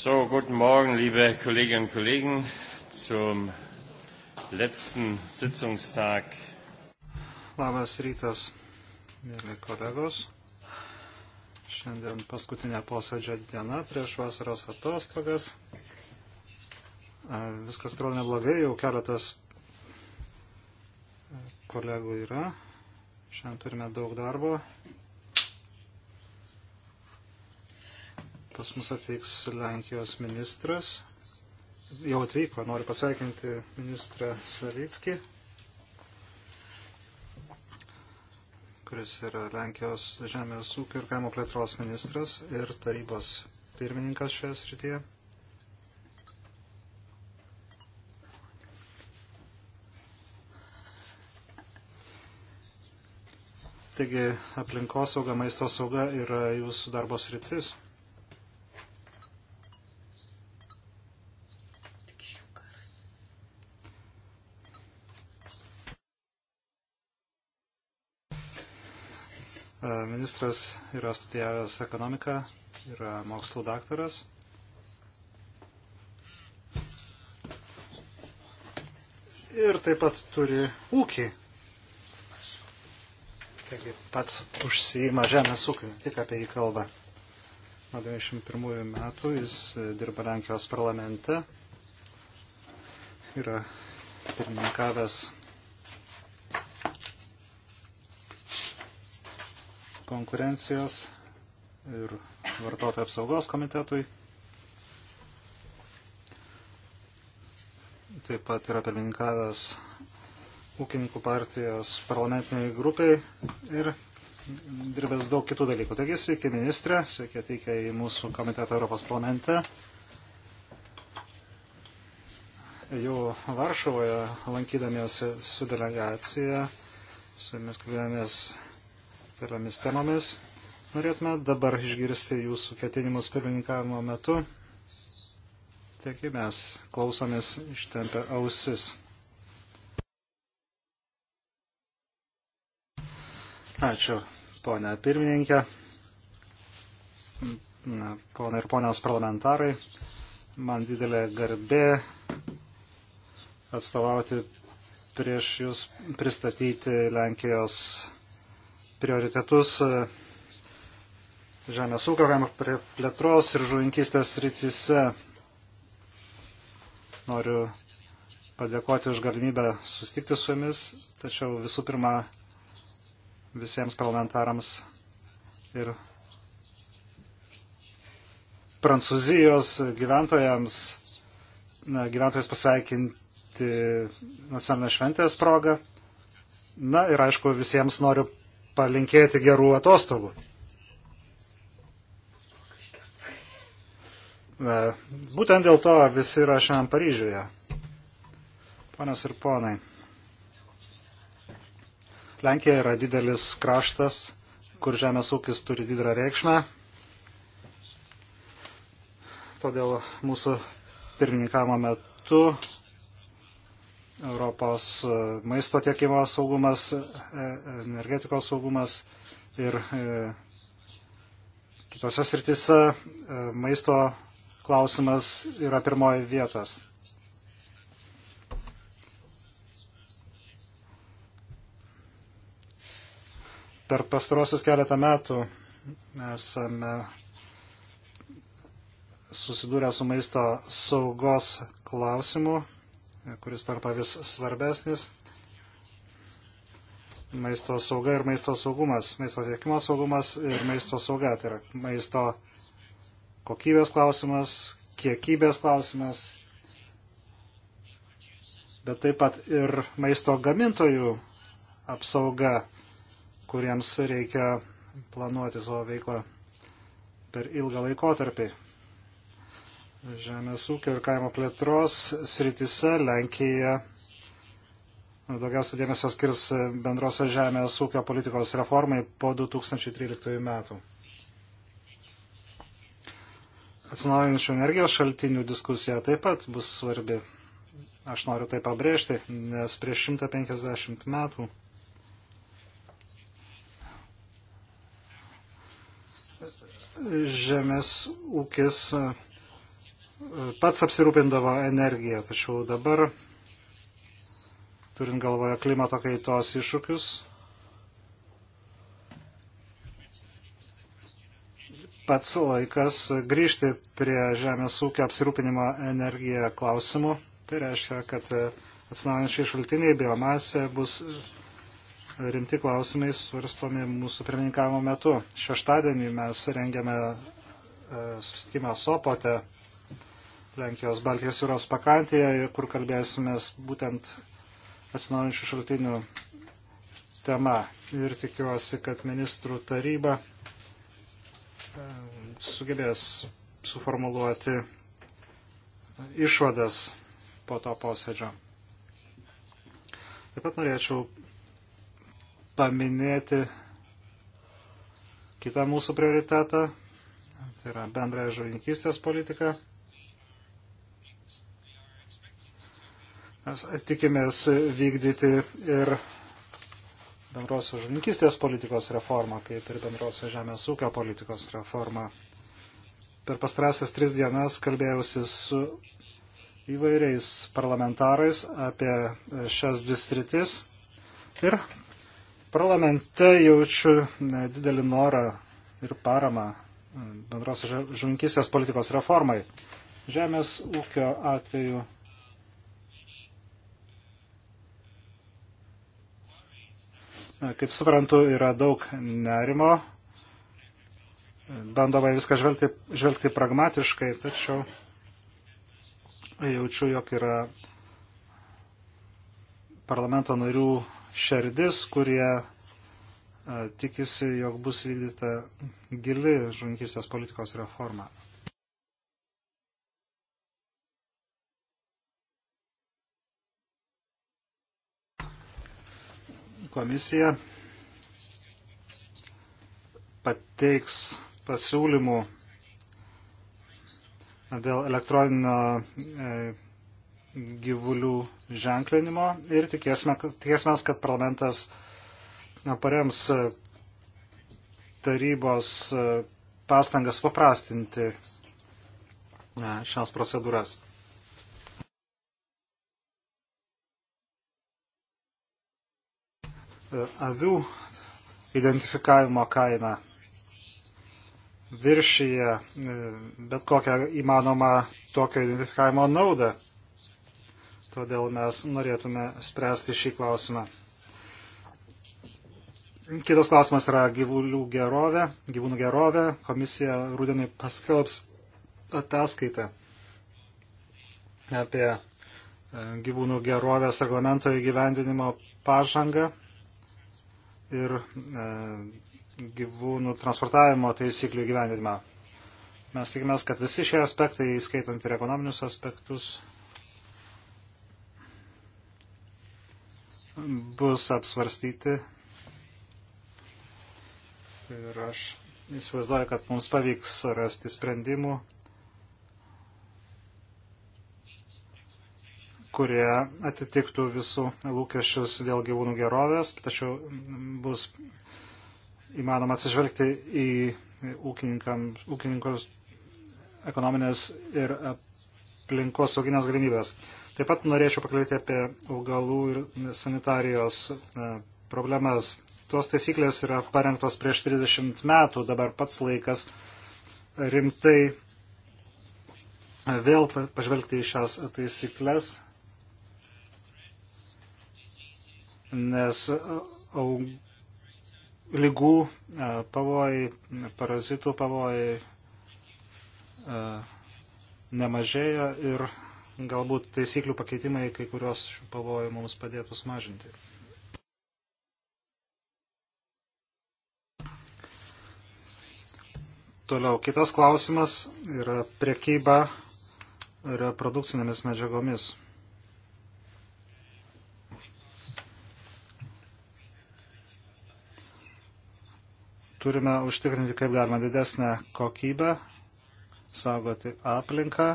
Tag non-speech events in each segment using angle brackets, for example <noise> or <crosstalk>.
So, guten Morgen, liebe Kolleginnen und Kollegen, zum letzten Sitzungstag. Labas rytas, mėly kolegos. Šiandien paskutinė posėdžio diena prieš vasaros atostogas. Viskas atrodo neblogai, jau keletas kolegų yra. Šiandien turime daug darbo, pas mus atvyks Lenkijos ministras. Jau atvyko, noriu pasveikinti ministrą Savickį, kuris yra Lenkijos žemės ūkio ir kaimo plėtros ministras ir tarybos pirmininkas šioje srityje. Taigi aplinkosauga, maisto sauga yra jūsų darbos rytis. E, ministras yra studijavęs ekonomiką, yra mokslo daktaras. Ir taip pat turi ūkį. Taigi pats užsijima žemės ūkiu, tik apie jį kalba. Nuo 91 metų jis dirba Lenkijos parlamente, yra pirmininkavęs konkurencijos ir vartotojų apsaugos komitetui. Taip pat yra pirmininkavęs ūkininkų partijos parlamentiniai grupiai ir dirbęs daug kitų dalykų. Taigi sveiki ministrė, sveiki atvykę į mūsų komitetą Europos parlamente. Jau Varšuvoje lankydamiesi su delegacija, su jumis kalbėjomės keliomis temomis. Norėtume dabar išgirsti jūsų ketinimus pirmininkavimo metu. Taigi mes klausomės ištempę ausis. Ačiū, ponia pirmininkė. Pone ir ponios parlamentarai, man didelė garbė atstovauti prieš jūs pristatyti Lenkijos prioritetus e, žemės ūkio, kaimo plėtros ir žuvinkystės rytise. Noriu padėkoti už galimybę sustikti su jumis, tačiau visų pirma visiems parlamentarams ir prancūzijos gyventojams, na, gyventojus pasveikinti nacionalinės šventės progą. Na ir aišku, visiems noriu palinkėti gerų atostogų. E, būtent dėl to visi yra šiandien Paryžiuje. Panas ir ponai. Lenkija yra didelis kraštas, kur žemės ūkis turi didelę reikšmę. Todėl mūsų pirmininkavimo metu Europos e, maisto tiekimo saugumas, e, e, energetikos saugumas ir kitose sritise maisto klausimas yra pirmoji vietas. Per pastarosius keletą metų esame susidūrę su maisto saugos klausimu kuris tampa vis svarbesnis. Maisto sauga ir maisto saugumas, maisto tiekimo saugumas ir maisto sauga, tai yra maisto kokybės klausimas, kiekybės klausimas, bet taip pat ir maisto gamintojų apsauga, kuriems reikia planuoti savo veiklą per ilgą laikotarpį žemės ūkio ir kaimo plėtros sritise Lenkija daugiausia dėmesio skirs bendrosios žemės ūkio politikos reformai po 2013 metų. Atsinaujinčių energijos šaltinių diskusija taip pat bus svarbi. Aš noriu tai pabrėžti, nes prieš 150 metų žemės ūkis pats apsirūpindavo energiją, tačiau dabar, turint galvoje klimato kaitos iššūkius, pats laikas grįžti prie žemės ūkio apsirūpinimo energiją klausimų. Tai reiškia, kad atsinaujančiai šaltiniai biomasė bus rimti klausimai svarstomi mūsų pirmininkavimo metu. Šeštadienį mes rengiame e, susitikimą Sopote Lenkijos Baltijos jūros pakantėje, kur kalbėsime būtent atsinaujančių šaltinių tema. Ir tikiuosi, kad ministrų taryba e, sugebės suformuluoti išvadas po to posėdžio. Taip pat norėčiau paminėti kitą mūsų prioritetą, tai yra bendrąją žuvininkystės politiką. Mes tikimės vykdyti ir bendrosios žuvininkystės politikos reformą, kaip ir bendrosios žemės ūkio politikos reformą. Per pastarąsias tris dienas kalbėjausi su įvairiais parlamentarais apie šias dvi sritis ir parlamente jaučiu didelį norą ir paramą bendrosios žuvininkystės politikos reformai. Žemės ūkio atveju Kaip suprantu, yra daug nerimo. Bandoma viską žvelgti, žvelgti pragmatiškai, tačiau jaučiu, jog yra parlamento narių šerdis, kurie e, tikisi, jog bus vykdyta gili žunkistės politikos reforma. komisija pateiks pasiūlymų dėl elektroninio e, gyvulių ženklinimo ir tikėsime, tikėsime kad parlamentas parems e, tarybos e, pastangas paprastinti šias procedūras. avių identifikavimo kaina viršyje e, bet kokią įmanomą tokio identifikavimo naudą. Todėl mes norėtume spręsti šį klausimą. Kitas klausimas yra gyvulių gerovė, gyvūnų gerovė. Komisija rūdienai paskelbs ataskaitą apie e, gyvūnų gerovės reglamento įgyvendinimo pažangą ir e, gyvūnų transportavimo taisyklių gyvenimą. Mes tikimės, kad visi šie aspektai, įskaitant ir ekonominius aspektus, bus apsvarstyti. Ir aš įsivaizduoju, kad mums pavyks rasti sprendimų. kurie atitiktų visų lūkesčius dėl gyvūnų gerovės, tačiau mm, bus įmanoma atsižvelgti į ūkininkos ekonominės ir aplinkos sauginės galimybės. Taip pat norėčiau pakalbėti apie augalų ir sanitarijos e, problemas. Tuos taisyklės yra parengtos prieš 30 metų, dabar pats laikas rimtai vėl pažvelgti į šias taisyklės nes aug, lygų pavojai, parazitų pavojai nemažėja ir galbūt taisyklių pakeitimai kai kurios šių pavojų mums padėtų sumažinti. Toliau kitas klausimas yra priekyba reprodukcinėmis medžiagomis. Turime užtikrinti kaip galima didesnę kokybę, saugoti aplinką,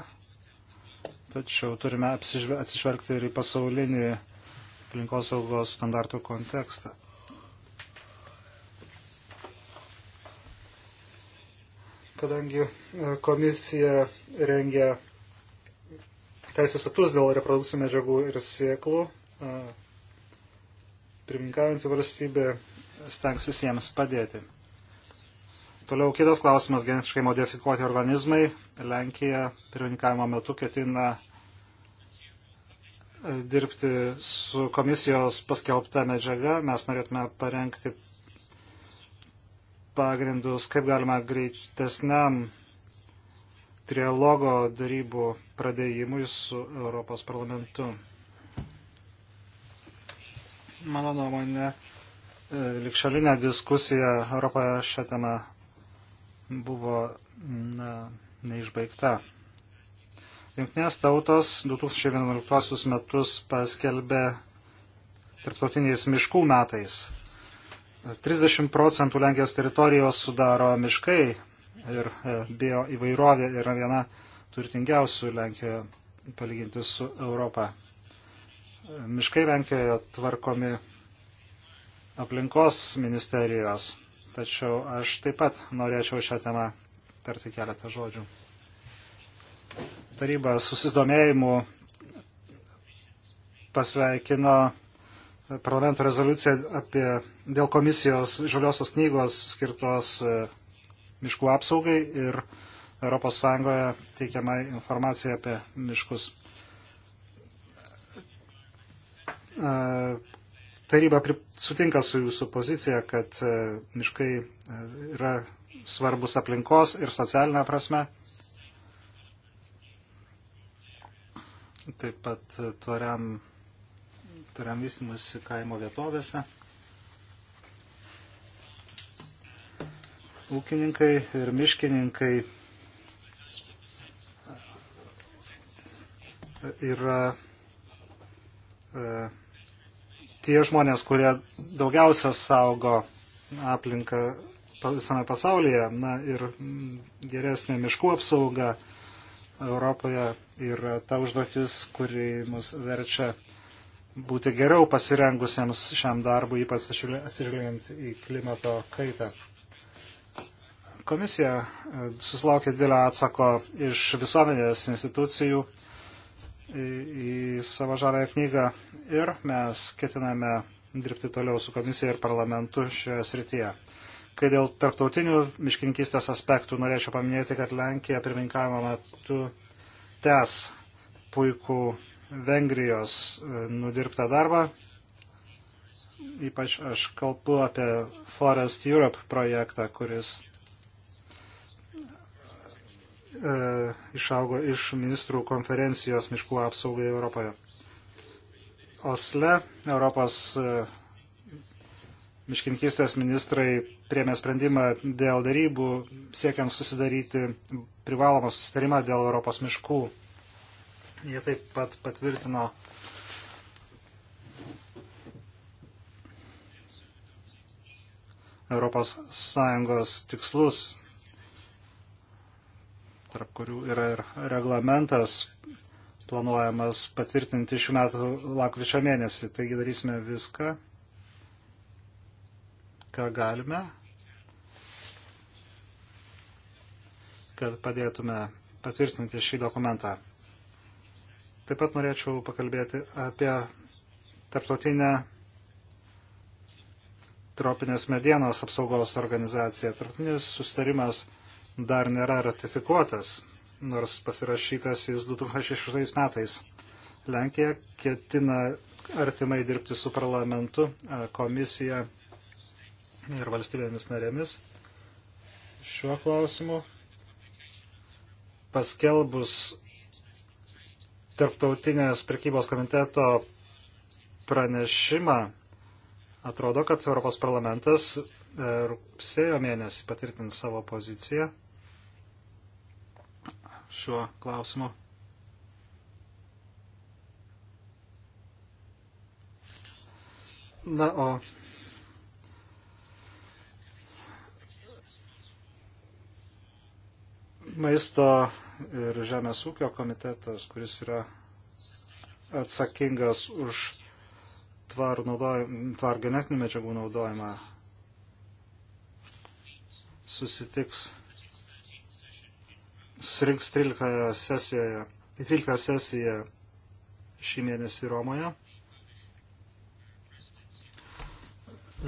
tačiau turime atsižvelgti ir į pasaulinį aplinkosaugos standartų kontekstą. Kadangi e, komisija rengia teisės aktus dėl reprodukcijų medžiagų ir sėklų, e, pirmininkaujantį valstybę stengsis jiems padėti. Toliau kitas klausimas - genetiškai modifikuoti organizmai. Lenkija pirmininkavimo metu ketina e, dirbti su komisijos paskelbta medžiaga. Mes norėtume parengti pagrindus, kaip galima greitesniam trialogo darybų pradėjimui su Europos parlamentu. Mano nuomonė, e, likšalinė diskusija Europoje šią temą buvo na, neišbaigta. Junktinės tautos 2011 metus paskelbė tarptautiniais miškų metais. 30 procentų Lenkijos teritorijos sudaro miškai ir e, bio įvairovė yra viena turtingiausių Lenkijoje palyginti su Europą. Miškai Lenkijoje tvarkomi aplinkos ministerijos tačiau aš taip pat norėčiau šią temą tarti keletą žodžių. Taryba susidomėjimu pasveikino parlamento rezoliuciją apie, dėl komisijos žaliosios knygos skirtos e, miškų apsaugai ir ES teikiama informacija apie miškus. E, taryba sutinka su jūsų pozicija, kad e, miškai e, yra svarbus aplinkos ir socialinė prasme. Taip pat e, tvariam, tvariam vystimus kaimo vietovėse. Ūkininkai ir miškininkai yra e, tie žmonės, kurie daugiausia saugo aplinką visame pasaulyje, na ir mm, geresnė miškų apsauga Europoje yra ta užduotis, kuri mus verčia būti geriau pasirengusiems šiam darbui, ypač atsižvelgiant į klimato kaitą. Komisija e, susilaukė didelio atsako iš visuomenės institucijų į savo žaląją knygą ir mes ketiname dirbti toliau su komisija ir parlamentu šioje srityje. Kai dėl tarptautinių miškininkystės aspektų norėčiau paminėti, kad Lenkija pirmininkavimo metu tęs puikų Vengrijos e, nudirbtą darbą. Ypač aš kalbu apie Forest Europe projektą, kuris E, išaugo iš ministrų konferencijos miškų apsaugai Europoje. Osle Europos e, miškininkystės ministrai priemė sprendimą dėl darybų siekiant susidaryti privalomą susitarimą dėl Europos miškų. Jie taip pat patvirtino Europos Sąjungos tikslus tarp kurių yra ir reglamentas planuojamas patvirtinti šių metų lakryčio mėnesį. Taigi darysime viską, ką galime, kad padėtume patvirtinti šį dokumentą. Taip pat norėčiau pakalbėti apie tarptautinę tropinės medienos apsaugos organizaciją. Tarptautinis sustarimas dar nėra ratifikuotas, nors pasirašytas jis 2006 metais. Lenkija ketina artimai dirbti su parlamentu, komisija ir valstybėmis narėmis šiuo klausimu. Paskelbus tarptautinės prekybos komiteto pranešimą, atrodo, kad Europos parlamentas rugsėjo mėnesį patvirtins savo poziciją šiuo klausimu. Na, o maisto ir žemės ūkio komitetas, kuris yra atsakingas už tvarų tvar genetinių medžiagų naudojimą, susitiks susirinks 13 sesijoje, 13 sesiją šį mėnesį Romoje.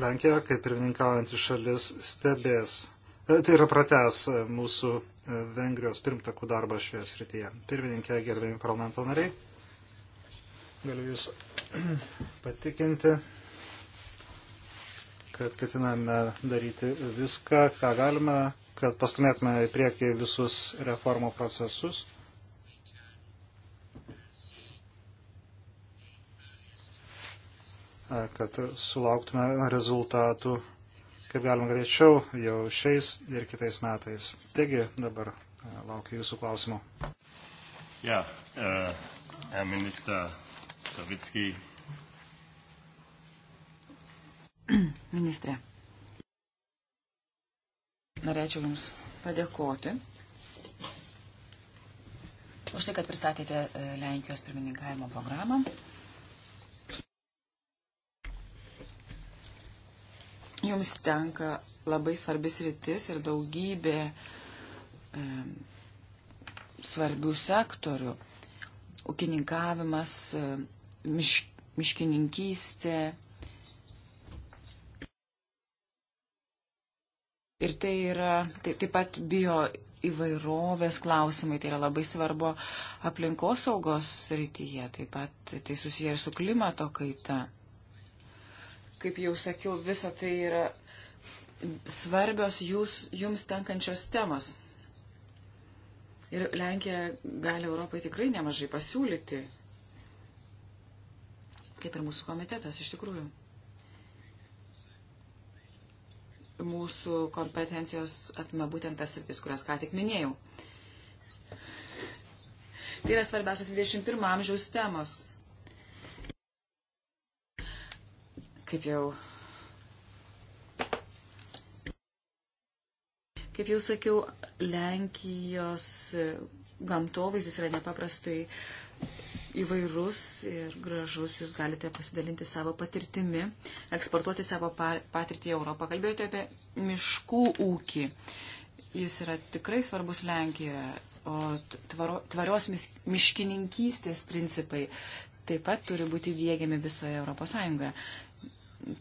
Lenkija, kaip pirmininkaujantį šalis, stebės, e, tai yra prates e, mūsų e, Vengrijos pirmtakų darbą šioje srityje. Pirmininkė, gerbėjami parlamento nariai, galiu Jūs <clears throat> patikinti, kad ketiname daryti viską, ką galime, kad pastumėtume į priekį visus reformų procesus. kad sulauktume rezultatų kaip galima greičiau jau šiais ir kitais metais. Taigi dabar laukiu jūsų klausimų. Ja, uh, Herr Minister Savicki. Ministre. Norėčiau Jums padėkoti už tai, kad pristatėte e, Lenkijos pirmininkavimo programą. Jums tenka labai svarbis rytis ir daugybė e, svarbių sektorių. Ūkininkavimas, e, miš, miškininkystė, Ir tai yra taip, taip pat bio įvairovės klausimai, tai yra labai svarbu aplinkosaugos srityje, taip pat tai susiję ir su klimato kaita. Kaip jau sakiau, visa tai yra svarbios jūs, jums tenkančios temos. Ir Lenkija gali Europai tikrai nemažai pasiūlyti, kaip ir mūsų komitetas iš tikrųjų. mūsų kompetencijos apima būtent tas sritis, kurias ką tik minėjau. Tai yra svarbiausios 21 amžiaus temos. Kaip jau. Kaip jau sakiau, Lenkijos gamtovaizdis yra nepaprastai įvairus ir gražus. Jūs galite pasidalinti savo patirtimi, eksportuoti savo patirtį į Europą. Kalbėjote apie miškų ūkį. Jis yra tikrai svarbus Lenkijoje, o tvaro, tvarios miškininkystės principai taip pat turi būti dėgiami visoje Europos Sąjungoje.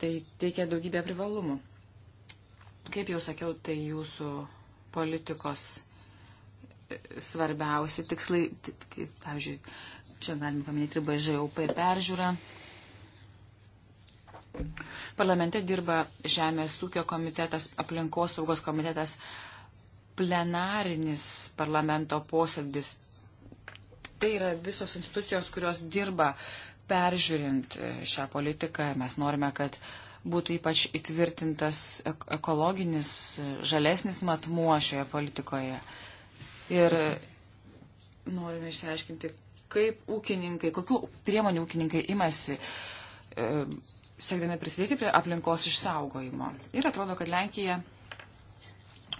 Tai teikia daugybę privalumų. Kaip jau sakiau, tai jūsų politikos e, svarbiausi tikslai, pavyzdžiui, Čia galime paminėti BŽUP peržiūrą. Parlamente dirba Žemės ūkio komitetas, aplinkos saugos komitetas, plenarinis parlamento posėdis. Tai yra visos institucijos, kurios dirba peržiūrint šią politiką. Mes norime, kad būtų ypač įtvirtintas ekologinis, žalesnis matmuo šioje politikoje. Ir norime išsiaiškinti, kaip ūkininkai, kokių priemonių ūkininkai imasi, e, siekdami prisidėti prie aplinkos išsaugojimo. Ir atrodo, kad Lenkija,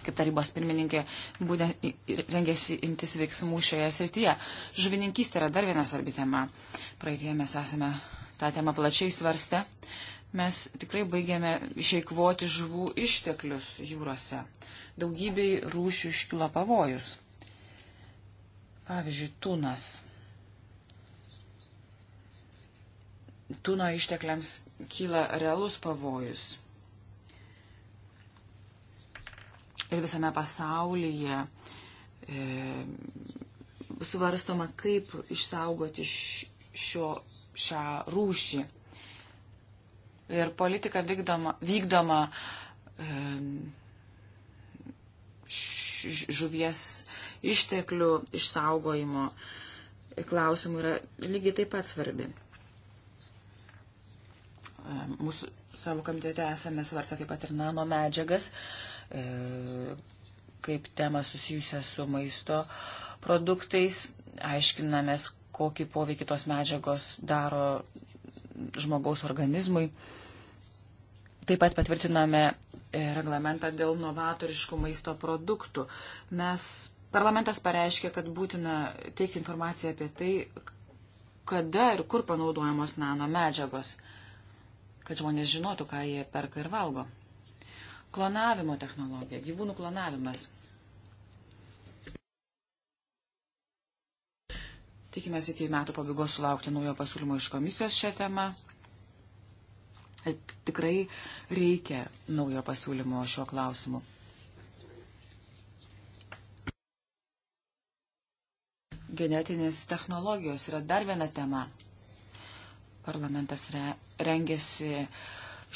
kaip tarybos pirmininkė, būtent rengėsi imtis veiksmų šioje srityje. Žuvininkystė yra dar viena svarbi tema. Praeitie mes esame tą temą plačiai svarstę. Mes tikrai baigėme išeikvoti žuvų išteklius jūrose. Daugybei rūšių iškilo pavojus. Pavyzdžiui, tunas. Tuno ištekliams kyla realus pavojus. Ir visame pasaulyje e, svarstoma, kaip išsaugoti šio, šią rūšį. Ir politika vykdoma, vykdoma e, žuvies išteklių išsaugojimo klausimų yra lygiai taip pat svarbi. Mūsų savo komitete esame svarstę taip pat ir nano medžiagas, e, kaip tema susijusią su maisto produktais. Aiškinamės, kokį poveikį tos medžiagos daro žmogaus organizmui. Taip pat patvirtiname e, reglamentą dėl novatoriškų maisto produktų. Mes, parlamentas pareiškė, kad būtina teikti informaciją apie tai, kada ir kur panaudojamos nano medžiagos kad žmonės žinotų, ką jie perka ir valgo. Klonavimo technologija, gyvūnų klonavimas. Tikimės iki metų pabaigos sulaukti naujo pasiūlymo iš komisijos šią temą. E, tikrai reikia naujo pasiūlymo šiuo klausimu. Genetinės technologijos yra dar viena tema. Parlamentas re rengėsi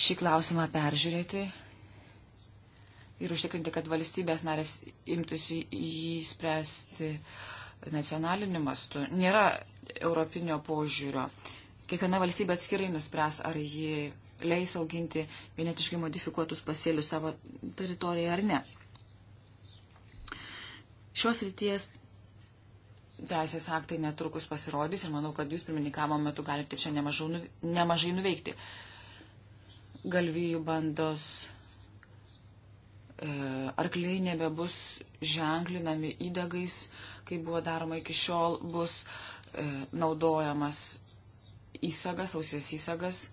šį klausimą peržiūrėti ir užtikrinti, kad valstybės narės imtųsi jį spręsti nacionaliniu mastu. Nėra europinio požiūrio. Kiekviena valstybė atskirai nuspręs, ar ji leis auginti genetiškai modifikuotus pasėlius savo teritorijoje ar ne. Šios ryties teisės aktai netrukus pasirodys ir manau, kad jūs pirmininkamo metu galite čia nemažai, nemažai nuveikti. Galvijų bandos e, arkliai nebebus ženklinami įdagais, kaip buvo daroma iki šiol, bus e, naudojamas įsagas, ausies įsagas,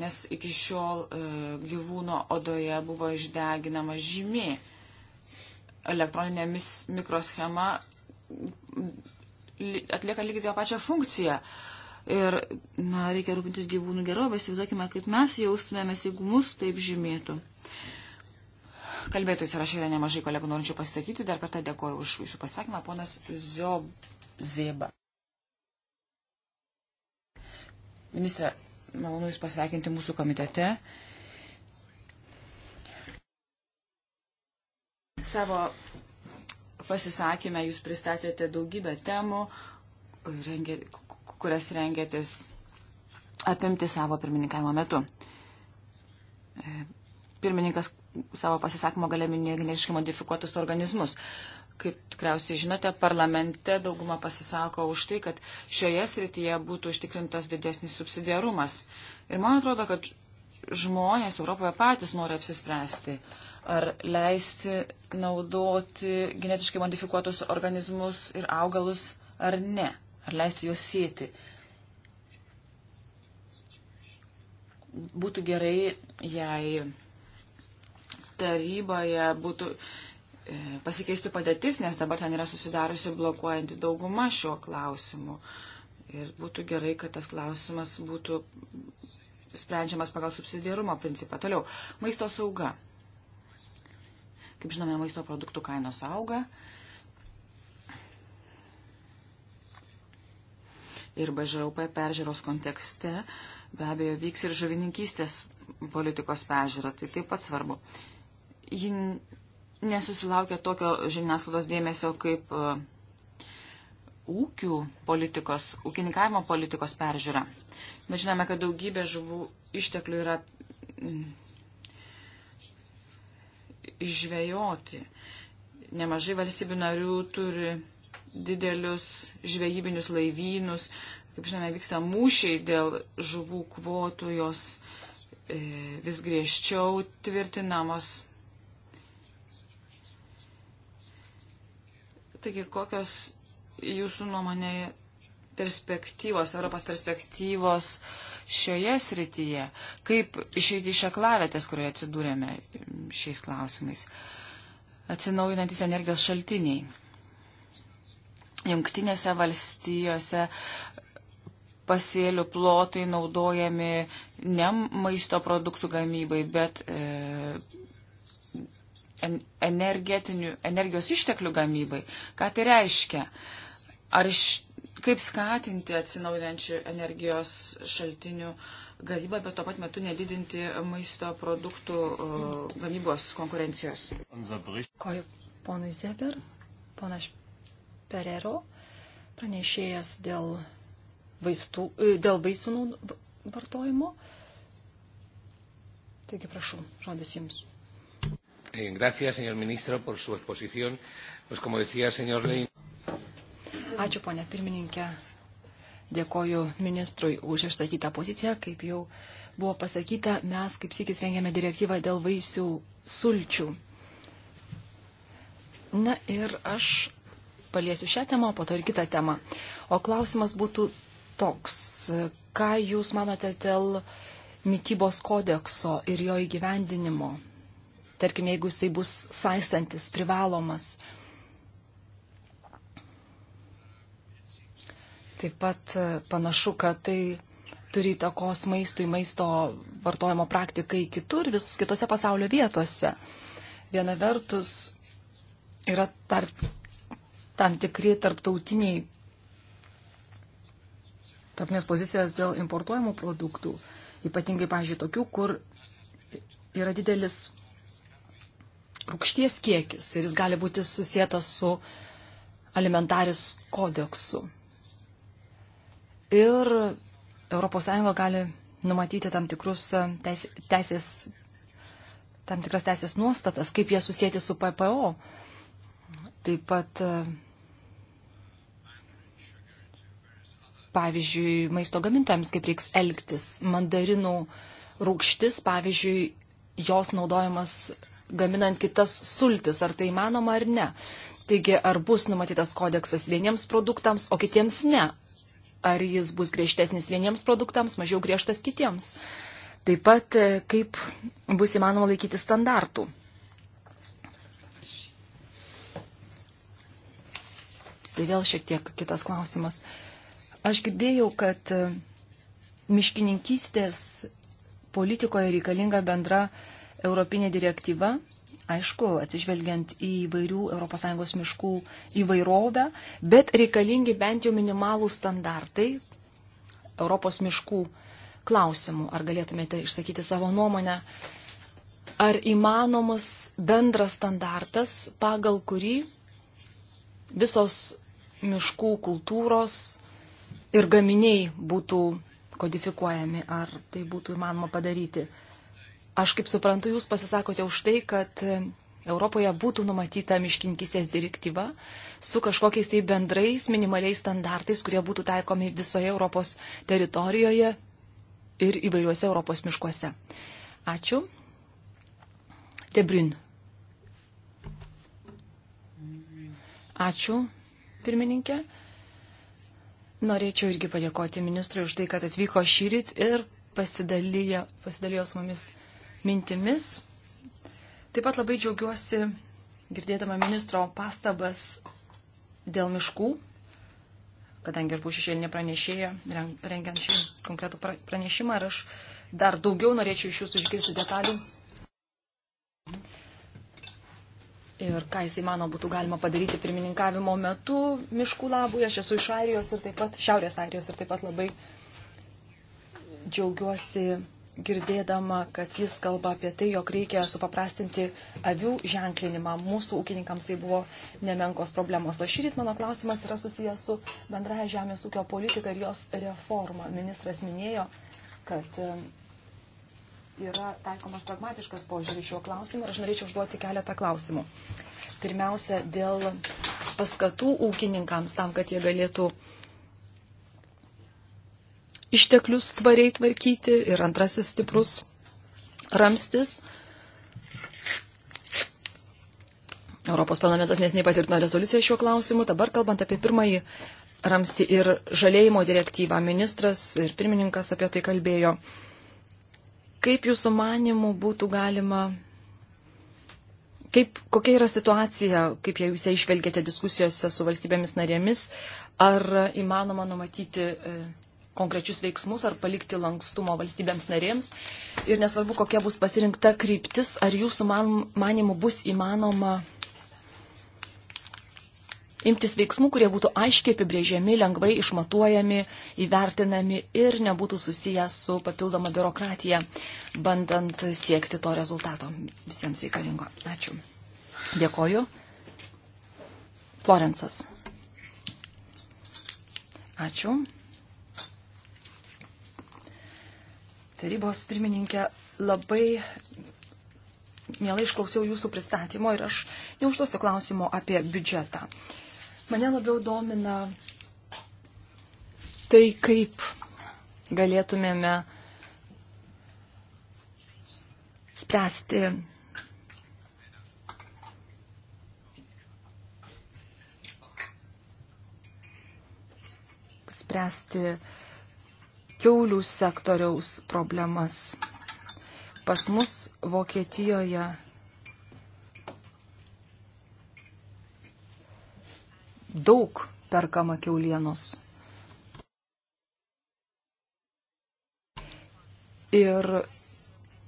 nes iki šiol e, gyvūno odoje buvo išdeginama žymė elektroninė mis, mikroschema atlieka lygiai tą pačią funkciją. Ir, na, reikia rūpintis gyvūnų gerovę, įsivaizduokime, kaip mes jaustumėmės, jeigu mus taip žymėtų. Kalbėtojus yra šiandien nemažai kolegų norinčių pasakyti, dar kartą dėkoju už jūsų pasakymą, ponas Ziobzėba. Ministrė, malonu Jūs pasveikinti mūsų komitete. Savo pasisakymę jūs pristatėte daugybę temų, rengė, kurias rengėtės apimti savo pirmininkavimo metu. E, pirmininkas savo pasisakymo galė minėjo genetiškai modifikuotus organizmus. Kaip tikriausiai žinote, parlamente dauguma pasisako už tai, kad šioje srityje būtų užtikrintas didesnis subsidiarumas. Ir man atrodo, kad žmonės Europoje patys nori apsispręsti. Uh, ar leisti naudoti genetiškai modifikuotus organizmus ir augalus ar ne, ar leisti juos sėti. Būtų gerai, jei taryboje būtų e, pasikeistų padėtis, nes dabar ten yra susidariusi blokuojanti dauguma šiuo klausimu. Ir būtų gerai, kad tas klausimas būtų sprendžiamas pagal subsidiarumo principą. Toliau, maisto sauga. Kaip žinome, maisto produktų kainos auga. Ir BŽUP peržiūros kontekste be abejo vyks ir žuvininkystės politikos peržiūra. Tai taip pat svarbu. Ji nesusilaukia tokio žiniasklaidos dėmesio kaip uh, ūkių politikos, ūkininkavimo politikos peržiūra. Mes žinome, kad daugybė žuvų išteklių yra žvejoti. Nemažai valstybių narių turi didelius žvejybinius laivynus. Kaip žinome, vyksta mūšiai dėl žuvų kvotų, jos e, vis griežčiau tvirtinamos. Taigi, kokios jūsų nuomonė perspektyvos, Europos perspektyvos šioje srityje, kaip išeiti iš aklavėtės, kurioje atsidūrėme šiais klausimais. Atsinaujinantis energijos šaltiniai. Jungtinėse valstijose pasėlių plotai naudojami ne maisto produktų gamybai, bet e, energijos išteklių gamybai. Ką tai reiškia? Ar iš kaip skatinti atsinaujinančių energijos šaltinių gavybą, bet tuo pat metu nedidinti maisto produktų gamybos konkurencijos. Koju ponui Zeber, ponas Perero, pranešėjas dėl, vaistų, e, dėl vaisų vartojimo. Taigi prašau, žodis jums. Eh, gracias, señor ministro, por su exposición. Pues como decía, señor Lein. Ačiū, ponė pirmininkė. Dėkoju ministrui už išsakytą poziciją. Kaip jau buvo pasakyta, mes kaip sykis rengėme direktyvą dėl vaisių sulčių. Na ir aš paliesiu šią temą, po to ir kitą temą. O klausimas būtų toks. Ką Jūs manote dėl mytybos kodekso ir jo įgyvendinimo? Tarkime, jeigu jisai bus saistantis, privalomas. Taip pat e, panašu, kad tai turi įtakos maistui, maisto vartojimo praktikai kitur, vis kitose pasaulio vietose. Viena vertus yra tarp, tam tikri tarptautiniai tarpinės pozicijos dėl importuojamų produktų, ypatingai, pažiūrėjau, tokių, kur yra didelis rūkšties kiekis ir jis gali būti susijęs su alimentaris kodeksu ir ES gali numatyti tam, tikrus, e, teis, teisės, tam tikras teisės nuostatas, kaip jie susijęti su PPO. Taip pat, e, pavyzdžiui, maisto gamintams, kaip reiks elgtis. Mandarinų rūkštis, pavyzdžiui, jos naudojamas gaminant kitas sultis, ar tai įmanoma ar ne. Taigi, ar bus numatytas kodeksas vieniems produktams, o kitiems ne ar jis bus griežtesnis vieniems produktams, mažiau griežtas kitiems. Taip pat, e, kaip bus įmanoma laikyti standartų. Tai vėl šiek tiek kitas klausimas. Aš girdėjau, kad e, miškininkystės politikoje reikalinga bendra europinė direktyva aišku, atsižvelgiant į vairių ES miškų įvairovę, bet reikalingi bent jau minimalų standartai Europos miškų klausimų. Ar galėtumėte išsakyti savo nuomonę? Ar įmanomas bendras standartas, pagal kurį visos miškų kultūros ir gaminiai būtų kodifikuojami, ar tai būtų įmanoma padaryti. Aš kaip suprantu, jūs pasisakote už tai, kad Europoje būtų numatyta miškininkystės direktyva su kažkokiais tai bendrais minimaliais standartais, kurie būtų taikomi visoje Europos teritorijoje ir įvairiuose Europos miškuose. Ačiū. Tebrin. Ačiū, pirmininkė. Norėčiau irgi padėkoti ministrui už tai, kad atvyko šyrit ir pasidalijo, pasidalijo su mumis mintimis. Taip pat labai džiaugiuosi girdėdama ministro pastabas dėl miškų, kadangi aš buvau šešėlinė pranešėja, rengiant šį konkretų pranešimą ir aš dar daugiau norėčiau iš jūsų išgirsti detalių. Ir ką jisai mano būtų galima padaryti pirmininkavimo metu miškų labui. Aš esu iš Airijos ir taip pat, Šiaurės Airijos ir taip pat labai džiaugiuosi girdėdama, kad jis kalba apie tai, jog reikia supaprastinti avių ženklinimą. Mūsų ūkininkams tai buvo nemenkos problemos. O šį rytą mano klausimas yra susijęs su bendraja žemės ūkio politika ir jos reforma. Ministras minėjo, kad e, yra taikomas pragmatiškas požiūris šiuo klausimu ir aš norėčiau užduoti keletą klausimų. Pirmiausia, dėl paskatų ūkininkams tam, kad jie galėtų uh, išteklius tvariai tvarkyti ir antrasis stiprus ramstis. Europos parlamentas nesiniai patvirtino rezoliuciją šiuo klausimu. Dabar kalbant apie pirmąjį ramstį ir žalėjimo direktyvą, ministras ir pirmininkas apie tai kalbėjo. Kaip jūsų manimų būtų galima Kaip, kokia yra situacija, kaip jūs ją išvelgėte diskusijose su valstybėmis narėmis, ar įmanoma numatyti e, konkrečius veiksmus ar palikti lankstumo valstybėms narėms. Ir nesvarbu, kokia bus pasirinkta kryptis, ar jūsų man, manimų bus įmanoma imtis veiksmų, kurie būtų aiškiai apibrėžiami, lengvai išmatuojami, įvertinami ir nebūtų susiję su papildoma biurokratija, bandant siekti to rezultato visiems reikalingo. Ačiū. Dėkoju. Florensas. Ačiū. tarybos pirmininkė, labai mielai išklausiau jūsų pristatymo ir aš neužduosiu klausimo apie biudžetą. Mane labiau domina tai, kaip galėtumėme spręsti spręsti keulių sektoriaus problemas. Pas mus Vokietijoje daug perkama keulienos. Ir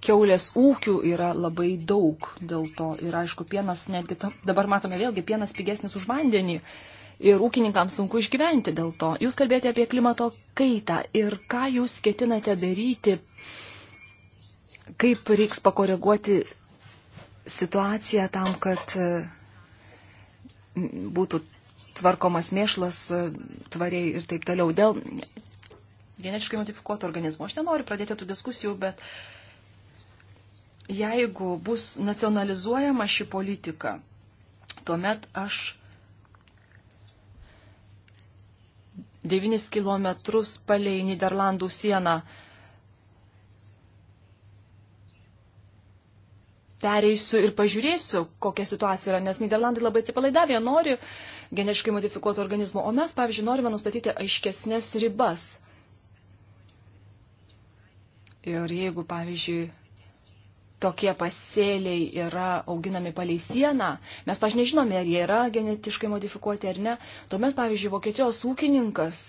keulės ūkių yra labai daug dėl to. Ir aišku, pienas netgi, dabar matome vėlgi, pienas pigesnis už vandenį. Uh, ir ūkininkams sunku išgyventi dėl to. Jūs kalbėjote apie klimato kaitą ir ką jūs ketinate daryti, kaip reiks pakoreguoti situaciją tam, kad e, būtų tvarkomas mėšlas e, tvariai ir taip toliau. Dėl genetiškai modifikuoto organizmo aš nenoriu pradėti tų diskusijų, bet jeigu bus nacionalizuojama ši politika, tuomet aš 9 km palei Niderlandų sieną. Pereisiu ir pažiūrėsiu, kokia situacija yra, nes Niderlandai labai atsipalaidavę nori geniškai modifikuoto organizmo, o mes, pavyzdžiui, norime nustatyti aiškesnės ribas. Ir jeigu, pavyzdžiui, tokie pasėliai yra auginami palei sieną, mes paž nežinome, ar jie yra genetiškai modifikuoti ar ne, tuomet, pavyzdžiui, Vokietijos ūkininkas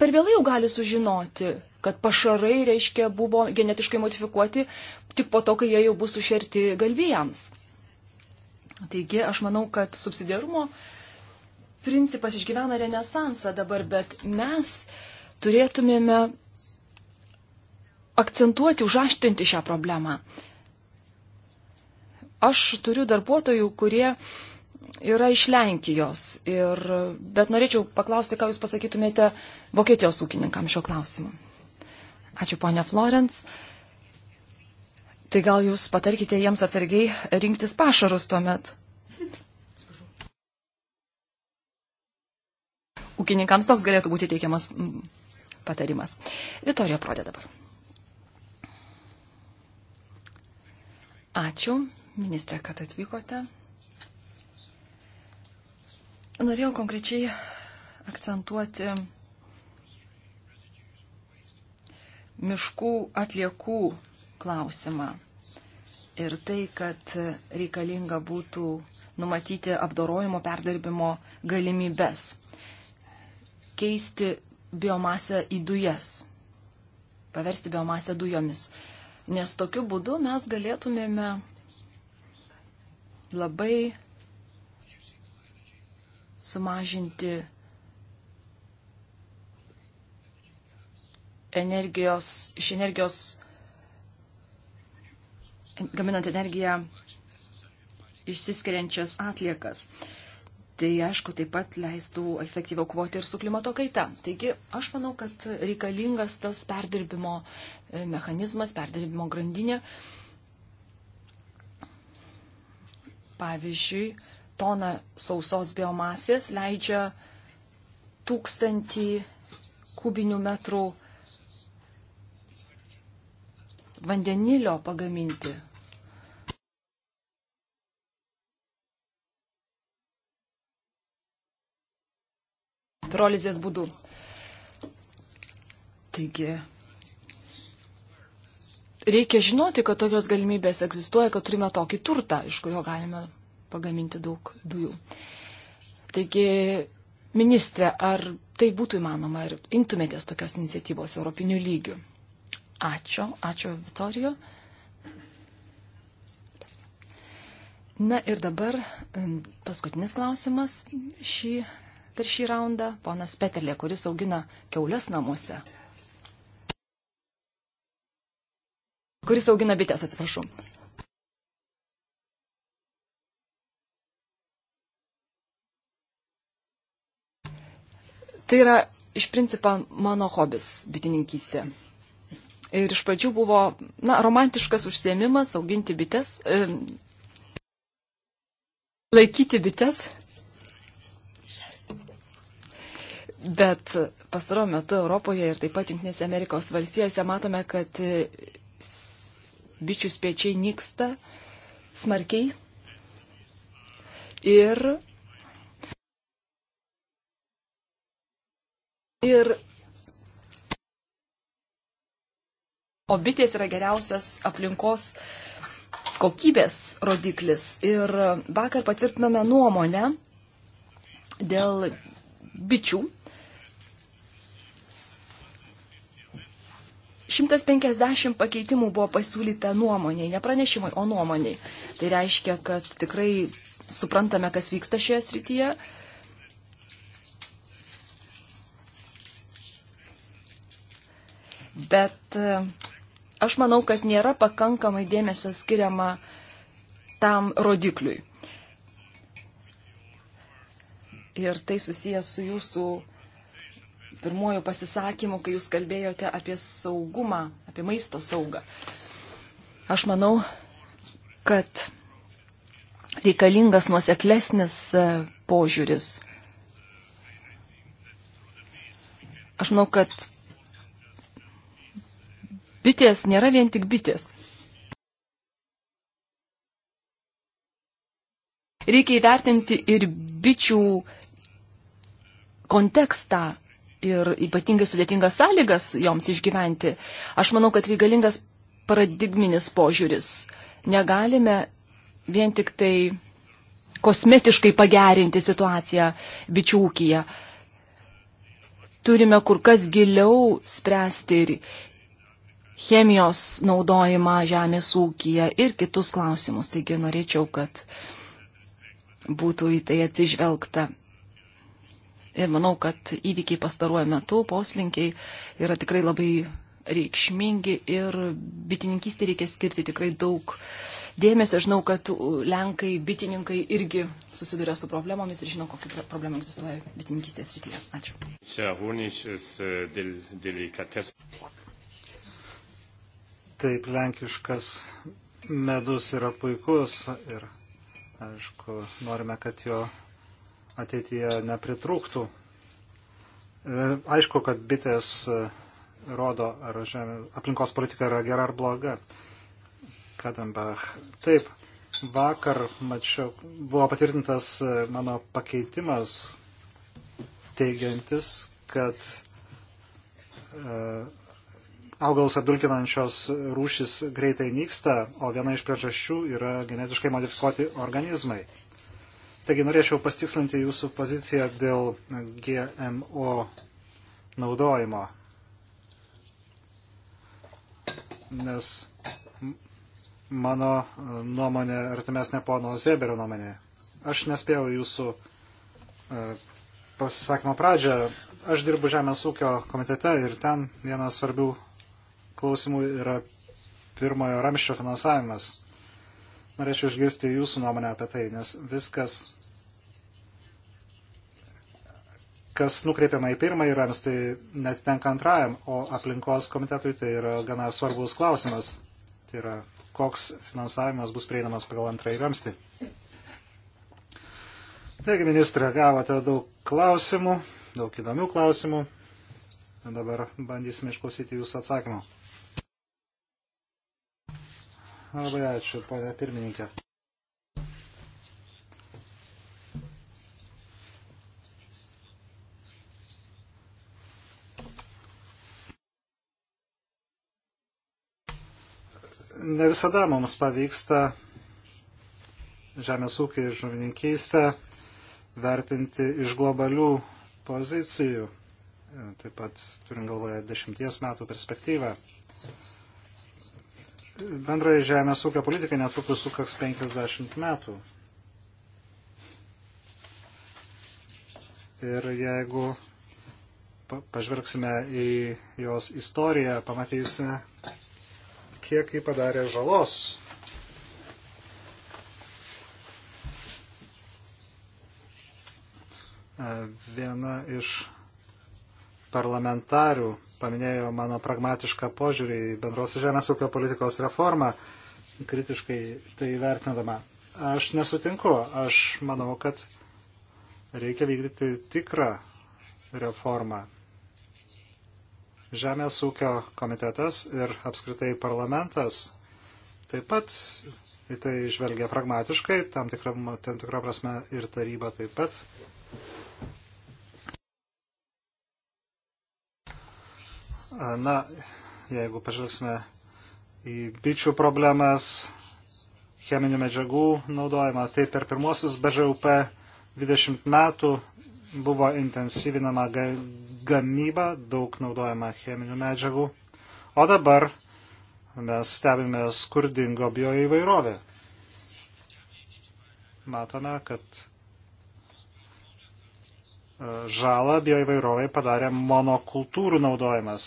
per vėlai jau gali sužinoti, kad pašarai, reiškia, buvo genetiškai modifikuoti tik po to, kai jie jau bus sušerti galvijams. Taigi, aš manau, kad subsidiarumo principas išgyvena renesansą dabar, bet mes turėtumėme akcentuoti, užaštinti šią problemą. Aš turiu darbuotojų, kurie yra iš Lenkijos. Ir, bet norėčiau paklausti, ką Jūs pasakytumėte Vokietijos ūkininkam šio klausimu. Ačiū, ponia Florence. Tai gal Jūs patarkite jiems atsargiai rinktis pašarus tuomet? Ūkininkams toks galėtų būti teikiamas patarimas. Vitorija pradė dabar. Ačiū, ministrė, kad atvykote. Norėjau konkrečiai akcentuoti miškų atliekų klausimą ir tai, kad reikalinga būtų numatyti apdorojimo perdarbimo galimybės, keisti biomasę į dujas, paversti biomasę dujomis nes tokiu būdu mes galėtumėme labai sumažinti energijos, iš energijos, gaminant energiją išsiskiriančias atliekas. Tai aišku, taip pat leistų efektyviau kovoti ir su klimato kaita. Taigi, aš manau, kad reikalingas tas perdirbimo mechanizmas, perdirbimo grandinė. Pavyzdžiui, tona sausos biomasės leidžia tūkstantį kubinių metrų vandenilio pagaminti. Pirolizės būdu. Taigi, reikia žinoti, kad tokios galimybės egzistuoja, kad turime tokį turtą, iš kurio galime pagaminti daug dujų. Taigi, ministrė, ar tai būtų įmanoma ir imtumėtės tokios iniciatyvos europinių lygių? Ačiū, ačiū Vitorijo. Na ir dabar paskutinis klausimas šį, per šį raundą. Ponas Petelė, kuris augina keules namuose. kuris augina bitės, atsiprašau. Tai yra iš principo mano hobis bitininkystė. Ir iš pradžių buvo, na, romantiškas užsiemimas auginti bites, e, laikyti bites. Bet pastaruoju metu Europoje ir taip pat Junktinėse Amerikos valstijose matome, kad bičių spiečiai nyksta smarkiai. Ir, ir o bitės yra geriausias aplinkos kokybės rodiklis. Ir vakar patvirtinome nuomonę dėl bičių 150 pakeitimų buvo pasiūlyta nuomoniai, ne pranešimai, o nuomoniai. Tai reiškia, kad tikrai suprantame, kas vyksta šioje srityje. Bet e, aš manau, kad nėra pakankamai dėmesio skiriama tam rodikliui. Ir tai susijęs su jūsų pirmuoju pasisakymu, kai jūs kalbėjote apie saugumą, apie maisto saugą. Aš manau, kad reikalingas nuoseklesnis e, požiūris. Aš manau, kad bitės nėra vien tik bitės. Reikia įvertinti ir bičių kontekstą, ir ypatingai sudėtingas sąlygas joms išgyventi. Aš manau, kad reikalingas paradigminis požiūris. Negalime vien tik tai kosmetiškai pagerinti situaciją bičių ūkiją. Turime kur kas giliau spręsti ir chemijos naudojimą žemės ūkiją ir kitus klausimus. Taigi norėčiau, kad būtų į tai atsižvelgta. Ir manau, kad įvykiai pastaruoju metu, poslinkiai yra tikrai labai reikšmingi ir bitininkystė reikia skirti tikrai daug dėmesio. Žinau, kad Lenkai, bitininkai irgi susiduria su problemomis ir žinau, kokiu problemu egzistuoja bitininkystės rytyje. Ačiū. E, Taip, lenkiškas medus yra puikus ir, aišku, norime, kad jo ateityje nepritrūktų. E, aišku, kad bitės e, rodo, ar žemė, aplinkos politika yra gera ar bloga. Kadenbach. Taip, vakar mačiau, buvo patvirtintas e, mano pakeitimas teigiantis, kad e, augalus apdulkinančios rūšis greitai nyksta, o viena iš priežasčių yra genetiškai modifikuoti organizmai. Taigi norėčiau pastikslinti jūsų poziciją dėl GMO naudojimo. Nes mano nuomonė artimesnė pono Zeberio nuomonė. Aš nespėjau jūsų e, pasisakymo pradžią. Aš dirbu Žemės ūkio komitete ir ten vienas svarbių klausimų yra pirmojo ramščio finansavimas. Norėčiau išgirsti jūsų nuomonę apie tai, nes viskas, kas nukreipiama į pirmąjį ramstį, tai netitenka antrajam, o aplinkos komitetui tai yra gana svarbus klausimas. Tai yra, koks finansavimas bus prieinamas pagal antrąjį ramstį. Taigi, ministrė, gavote daug klausimų, daug įdomių klausimų. Dabar bandysime išklausyti jūsų atsakymą. Labai ačiū, ponė pirmininkė. Ne visada mums pavyksta žemės ūkį ir žuvininkystę vertinti iš globalių pozicijų, taip pat turint galvoje dešimties metų perspektyvą bendrai žemės ūkio politikai netrukus sukaks 50 metų. Ir jeigu pažvelgsime į jos istoriją, pamatysime, kiek jį padarė žalos. Viena iš parlamentarių paminėjo mano pragmatišką požiūrį į bendros žemės ūkio politikos reformą, kritiškai tai vertinama. Aš nesutinku, aš manau, kad reikia vykdyti tikrą reformą. Žemės ūkio komitetas ir apskritai parlamentas taip pat į tai žvelgia pragmatiškai, tam tikrą, tam tikrą prasme ir taryba taip pat. Na, jeigu pažvelgsime į bičių problemas, cheminių medžiagų naudojimą, tai per pirmosius BŽUP 20 metų buvo intensyvinama ga gamyba, daug naudojama cheminių medžiagų, o dabar mes stebime skurdingo bioįvairovę. Matome, kad E, žalą bioįvairovai padarė monokultūrų naudojimas.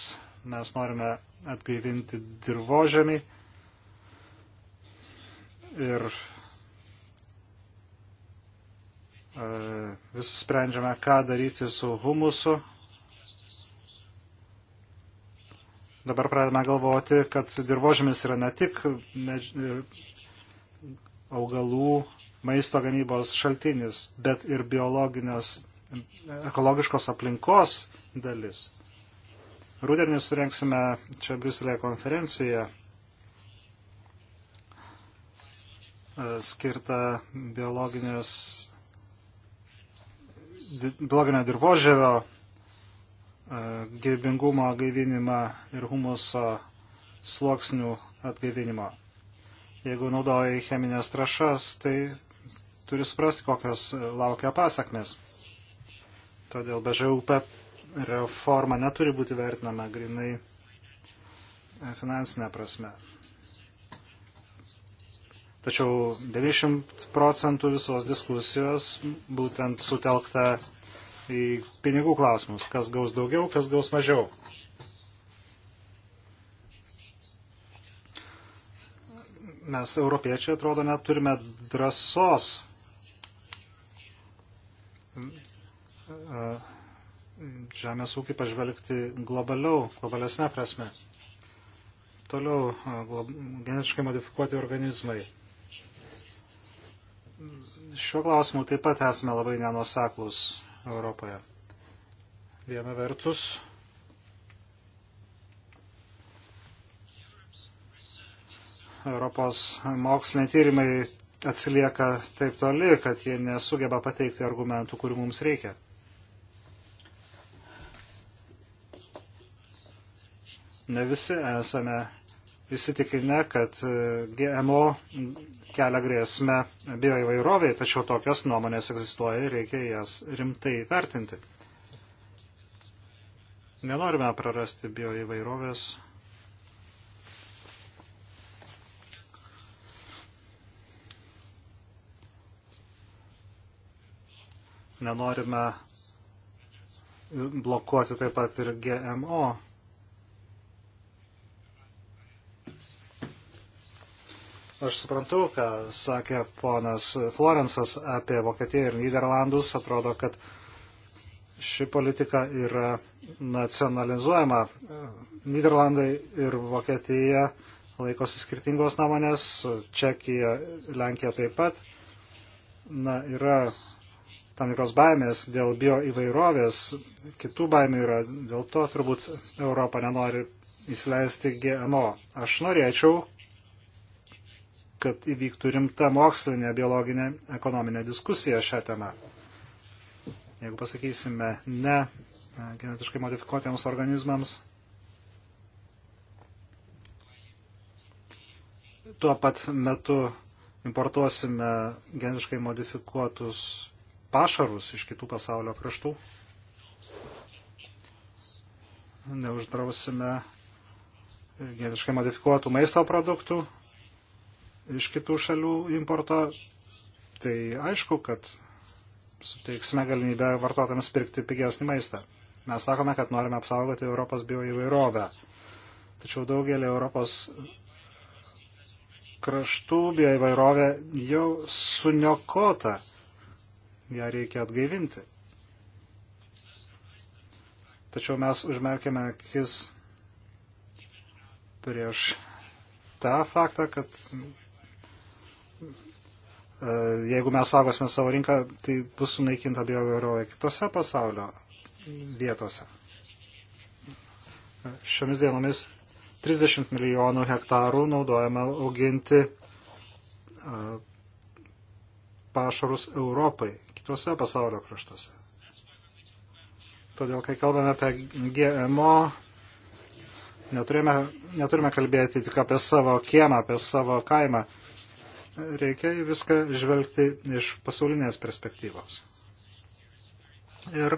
Mes norime atgaivinti dirbožemį ir e, vis sprendžiame, ką daryti su humusu. Dabar pradedame galvoti, kad dirbožėmis yra ne tik e, augalų maisto gamybos šaltinis, bet ir biologinės ekologiškos aplinkos dalis. Rūdienį surenksime čia Briuselėje konferenciją e, skirtą biologinės bloginio dirbožėvio e, gyvybingumo gaivinimą ir humuso sluoksnių atgaivinimo. Jeigu naudoji cheminės trašas, tai turi suprasti, kokios laukia pasakmes. Todėl BŽUP reforma neturi būti vertinama grinai finansinė prasme. Tačiau 90 procentų visos diskusijos būtent sutelkta į pinigų klausimus, kas gaus daugiau, kas gaus mažiau. Mes, europiečiai, atrodo, neturime drąsos žemės ūkį pažvelgti globaliau, globalesnė prasme. Toliau genetiškai modifikuoti organizmai. Šiuo klausimu taip pat esame labai nenuoseklus Europoje. Viena vertus, Europos moksliniai tyrimai atsilieka taip toli, kad jie nesugeba pateikti argumentų, kurių mums reikia. Ne visi esame įsitikinę, kad e, GMO kelia grėsmę bioįvairoviai, tačiau tokios nuomonės egzistuoja ir reikia jas rimtai vertinti. Nenorime prarasti bioįvairovės. Nenorime blokuoti taip pat ir GMO Aš suprantu, ką sakė ponas Florensas apie Vokietiją ir Niderlandus. Atrodo, kad ši politika yra nacionalizuojama. Niderlandai ir Vokietija laikosi skirtingos nuomonės, Čekija, Lenkija taip pat. Na, yra tam tikros baimės dėl bio įvairovės, kitų baimių yra, dėl to turbūt Europa nenori įsileisti GMO. Aš norėčiau, kad įvyktų rimta mokslinė biologinė ekonominė diskusija šią temą. Jeigu pasakysime ne genetiškai modifikuotiems organizmams, tuo pat metu importuosime genetiškai modifikuotus pašarus iš kitų pasaulio kraštų. Neuždrausime genetiškai modifikuotų maisto produktų, iš kitų šalių importo, tai aišku, kad suteiksime galimybę vartotojams pirkti pigesnį maistą. Mes sakome, kad norime apsaugoti Europos bioįvairovę. Tačiau daugelį Europos kraštų bioįvairovė jau suniokota. Ja reikia atgaivinti. Tačiau mes užmerkėme akis prieš tą faktą, kad E, jeigu mes saugosime savo rinką, tai bus sunaikinta bioįvairovė kitose pasaulio vietose. E, šiomis dienomis 30 milijonų hektarų naudojame auginti e, pašarus Europai, kitose pasaulio kraštuose. Todėl, kai kalbame apie GMO, neturime, neturime kalbėti tik apie savo kiemą, apie savo kaimą reikia viską žvelgti iš pasaulinės perspektyvos. Ir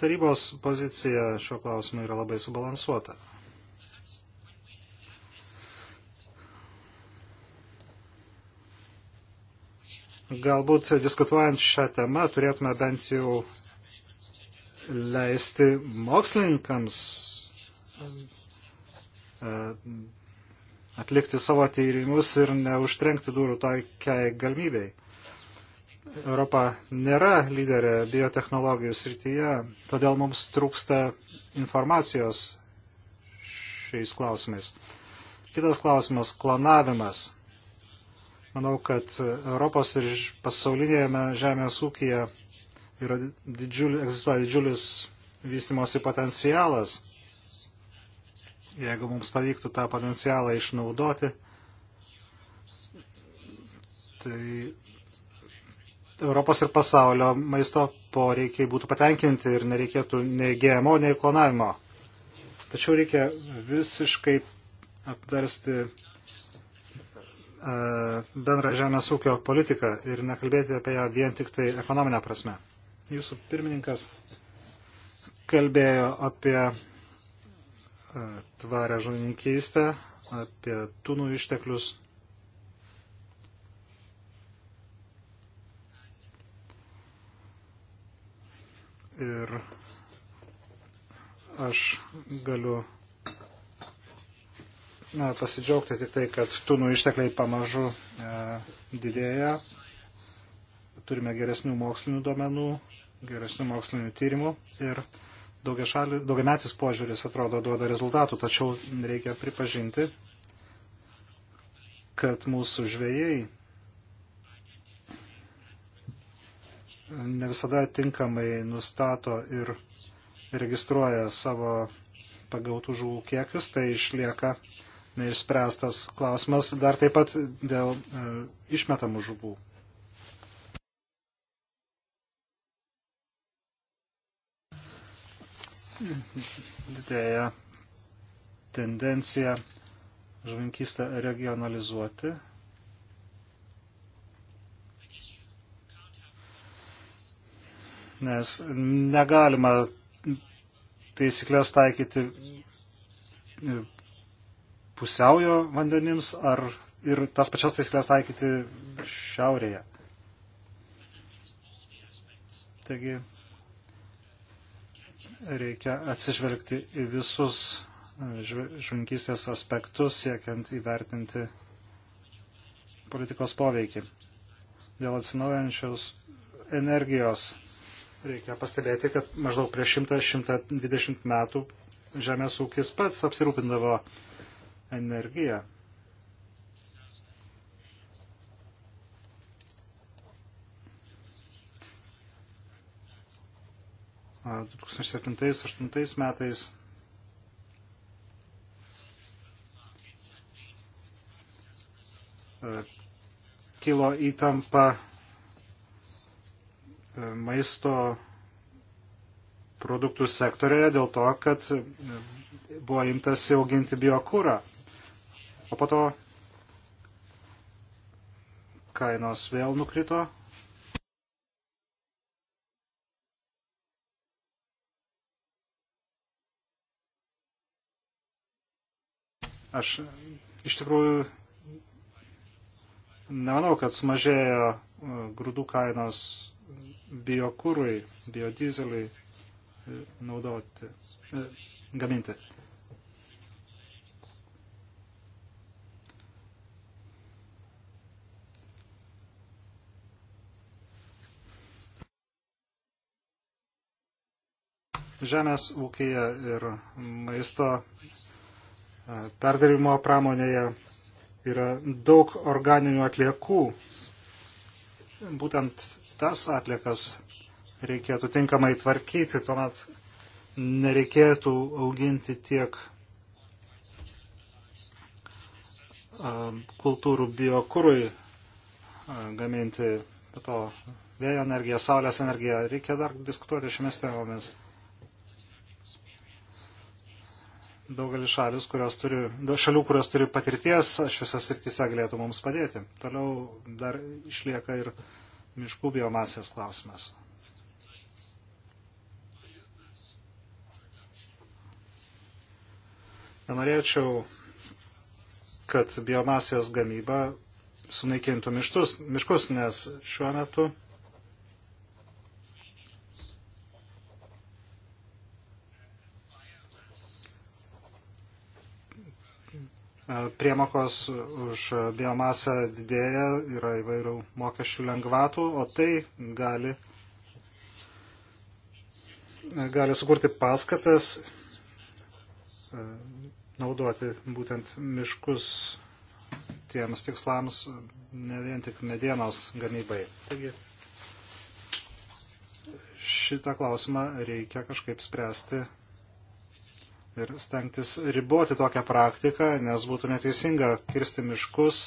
tarybos pozicija šiuo klausimu yra labai subalansuota. Galbūt diskutuojant šią temą turėtume bent jau leisti mokslininkams atlikti savo tyrimus ir neužtrenkti durų tokiai galimybei. Europa nėra lyderė biotehnologijų srityje, todėl mums trūksta informacijos šiais klausimais. Kitas klausimas - klonavimas. Manau, kad Europos ir pasaulinėme žemės ūkija yra didžiulis, egzistuoja didžiulis vystimosi potencialas Jeigu mums pavyktų tą potencialą išnaudoti, tai Europos ir pasaulio maisto poreikiai būtų patenkinti ir nereikėtų nei GMO, nei klonavimo. Tačiau reikia visiškai apversti e, bendrą žemės ūkio politiką ir nekalbėti apie ją vien tik tai ekonominę prasme. Jūsų pirmininkas kalbėjo apie tvarę žuvininkystę, apie tunų išteklius. Ir aš galiu na, pasidžiaugti tik tai, kad tunų ištekliai pamažu e, didėja. Turime geresnių mokslinių duomenų, geresnių mokslinių tyrimų ir e, daugiametis požiūris atrodo duoda rezultatų, tačiau reikia pripažinti, kad mūsų žvėjai ne visada tinkamai nustato ir registruoja savo pagautų žuvų kiekius, tai išlieka neišspręstas klausimas dar taip pat dėl e, išmetamų žuvų. didėja tendencija žvinkystę regionalizuoti. Nes negalima taisyklės taikyti pusiaujo vandenims ar ir tas pačias taisyklės taikyti šiaurėje. Taigi reikia atsižvelgti į visus e, žvinkystės aspektus, siekiant įvertinti politikos poveikį. Dėl atsinaujančios energijos reikia pastebėti, kad maždaug prieš 100-120 metų žemės ūkis pats apsirūpindavo energiją. 2007-2008 metais. E, kilo įtampa e, maisto produktų sektorėje dėl to, kad e, buvo imtas auginti biokūrą. O po to kainos vėl nukrito Aš iš tikrųjų nemanau, kad sumažėjo e, grūdų kainos biokūrui, biodizeliui e, naudoti, e, gaminti. žemės ūkija ir maisto perdarimo pramonėje yra daug organinių atliekų. Būtent tas atliekas reikėtų tinkamai tvarkyti, tuomet nereikėtų auginti tiek kultūrų biokūrui gaminti, bet to vėjo energija, saulės energija, reikia dar diskutuoti šiomis temomis. daugelis šalis, kurios turi, šalių, kurios turi patirties šiuose srityse galėtų mums padėti. Toliau dar išlieka ir miškų biomasės klausimas. Nenorėčiau, kad biomasės gamyba sunaikintų mištus, miškus, nes šiuo metu priemokos už biomasą didėja, yra įvairių mokesčių lengvatų, o tai gali, gali sukurti paskatas e, naudoti būtent miškus tiems tikslams, ne vien tik medienos gamybai. Taigi šitą klausimą reikia kažkaip spręsti ir stengtis riboti tokią praktiką, nes būtų neteisinga kirsti miškus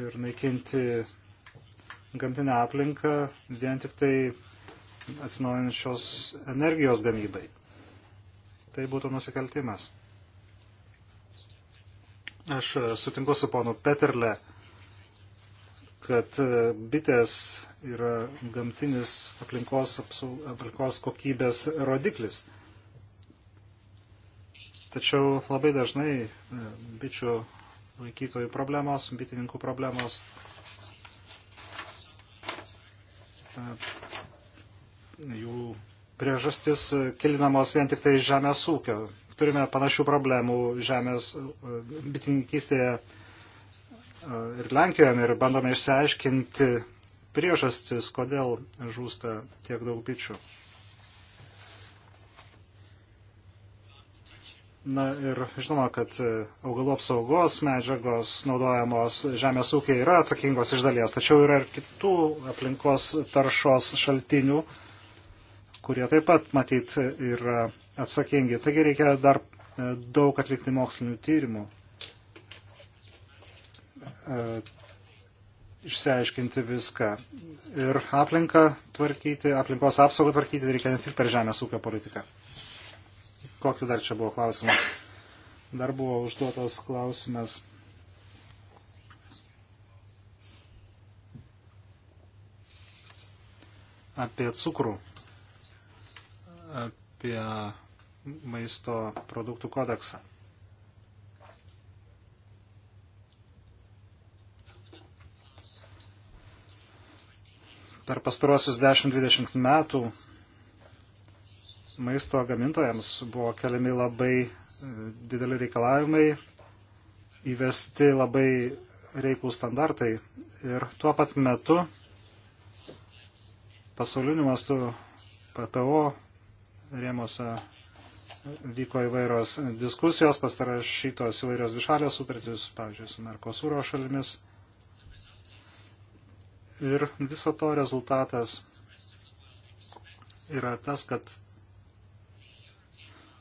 ir naikinti gamtinę aplinką vien tik tai atsinaujančios energijos gamybai. Tai būtų nusikaltimas. Aš e, sutinku su ponu Peterle, kad e, bitės yra gamtinis aplinkos, apsaug, aplinkos kokybės rodiklis. Tačiau labai dažnai e, bičių laikytojų problemos, bitininkų problemos e, jų priežastis kilinamos vien tik tai žemės ūkio. Turime panašių problemų žemės e, bitininkystėje ir Lenkijoje ir bandome išsiaiškinti priežastis, kodėl žūsta tiek daug bičių. Na ir žinoma, kad e, augalų apsaugos medžiagos naudojamos žemės ūkiai yra atsakingos iš dalies, tačiau yra ir kitų aplinkos taršos šaltinių, kurie taip pat matyt yra atsakingi. Taigi reikia dar e, daug atlikti mokslinių tyrimų, e, išsiaiškinti viską. Ir aplinką tvarkyti, aplinkos apsaugą tvarkyti reikia ne tik per žemės ūkio politiką. Kokiu dar čia buvo klausimas? Dar buvo užduotas klausimas. apie cukrų, apie maisto produktų kodeksą. Per pastaruosius 10-20 metų maisto gamintojams buvo keliami labai e, dideli reikalavimai, įvesti labai reiklų standartai ir tuo pat metu pasauliniu mastu PPO rėmose vyko įvairios diskusijos, pastarašytos įvairios dvišalės sutartys, pavyzdžiui, su Merkosūro šalimis. Ir viso to rezultatas yra tas, kad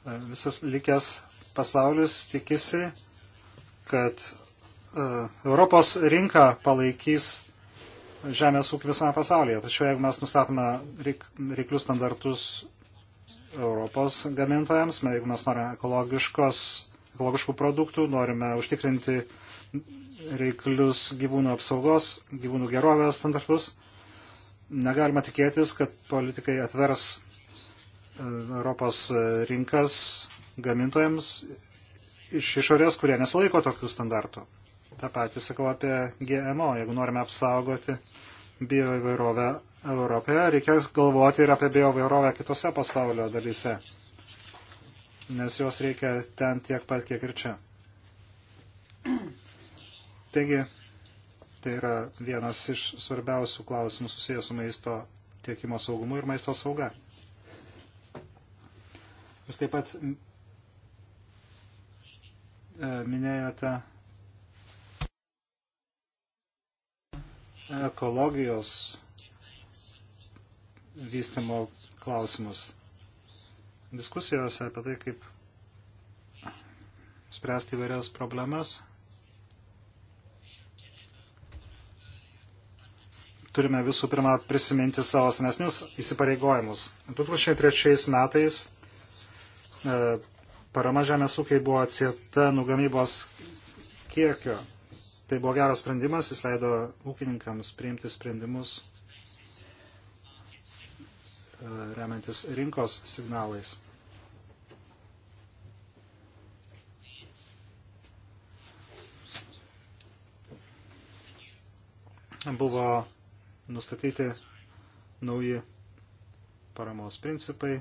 E, visas likęs pasaulis tikisi, kad e, Europos rinka palaikys žemės ūkį visame pasaulyje. Tačiau jeigu mes nustatome reik, reiklius standartus Europos gamintojams, jeigu mes norime ekologiškų produktų, norime užtikrinti reiklius gyvūnų apsaugos, gyvūnų gerovės standartus, negalima tikėtis, kad politikai atvers Europos rinkas gamintojams iš išorės, kurie nesilaiko tokių standartų. Ta patį sakau apie GMO. Jeigu norime apsaugoti bioįvairovę Europoje, reikia galvoti ir apie bioįvairovę kitose pasaulio dalyse, nes jos reikia ten tiek pat, kiek ir čia. Taigi, tai yra vienas iš svarbiausių klausimų susijęs su maisto tiekimo saugumu ir maisto sauga. Jūs taip pat e, minėjote ekologijos vystimo klausimus. Diskusijose apie tai, kaip spręsti įvairias problemas. Turime visų pirma prisiminti savo senesnius įsipareigojimus. 2003 metais E, parama žemės ūkiai buvo atsieta nugamybos kiekio. Tai buvo geras sprendimas, jis leido ūkininkams priimti sprendimus e, remiantis rinkos signalais. Buvo nustatyti nauji paramos principai,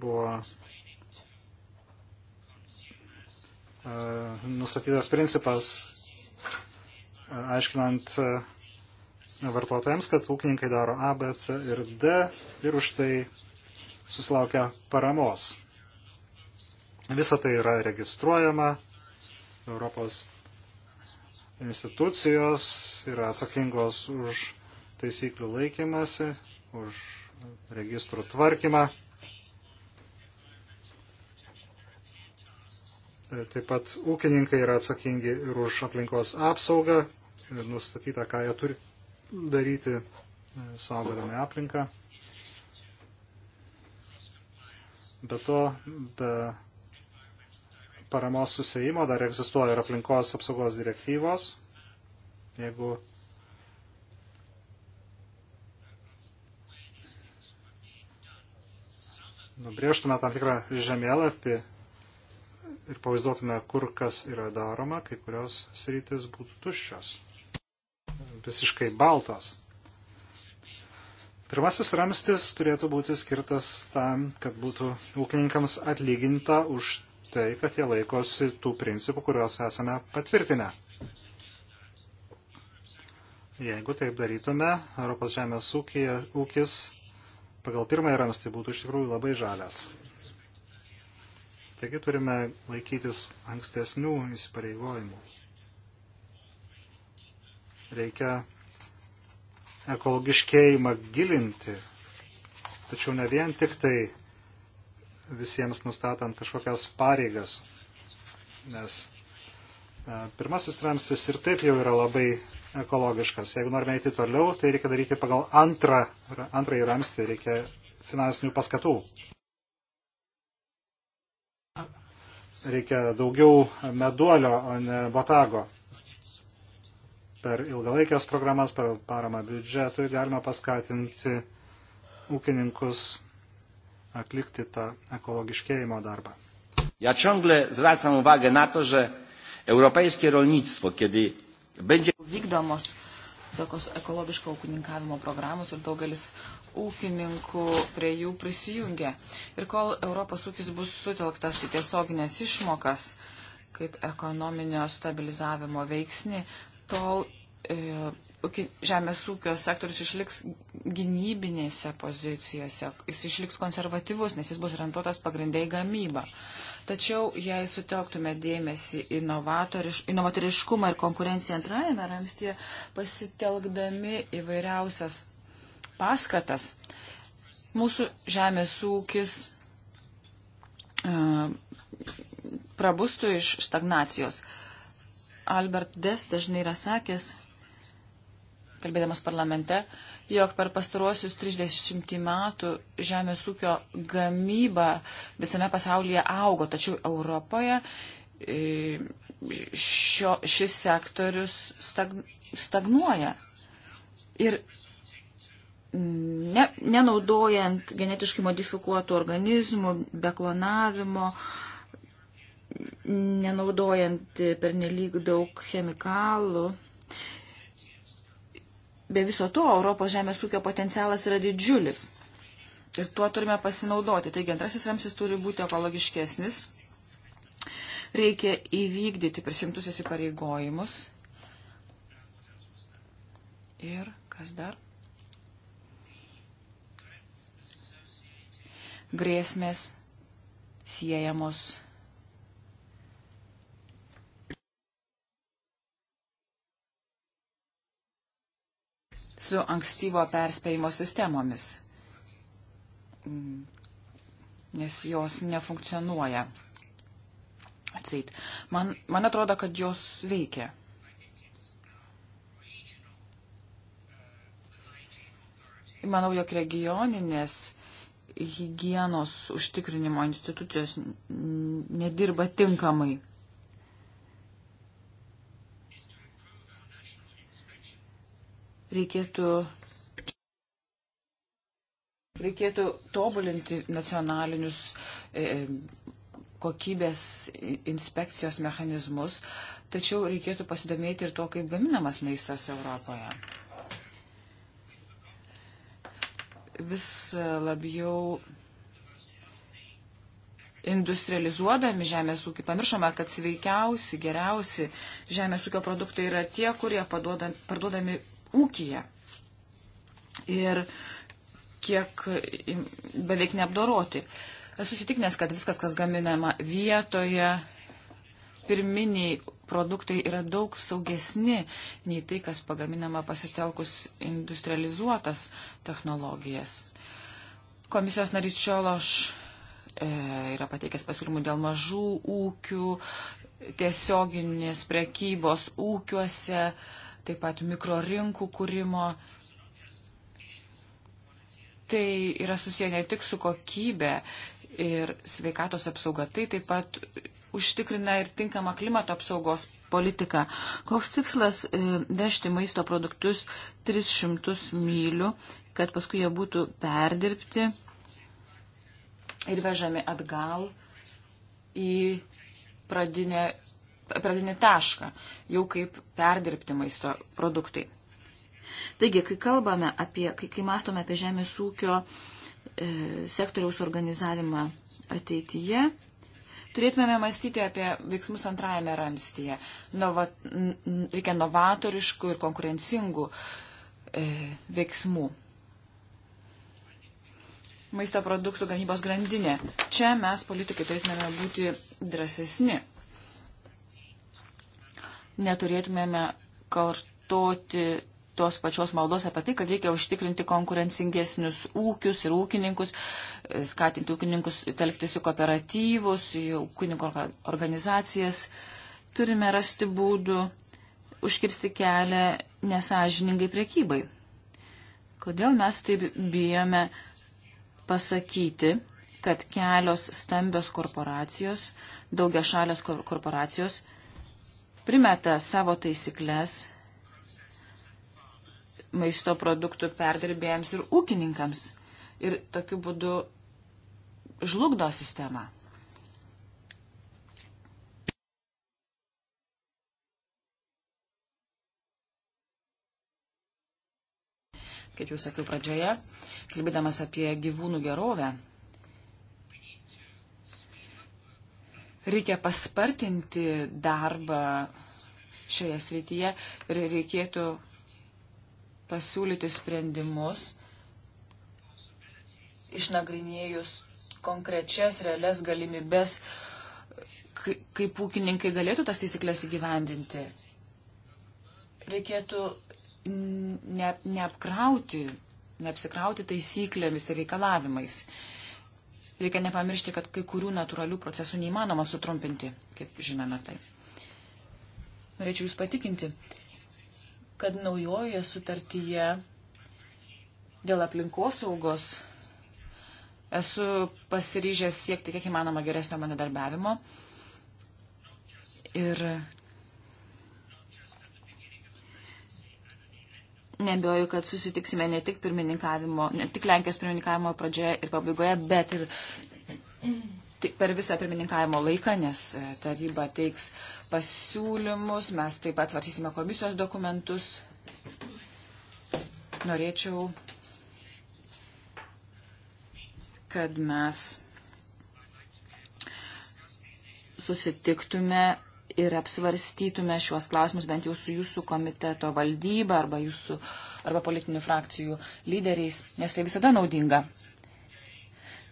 buvo e, nustatytas principas, e, aiškinant e, vartotojams, kad ūkininkai daro A, B, C ir D ir už tai susilaukia paramos. Visa tai yra registruojama, Europos institucijos yra atsakingos už taisyklių laikymasi, už registrų tvarkymą. E, taip pat ūkininkai yra atsakingi ir už aplinkos apsaugą, nustatyta, ką jie turi daryti, e, saugodami aplinką. Be to, be paramos susijimo dar egzistuoja ir aplinkos apsaugos direktyvos. Jeigu nubrėžtume tam tikrą žemėlapį ir pavaizduotume, kur kas yra daroma, kai kurios sritis būtų tuščios, visiškai baltos. Pirmasis ramstis turėtų būti skirtas tam, kad būtų ūkininkams atlyginta už tai, kad jie laikosi tų principų, kuriuos esame patvirtinę. Jeigu taip darytume, Europos žemės ūkija, ūkis pagal pirmąjį ramstį būtų iš tikrųjų labai žalias. Taigi turime laikytis ankstesnių įsipareigojimų. Reikia ekologiškėjimą gilinti, tačiau ne vien tik tai visiems nustatant kažkokias pareigas, nes e, pirmasis ramstis ir taip jau yra labai ekologiškas. Jeigu norime eiti toliau, tai reikia daryti pagal antrą, antrąjį ramstį, reikia finansinių paskatų. reikia daugiau meduolio, o ne botago. Per ilgalaikės programas, per paramą biudžetui galima paskatinti ūkininkus atlikti tą ekologiškėjimo darbą. Ja ciągle zwracam uwagę na to, że europejskie rolnictwo, kiedy będzie... Vykdomos tokios ekologiško ūkininkavimo programos ir daugelis ūkininkų prie jų prisijungia. Ir kol Europos ūkis bus sutelktas į tiesioginės išmokas kaip ekonominio stabilizavimo veiksnį, tol e, žemės ūkio sektorius išliks gynybinėse pozicijose, jis išliks konservatyvus, nes jis bus orientuotas pagrindai gamybą. Tačiau, jei sutelktume dėmesį inovatoriškumą ir konkurenciją antrajame ramstyje, pasitelkdami įvairiausias paskatas. Mūsų žemės ūkis uh, prabustų iš stagnacijos. Albert Des dažnai yra sakęs, kalbėdamas parlamente, jog per pastaruosius 30 metų žemės ūkio gamyba visame pasaulyje augo, tačiau Europoje e, šio, šis sektorius stagn, stagnuoja. Ir ne, nenaudojant genetiškai modifikuotų organizmų, be klonavimo, nenaudojant pernelyg daug chemikalų. Be viso to, Europos žemės ūkio potencialas yra didžiulis. Ir tuo turime pasinaudoti. Taigi antrasis ramsis turi būti ekologiškesnis. Reikia įvykdyti prisimtus įsipareigojimus. Ir kas dar? grėsmės siejamos su ankstyvo perspėjimo sistemomis, nes jos nefunkcionuoja. Atseit. Man, man atrodo, kad jos veikia. Manau, jog regioninės hygienos užtikrinimo institucijos nedirba tinkamai. Reikėtų, reikėtų tobulinti nacionalinius e, kokybės inspekcijos mechanizmus, tačiau reikėtų pasidomėti ir to, kaip gaminamas maistas Europoje. vis labiau industrializuodami žemės ūkį pamiršome, kad sveikiausi, geriausi žemės ūkio produktai yra tie, kurie paduodami, parduodami ūkija. Ir kiek beveik neapdoroti. Esu susitiknęs, kad viskas, kas gaminama vietoje, pirminiai produktai yra daug saugesni nei tai, kas pagaminama pasitelkus industrializuotas technologijas. Komisijos narys Čiološ e, yra pateikęs pasiūlymų dėl mažų ūkių, tiesioginės prekybos ūkiuose, taip pat mikrorinkų kūrimo. Tai yra susiję ne tik su kokybė ir sveikatos apsauga. Tai taip pat užtikrina ir tinkamą klimato apsaugos politiką. Koks tikslas e, vežti maisto produktus 300 mylių, kad paskui jie būtų perdirbti ir vežami atgal į pradinę, pradinį tašką, jau kaip perdirbti maisto produktai. Taigi, kai kalbame apie, kai, kai mastome apie žemės ūkio uh, E, sektoriaus organizavimą ateityje, turėtume mąstyti apie veiksmus antrajame ramstyje. Nova, reikia novatoriškų ir konkurencingų e, veiksmų. Maisto produktų gamybos grandinė. Čia mes, politikai, turėtume būti drąsesni. Neturėtumėme kartoti tos pačios maldos apie tai, kad reikia užtikrinti konkurencingesnius ūkius ir ūkininkus, e, skatinti ūkininkus telktis į kooperatyvus, į ūkininko organizacijas. Turime rasti būdų užkirsti kelią nesažiningai priekybai. Kodėl mes taip bijome pasakyti, kad kelios stambios korporacijos, daugia šalės korporacijos primeta savo taisyklės maisto produktų perdirbėjams ir ūkininkams. Ir tokiu būdu žlugdo sistemą. kaip jau sakiau pradžioje, kalbėdamas apie gyvūnų gerovę, reikia paspartinti darbą šioje srityje ir reikėtų pasiūlyti sprendimus, išnagrinėjus konkrečias realias galimybės, kaip ūkininkai galėtų tas taisyklės įgyvendinti. Reikėtų ne, neapkrauti, neapsikrauti taisyklėmis ir reikalavimais. Reikia nepamiršti, kad kai kurių natūralių procesų neįmanoma sutrumpinti, kaip žinome tai. Norėčiau Jūs patikinti, kad naujoje sutartyje dėl aplinkosaugos esu pasiryžęs siekti kiek įmanoma geresnio mano darbiavimo. Ir nebijoju, kad susitiksime ne tik pirmininkavimo, ne tik Lenkijos pirmininkavimo pradžioje ir pabaigoje, bet ir per visą pirmininkavimo laiką, nes e, taryba teiks pasiūlymus, mes taip pat svarsysime komisijos dokumentus. Norėčiau, kad mes susitiktume ir apsvarstytume šiuos klausimus bent jau su jūsų komiteto valdyba arba jūsų arba politinių frakcijų lyderiais, nes tai visada naudinga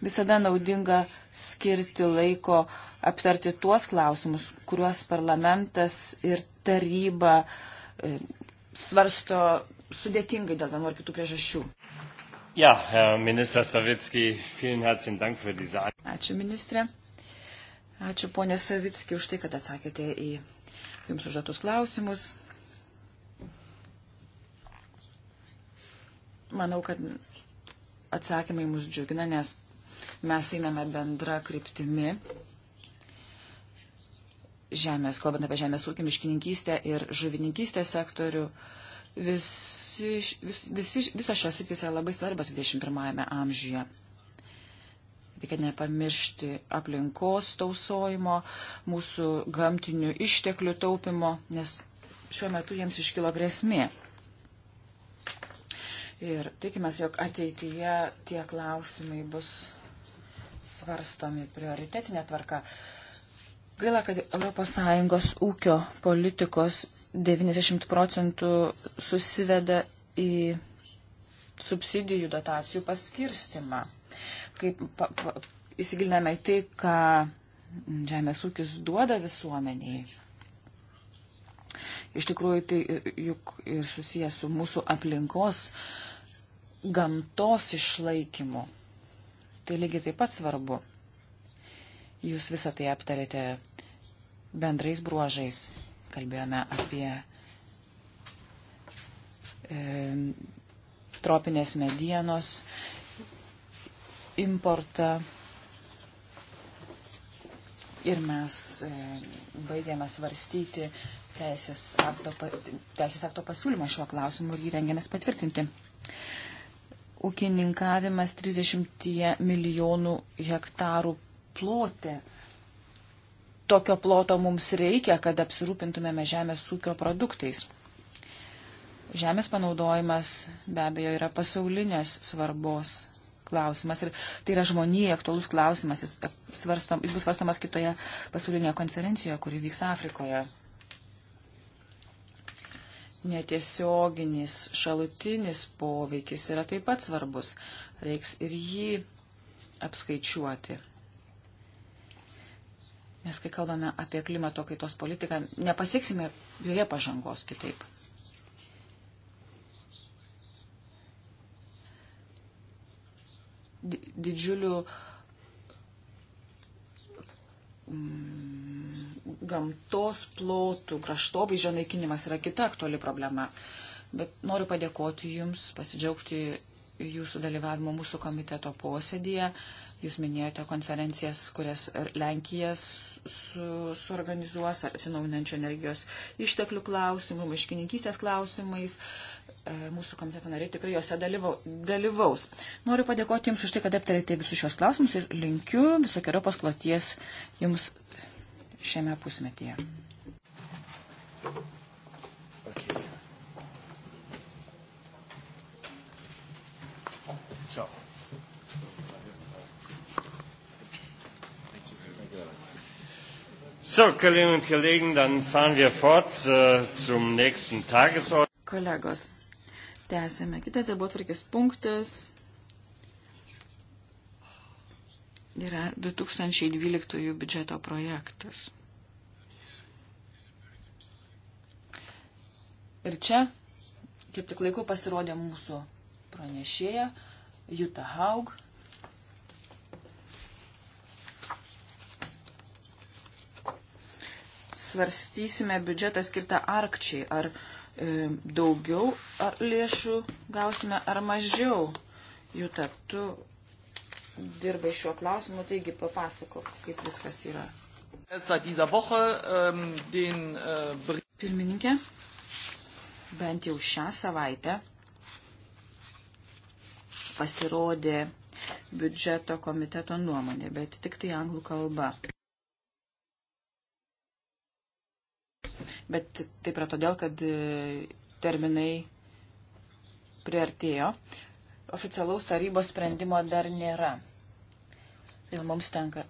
visada naudinga skirti laiko aptarti tuos klausimus, kuriuos parlamentas ir taryba e, svarsto sudėtingai dėl vienų ar kitų priežasčių. Ja, minister Savitski, vielen herzlichen Dank für diese Ačiū, ministrė. Ačiū, ponė Savitski, už tai, kad atsakėte į jums užduotus klausimus. Manau, kad atsakymai mus džiugina, nes Mes einame bendra kryptimi. Žemės, kalbant apie žemės ūkį, miškininkystę ir žuvininkystę sektorių, visi, vis, visi, visos šios sritys yra labai svarbios 21 amžiuje. Reikia nepamiršti aplinkos tausojimo, mūsų gamtinių išteklių taupimo, nes šiuo metu jiems iškilo grėsmė. Ir tikimės, jog ateityje tie klausimai bus svarstomi prioritetinė tvarka. Gaila, kad ES ūkio politikos 90 procentų susiveda į subsidijų dotacijų paskirstimą. Kaip pa, pa, įsigiliname į tai, ką žemės ūkis duoda visuomeniai. Iš tikrųjų, tai juk ir susijęs su mūsų aplinkos gamtos išlaikymu tai lygiai taip pat svarbu. Jūs visą tai aptarėte bendrais bruožais. Kalbėjome apie e, tropinės medienos importą. Ir mes e, baigėme svarstyti teisės akto, teisės akto pasiūlymą šiuo klausimu ir jį rengiamės patvirtinti. E, ūkininkavimas 30 milijonų hektarų plotė. Tokio ploto mums reikia, kad apsirūpintumėme žemės ūkio produktais. Žemės panaudojimas be abejo yra pasaulinės svarbos klausimas ir tai yra žmonijai aktualus klausimas, jis, svarstom, jis bus svarstomas kitoje pasaulinėje konferencijoje, kuri vyks Afrikoje netiesioginis šalutinis poveikis yra taip pat svarbus. Reiks ir jį apskaičiuoti. Nes kai kalbame apie klimato kaitos politiką, nepasieksime joje pažangos kitaip. Didžiulių mm, gamtos plotų, kraštovaizdžio naikinimas yra kita aktuali problema. Bet noriu padėkoti Jums, pasidžiaugti Jūsų dalyvavimo mūsų komiteto posėdėje. Jūs minėjote konferencijas, kurias Lenkijas su, suorganizuos atsinaujinančio energijos išteklių klausimų, miškininkystės klausimais. E, mūsų komiteto nariai tikrai juose dalyvaus. Noriu padėkoti Jums už tai, kad aptarėte visus šios klausimus ir linkiu visokiojo paskloties Jums šiame pusmetyje. Okay. So. So, Kolleginnen und Kollegen, dann fahren wir fort äh, zum nächsten Tagesordnung. Kollegos, tęsime. Kitas darbotvarkės punktas yra 2012 biudžeto projektas. Ir čia, kaip tik laiku pasirodė mūsų pranešėja, Juta Haug. Svarstysime biudžetą skirtą arkčiai, ar e, daugiau ar lėšų gausime, ar mažiau. Juta, tu dirbai šiuo klausimu, taigi papasako, kaip viskas yra. Ähm, äh, Pirmininkė, bent jau šią savaitę pasirodė biudžeto komiteto nuomonė, bet tik tai anglų kalba. Bet taip yra todėl, kad e, terminai priartėjo. Oficialaus tarybos sprendimo dar nėra. Ir mums tenka,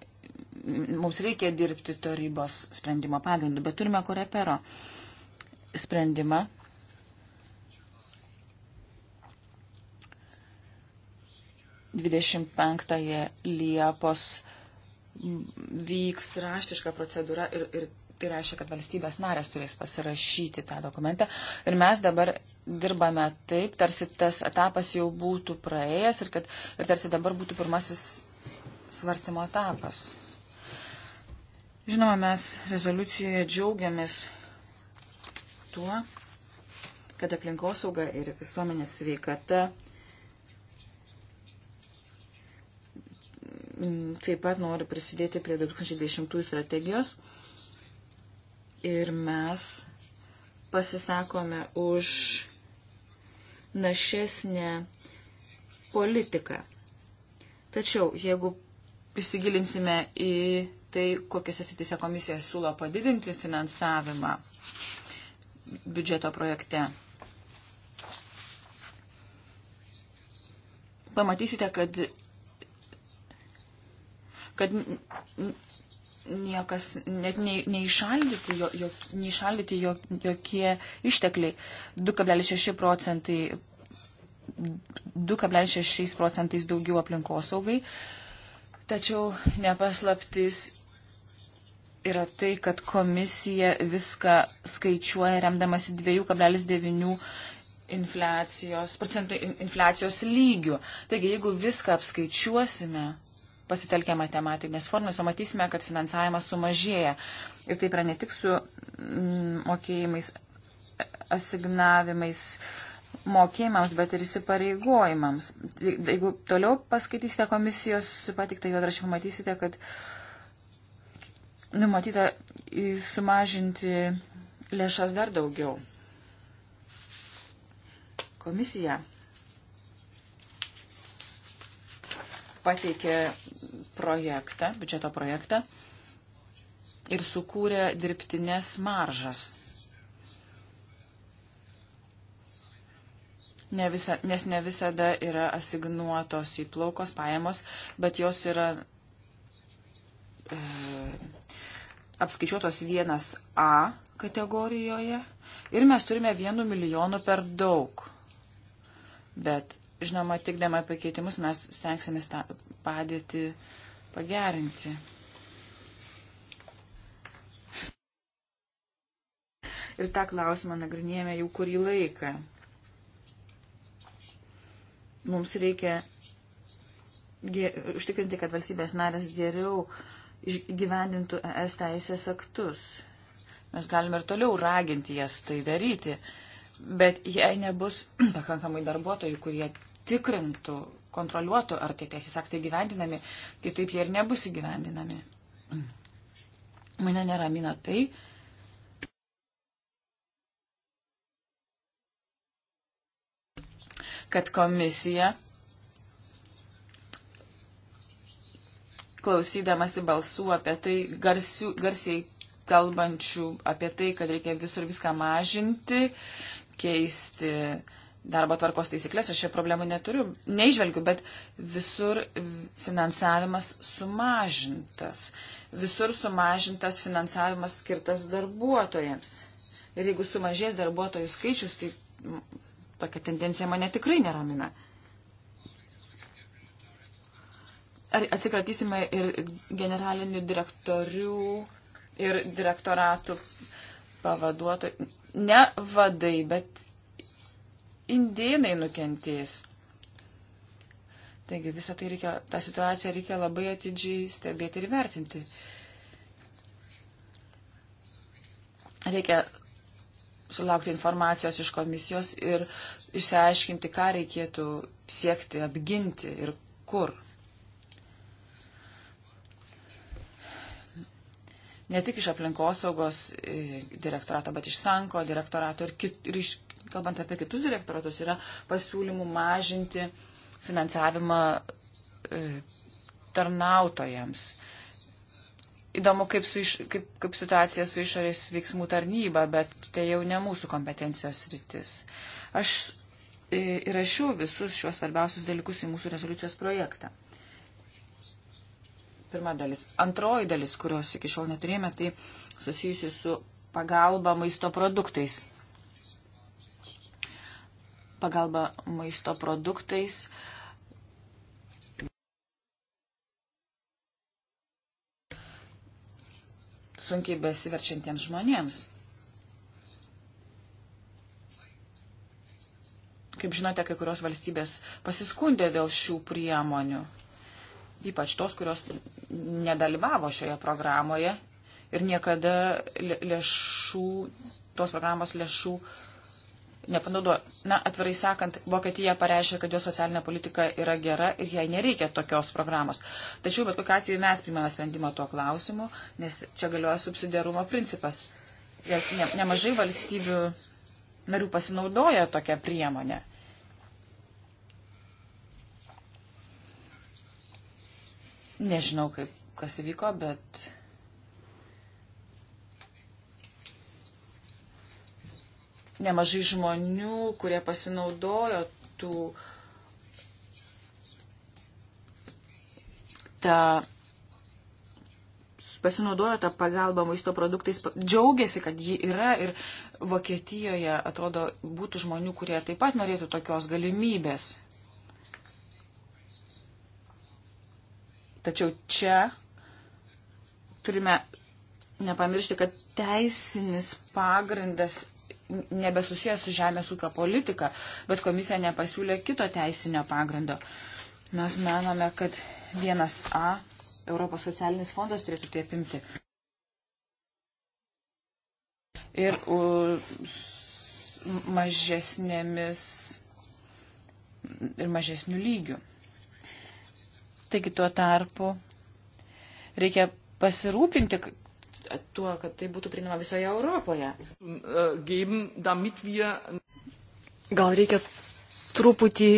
mums reikia dirbti tarybos sprendimo pagrindu, bet turime korepero sprendimą. Dvidešimt penktąją Liepos vyks raštiška procedūra ir, ir tai reiškia, kad valstybės narės turės pasirašyti tą dokumentą. Ir mes dabar dirbame taip, tarsi tas etapas jau būtų praėjęs ir, kad, ir tarsi dabar būtų pirmasis svarstymo etapas. Žinoma, mes rezoliucijoje džiaugiamės tuo, kad aplinkosauga ir visuomenės sveikata taip pat nori prisidėti prie 2010 strategijos ir mes pasisakome už našesnę politiką. Tačiau, jeigu įsigilinsime į tai, kokiuose sitise komisija siūlo padidinti finansavimą biudžeto projekte. Pamatysite, kad, kad niekas net nei, neišaldyti, jo, jo, neišaldyti jo, jokie ištekliai. 2,6 procentai 2,6 procentais daugiau aplinkosaugai, Tačiau nepaslaptis yra tai, kad komisija viską skaičiuoja remdamasi 2,9 infliacijos, procentų infliacijos lygių. Taigi, jeigu viską apskaičiuosime, pasitelkę matematinės formos, o matysime, kad finansavimas sumažėja. Ir taip yra ne tik su mm, mokėjimais, asignavimais, uh, mokėjimams, bet ir įsipareigojimams. Jeigu toliau paskaitysite komisijos patiktą juodrašį, matysite, kad numatyta sumažinti lėšas dar daugiau. Komisija pateikė projektą, biudžeto projektą ir sukūrė dirbtinės maržas ne visa, nes ne visada yra asignuotos įplaukos pajamos, bet jos yra e, apskaičiuotos vienas A kategorijoje ir mes turime vienu milijonu per daug. Bet, žinoma, tikdama pakeitimus mes stengsimės tą padėtį pagerinti. Ir tą klausimą nagrinėjame jau kurį laiką. Mums reikia užtikrinti, kad valstybės narės geriau gyvendintų ES teisės aktus. Mes galime ir toliau raginti jas tai daryti, bet jei nebus <clears throat> pakankamai darbuotojų, kurie tikrintų, kontroliuotų, ar tie teisės aktai gyvendinami, kitaip jie ir nebus įgyvendinami. Mane neramina tai, kad komisija, klausydamasi balsų apie tai, garsių, garsiai kalbančių apie tai, kad reikia visur viską mažinti, keisti darbo tvarkos taisyklės, aš šią problemą neturiu, neižvelgiu, bet visur finansavimas sumažintas. Visur sumažintas finansavimas skirtas darbuotojams. Ir jeigu sumažės darbuotojų skaičius, tai Tokia tendencija mane tikrai neramina. Ar atsikratysime ir generalinių direktorių, ir direktoratų pavaduotojų? Ne vadai, bet indėnai nukentės. Taigi visą tai reikia, tą situaciją reikia labai atidžiai stebėti ir vertinti. Reikia sulaukti informacijos iš komisijos ir išsiaiškinti, ką reikėtų siekti, apginti ir kur. Ne tik iš aplinkosaugos e, direktorato, bet iš Sanko direktorato ir, kit, ir iš, kalbant apie kitus direktoratus, yra pasiūlymų mažinti finansavimą e, tarnautojams. Įdomu, kaip, su iš, kaip, kaip situacija su išorės veiksmų tarnyba, bet tai jau ne mūsų kompetencijos rytis. Aš e, įrašiau visus šios svarbiausius dalykus į mūsų rezoliucijos projektą. Pirma dalis. Antroji dalis, kurios iki šiol neturėjome, tai susijusi su pagalba maisto produktais. Pagalba maisto produktais. Uh, sunkiai besiverčiantiems žmonėms. Kaip žinote, kai kurios valstybės pasiskundė dėl šių priemonių, ypač tos, kurios nedalyvavo šioje programoje ir niekada lėšų, tos programos lėšų nepanaudojo. Na, atvirai sakant, Vokietija pareiškia, kad jo socialinė politika yra gera ir jai nereikia tokios programos. Tačiau bet kokiu atveju mes primame sprendimą tuo klausimu, nes čia galioja subsidiarumo principas. Nes ne, nemažai valstybių narių pasinaudoja tokią priemonę. Nežinau, kaip, kas įvyko, bet nemažai žmonių, kurie pasinaudojo tų tą pasinaudojo tą pagalbą maisto produktais, džiaugiasi, kad ji yra ir Vokietijoje, atrodo, būtų žmonių, kurie taip pat norėtų tokios galimybės. Tačiau čia turime nepamiršti, kad teisinis pagrindas nebesusijęs su žemės ūkio politika, bet komisija nepasiūlė kito teisinio pagrindo. Mes manome, kad vienas A Europos socialinis fondas turėtų tai apimti. Ir mažesnėmis ir mažesnių lygių. Taigi tuo tarpu reikia pasirūpinti, tuo, kad tai būtų prieinama visoje Europoje. E, Gal reikia truputį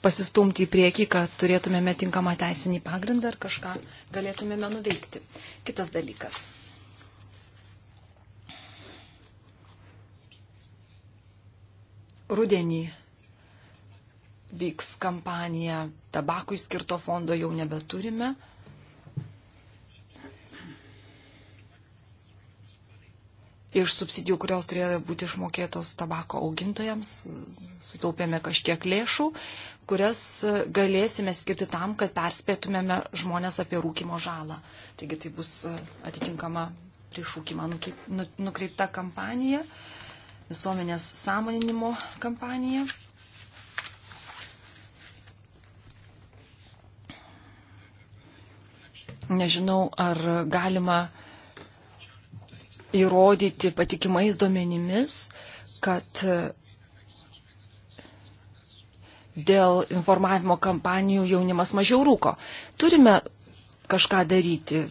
pasistumti į priekį, kad turėtumėme tinkamą teisinį pagrindą ir kažką galėtumėme nuveikti. Kitas dalykas. Rudenį vyks kampanija, tabakui skirto fondo jau nebeturime iš subsidijų, kurios turėjo būti išmokėtos tabako augintojams, sutaupėme kažkiek lėšų, kurias galėsime skirti tam, kad perspėtumėme žmonės apie rūkimo žalą. Taigi tai bus atitinkama prieš rūkimą nu- nukreipta kampanija, visuomenės sąmoninimo kampanija. Nežinau, ar galima įrodyti patikimais duomenimis, kad e, dėl informavimo kampanijų jaunimas mažiau rūko. Turime kažką daryti.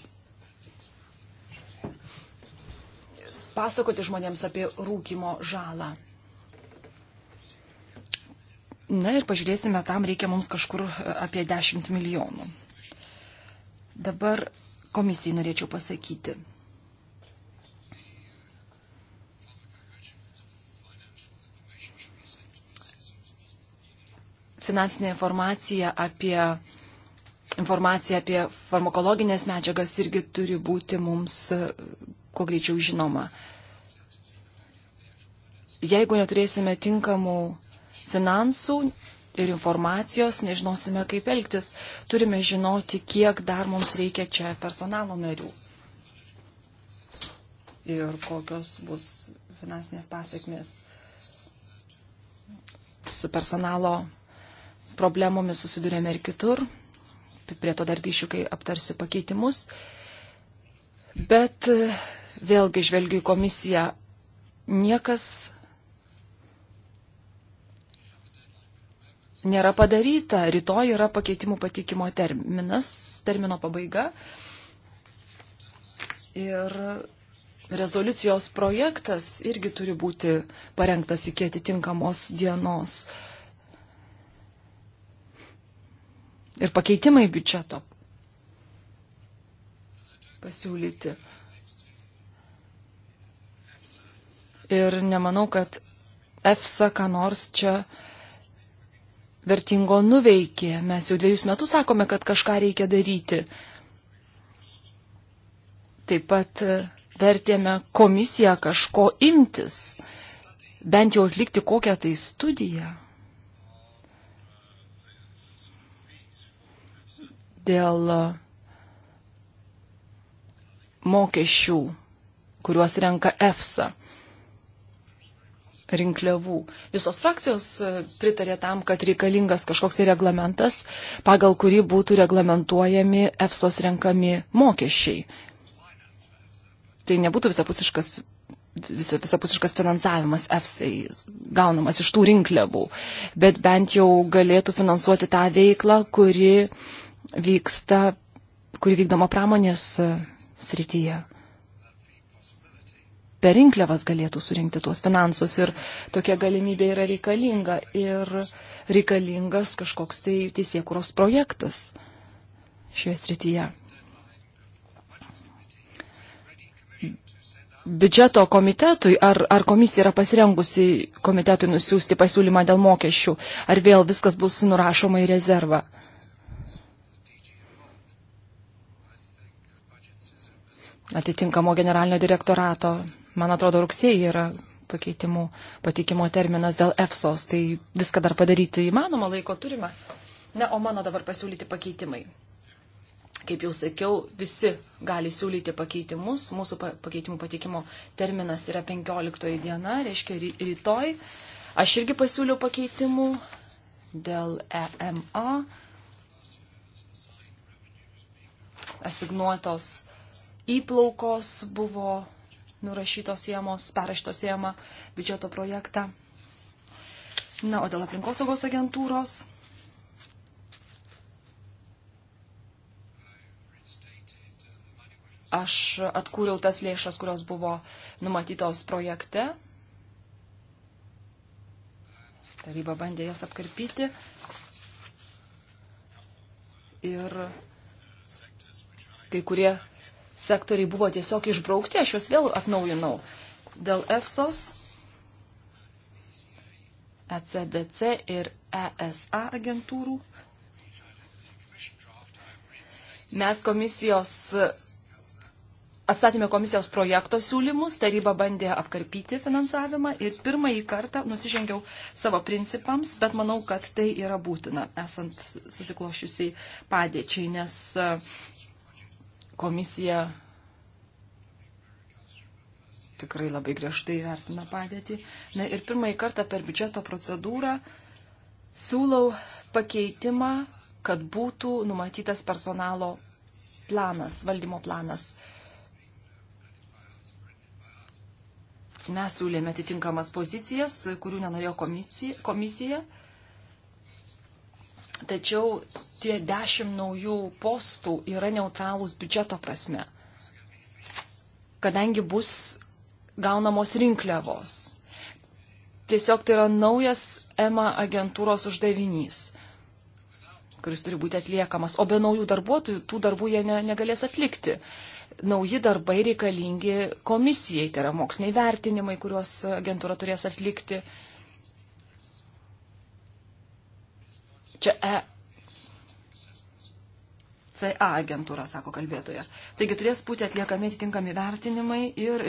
Pasakoti žmonėms apie rūkimo žalą. Na ir pažiūrėsime, tam reikia mums kažkur e, apie 10 milijonų. Dabar komisijai norėčiau pasakyti. finansinė informacija apie informacija apie farmakologinės medžiagas irgi turi būti mums e, kuo greičiau žinoma. Jeigu neturėsime tinkamų finansų ir informacijos, nežinosime, kaip elgtis, turime žinoti, kiek dar mums reikia čia personalo narių ir kokios bus finansinės pasiekmės su personalo problemomis susidurėme ir kitur. Prie to dar grįšiu, kai aptarsiu pakeitimus. Bet e, vėlgi žvelgiu į komisiją. Niekas nėra padaryta. Rytoj yra pakeitimų patikimo terminas, termino pabaiga. Ir rezoliucijos projektas irgi turi būti parengtas iki atitinkamos dienos. Uh, ir pakeitimai biudžeto pasiūlyti. Ir nemanau, kad EFSA ką nors čia vertingo nuveikė. Mes jau dviejus metus sakome, kad kažką reikia daryti. Taip pat vertėme komisiją kažko imtis, bent jau atlikti kokią tai studiją. dėl e, mokesčių, kuriuos renka EFSA rinkliavų. Visos frakcijos e, pritarė tam, kad reikalingas kažkoks tai reglamentas, pagal kurį būtų reglamentuojami EFSOS renkami mokesčiai. Tai nebūtų visapusiškas, vis, visapusiškas finansavimas EFSAI gaunamas iš tų rinkliavų, bet bent jau galėtų finansuoti tą veiklą, kuri vyksta, kuri vykdoma pramonės e, srityje. Per rinkliavas galėtų surinkti tuos finansus ir tokia galimybė yra reikalinga ir reikalingas kažkoks tai teisėkuros projektas šioje srityje. biudžeto komitetui, ar, ar komisija yra pasirengusi komitetui nusiųsti pasiūlymą dėl mokesčių, ar vėl viskas bus nurašoma į rezervą. atitinkamo generalinio direktorato. Man atrodo, rugsėjai yra pakeitimų patikimo terminas dėl EFSOS, tai viską dar padaryti įmanoma, laiko turime. Na, o mano dabar pasiūlyti pakeitimai. Kaip jau sakiau, visi gali siūlyti pakeitimus. Mūsų pakeitimų patikimo terminas yra 15 diena, reiškia rytoj. Aš irgi pasiūliau pakeitimų dėl EMA. Asignuotos įplaukos buvo nurašytos jėmos, perrašytos jėma biudžeto projektą. Na, o dėl aplinkosaugos agentūros. Aš atkūriau tas lėšas, kurios buvo numatytos projekte. Taryba bandė jas apkarpyti. Ir kai kurie sektoriai buvo tiesiog išbraukti, aš juos vėl atnaujinau. Dėl EFSOS, ECDC ir ESA agentūrų mes komisijos atstatėme komisijos projekto siūlymus, taryba bandė apkarpyti finansavimą ir pirmąjį kartą nusižengiau savo principams, bet manau, kad tai yra būtina, esant susiklošiusiai padėčiai, nes Komisija tikrai labai griežtai vertina padėtį. Na ir pirmąjį kartą per biudžeto procedūrą siūlau pakeitimą, kad būtų numatytas personalo planas, valdymo planas. Mes siūlėme atitinkamas pozicijas, kurių nenorėjo komisija. komisija Tačiau tie dešimt naujų postų yra neutralūs biudžeto prasme, kadangi bus gaunamos rinkliavos. Tiesiog tai yra naujas EMA agentūros uždavinys, kuris turi būti atliekamas, o be naujų darbuotojų tų darbų jie ne, negalės atlikti nauji darbai reikalingi komisijai, tai yra moksliniai vertinimai, kuriuos agentūra turės atlikti, Čia E. CA agentūra, sako kalbėtoja. Taigi turės būti atliekami atitinkami vertinimai ir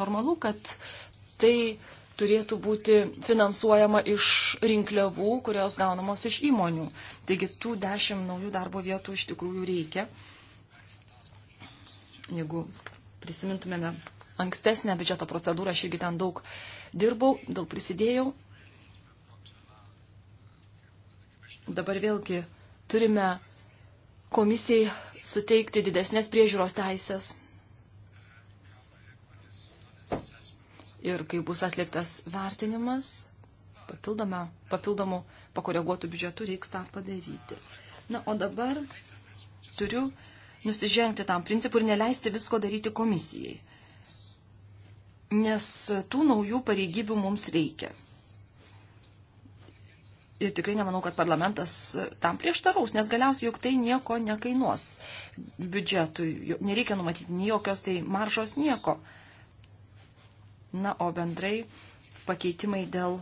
normalu, kad tai turėtų būti finansuojama iš rinkliavų, kurios gaunamos iš įmonių. Taigi tų dešimt naujų darbo vietų iš tikrųjų reikia. Jeigu prisimintumėme ankstesnę biudžeto procedūrą, aš irgi ten daug dirbau, daug prisidėjau dabar vėlgi turime komisijai suteikti didesnės priežiūros teisės. Ir kai bus atliktas vertinimas, papildomų pakoreguotų biudžetų reiks tą padaryti. Na, o dabar turiu nusižengti tam principui ir neleisti visko daryti komisijai. Nes tų naujų pareigybių mums reikia ir tikrai nemanau, kad parlamentas tam prieštaraus, nes galiausiai juk tai nieko nekainuos biudžetui, nereikia numatyti nei jokios tai maržos nieko. Na, o bendrai pakeitimai dėl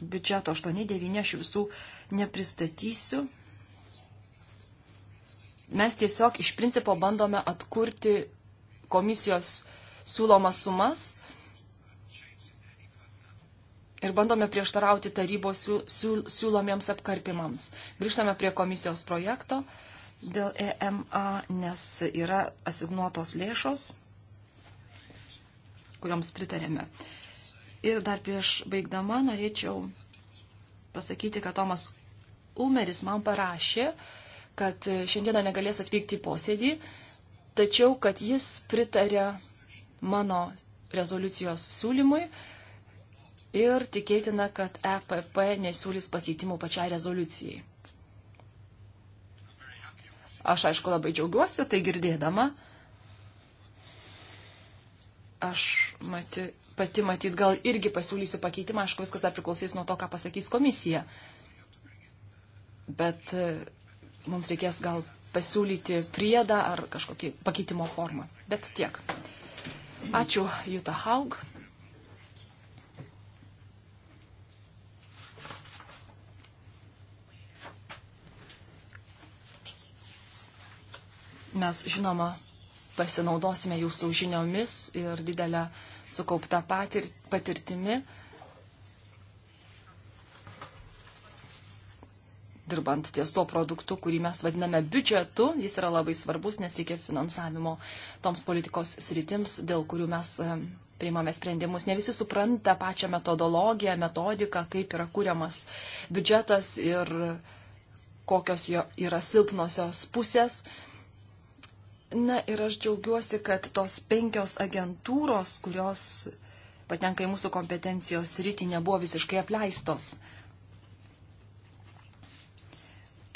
biudžeto 8-9 aš visų nepristatysiu. Mes tiesiog iš principo bandome atkurti komisijos siūlomas sumas ir bandome prieštarauti tarybos siūlomiems apkarpimams. Grįžtame prie komisijos projekto dėl EMA, nes yra asignuotos lėšos, kuriuoms pritarėme. Ir dar prieš baigdama norėčiau pasakyti, kad Tomas Ulmeris man parašė, kad šiandieną negalės atvykti į posėdį, tačiau kad jis pritarė mano rezoliucijos siūlymui, ir tikėtina, kad EPP nesiūlys pakeitimų pačiai rezoliucijai. Aš aišku labai džiaugiuosi tai girdėdama. Aš mati, pati matyt gal irgi pasiūlysiu pakeitimą, aišku viskas dar priklausys nuo to, ką pasakys komisija. Bet e, mums reikės gal pasiūlyti priedą ar kažkokį pakeitimo formą. Bet tiek. Ačiū Juta Haug. Mes, žinoma, pasinaudosime jūsų žiniomis ir didelę sukauptą patir patirtimi, dirbant ties tuo produktu, kurį mes vadiname biudžetu. Jis yra labai svarbus, nes reikia finansavimo toms politikos sritims, dėl kurių mes ehm, priimame sprendimus. Ne visi supranta pačią metodologiją, metodiką, kaip yra kūriamas biudžetas ir kokios jo yra silpnosios pusės. Na ir aš džiaugiuosi, kad tos penkios agentūros, kurios patenka į mūsų kompetencijos rytį, nebuvo visiškai apleistos.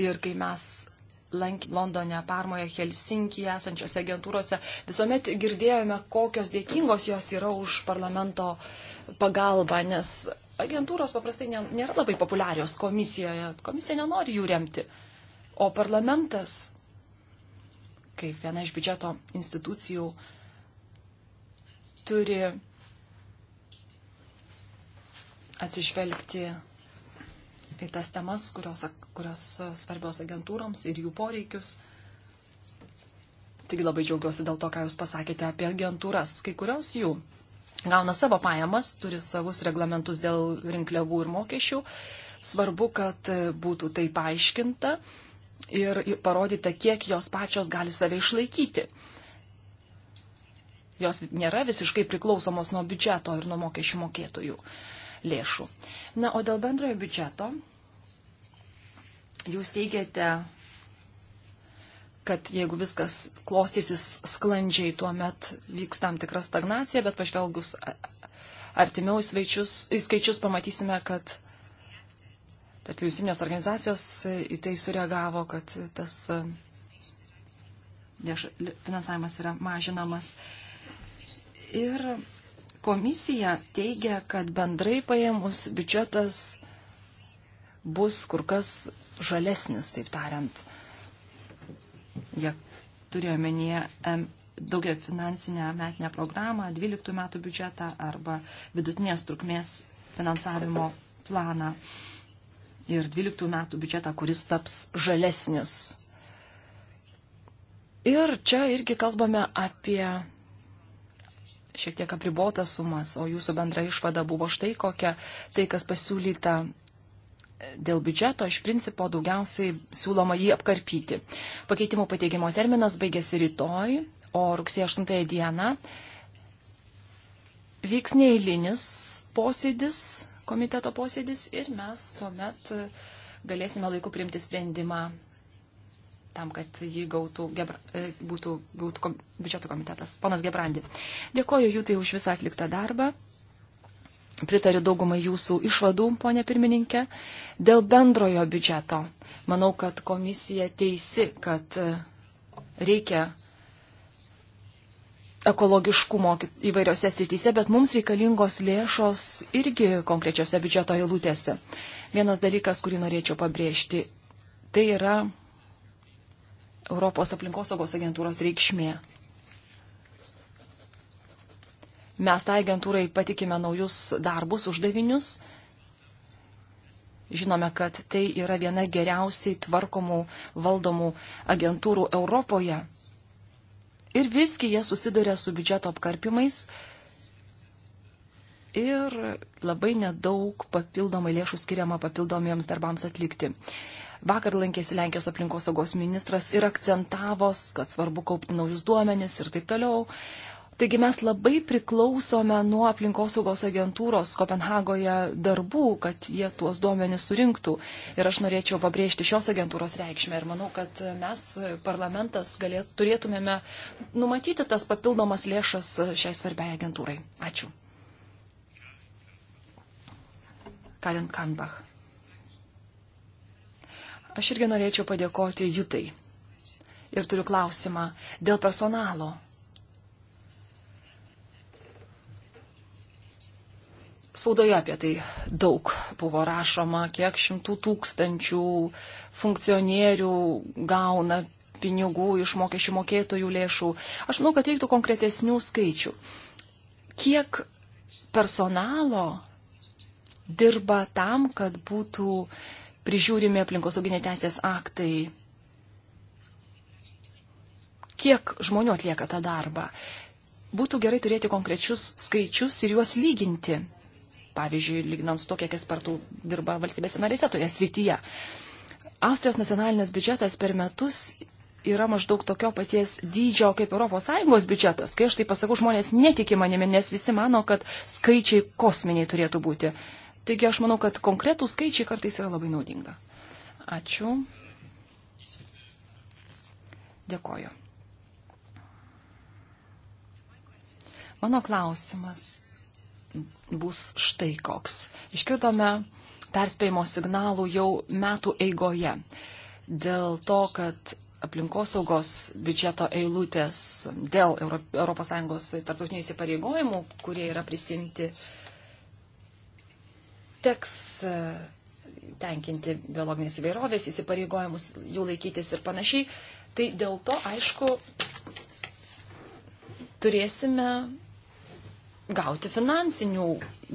Ir kai mes lankė Londone, Parmoje, Helsinkyje esančiose agentūrose, visuomet girdėjome, kokios dėkingos jos yra už parlamento pagalbą, nes agentūros paprastai nėra labai populiarios komisijoje, komisija nenori jų remti, o parlamentas kaip viena iš biudžeto institucijų, turi atsižvelgti į tas temas, kurios, kurios svarbios agentūroms ir jų poreikius. Taigi labai džiaugiuosi dėl to, ką Jūs pasakėte apie agentūras. Kai kurios jų gauna savo pajamas, turi savus reglamentus dėl rinkliavų ir mokesčių. Svarbu, kad būtų tai paaiškinta ir parodyta, kiek jos pačios gali save išlaikyti. Jos nėra visiškai priklausomos nuo biudžeto ir nuo mokesčių mokėtojų lėšų. Na, o dėl bendrojo biudžeto jūs teigiate, kad jeigu viskas klostysis sklandžiai, tuomet vyks tam tikra stagnacija, bet pažvelgus artimiau į skaičius, į skaičius pamatysime, kad tarp jūsimės organizacijos į tai sureagavo, kad tas e, finansavimas yra mažinamas. Ir komisija teigia, kad bendrai paėmus biudžetas bus kur kas žalesnis, taip tariant. Jie turėjo menyje daugia finansinę metinę programą, 12 metų biudžetą arba vidutinės trukmės finansavimo planą. Uh, ir 12 metų biudžetą, kuris taps žalesnis. Ir čia irgi kalbame apie šiek tiek apribotas sumas, o jūsų bendra išvada buvo štai kokia, tai kas pasiūlyta dėl biudžeto, iš principo daugiausiai siūloma jį apkarpyti. Pakeitimo pateikimo terminas baigėsi rytoj, o rugsėjo 8 dieną vyks neįlinis posėdis komiteto posėdis ir mes tuomet galėsime laiku priimti sprendimą tam, kad jį gautų, gebra, e, būtų, gautų kom, biudžeto komitetas. Ponas Gebrandi, dėkoju Jūtai už visą atliktą darbą. Pritariu daugumai jūsų išvadų, ponė pirmininkė, dėl bendrojo biudžeto. Manau, kad komisija teisi, kad e, reikia ekologiškumo įvairiose srityse, bet mums reikalingos lėšos irgi konkrečiose biudžeto eilutėse. Vienas dalykas, kurį norėčiau pabrėžti, tai yra Europos aplinkosaugos agentūros reikšmė. Mes tą tai agentūrai patikime naujus darbus, uždavinius. Žinome, kad tai yra viena geriausiai tvarkomų valdomų agentūrų Europoje Ir visgi jie susiduria su biudžeto apkarpimais ir labai nedaug papildomai lėšų skiriama papildomiems darbams atlikti. Vakar lankėsi Lenkijos aplinkosaugos ministras ir akcentavos, kad svarbu kaupti naujus duomenis ir taip toliau. Taigi mes labai priklausome nuo aplinkosaugos agentūros Kopenhagoje darbų, kad jie tuos duomenis surinktų. Ir aš norėčiau pabrėžti šios agentūros reikšmę. Ir manau, kad mes, parlamentas, galėt, turėtumėme numatyti tas papildomas lėšas šiai svarbiai agentūrai. Ačiū. Karin Kanbach. Aš irgi norėčiau padėkoti Jutai. Ir turiu klausimą dėl personalo Spaudoje apie tai daug buvo rašoma, kiek šimtų tūkstančių funkcionierių gauna pinigų iš mokesčių mokėtojų lėšų. Aš manau, kad reiktų konkretesnių skaičių. Kiek personalo dirba tam, kad būtų prižiūrimi aplinkosauginiai teisės aktai? Kiek žmonių atlieka tą darbą? Būtų gerai turėti konkrečius skaičius ir juos lyginti pavyzdžiui, lyginant su to, kiek ekspertų dirba valstybėse narėse toje srityje. Austrijos nacionalinis biudžetas per metus yra maždaug tokio paties dydžio kaip ES biudžetas. Kai aš tai pasakau, žmonės netiki manimi, nes visi mano, kad skaičiai kosminiai turėtų būti. Taigi aš manau, kad konkretų skaičiai kartais yra labai naudinga. Ačiū. Dėkoju. Mano klausimas bus štai koks. Iškirdome perspėjimo signalų jau metų eigoje dėl to, kad aplinkosaugos biudžeto eilutės dėl ES tarptautinių įsipareigojimų, kurie yra prisimti, teks e, tenkinti biologinės įvairovės įsipareigojimus, jų laikytis ir panašiai. Tai dėl to, aišku, turėsime gauti finansinių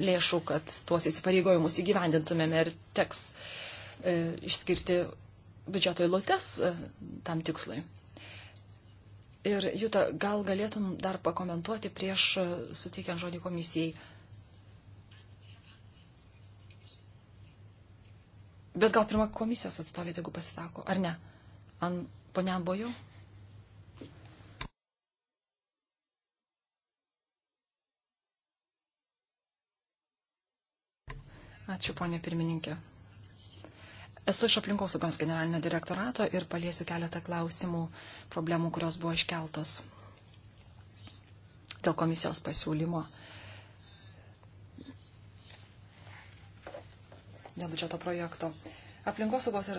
lėšų, kad tuos įsipareigojimus įgyvendintumėme ir teks e, išskirti biudžeto įlūtes e, tam tikslui. Ir Jūta, gal galėtum dar pakomentuoti prieš e, suteikiant žodį komisijai. Bet gal pirmą komisijos atstovė, jeigu pasisako, ar ne? An, ponia Boju? Ačiū, ponė pirmininkė. Esu iš aplinkosaugos generalinio direktorato ir paliesiu keletą klausimų, problemų, kurios buvo iškeltos dėl komisijos pasiūlymo. Dėl biudžeto projekto. Aplinkosaugos ir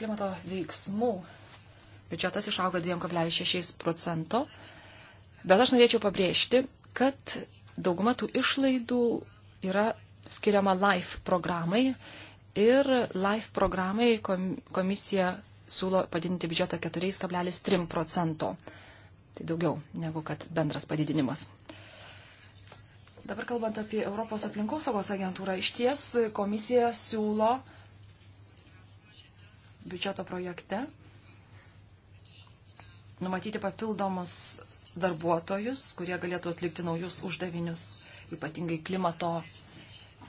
klimato veiksmų biudžetas išauga 2,6 procento, bet aš norėčiau pabrėžti, kad dauguma tų išlaidų yra skiriama LIFE programai ir LIFE programai komisija siūlo padidinti biudžetą 4,3 procento. Tai daugiau negu kad bendras padidinimas. Dabar kalbant apie Europos aplinkosaugos agentūrą, iš ties komisija siūlo biudžeto projekte numatyti papildomus darbuotojus, kurie galėtų atlikti naujus uždavinius, ypatingai klimato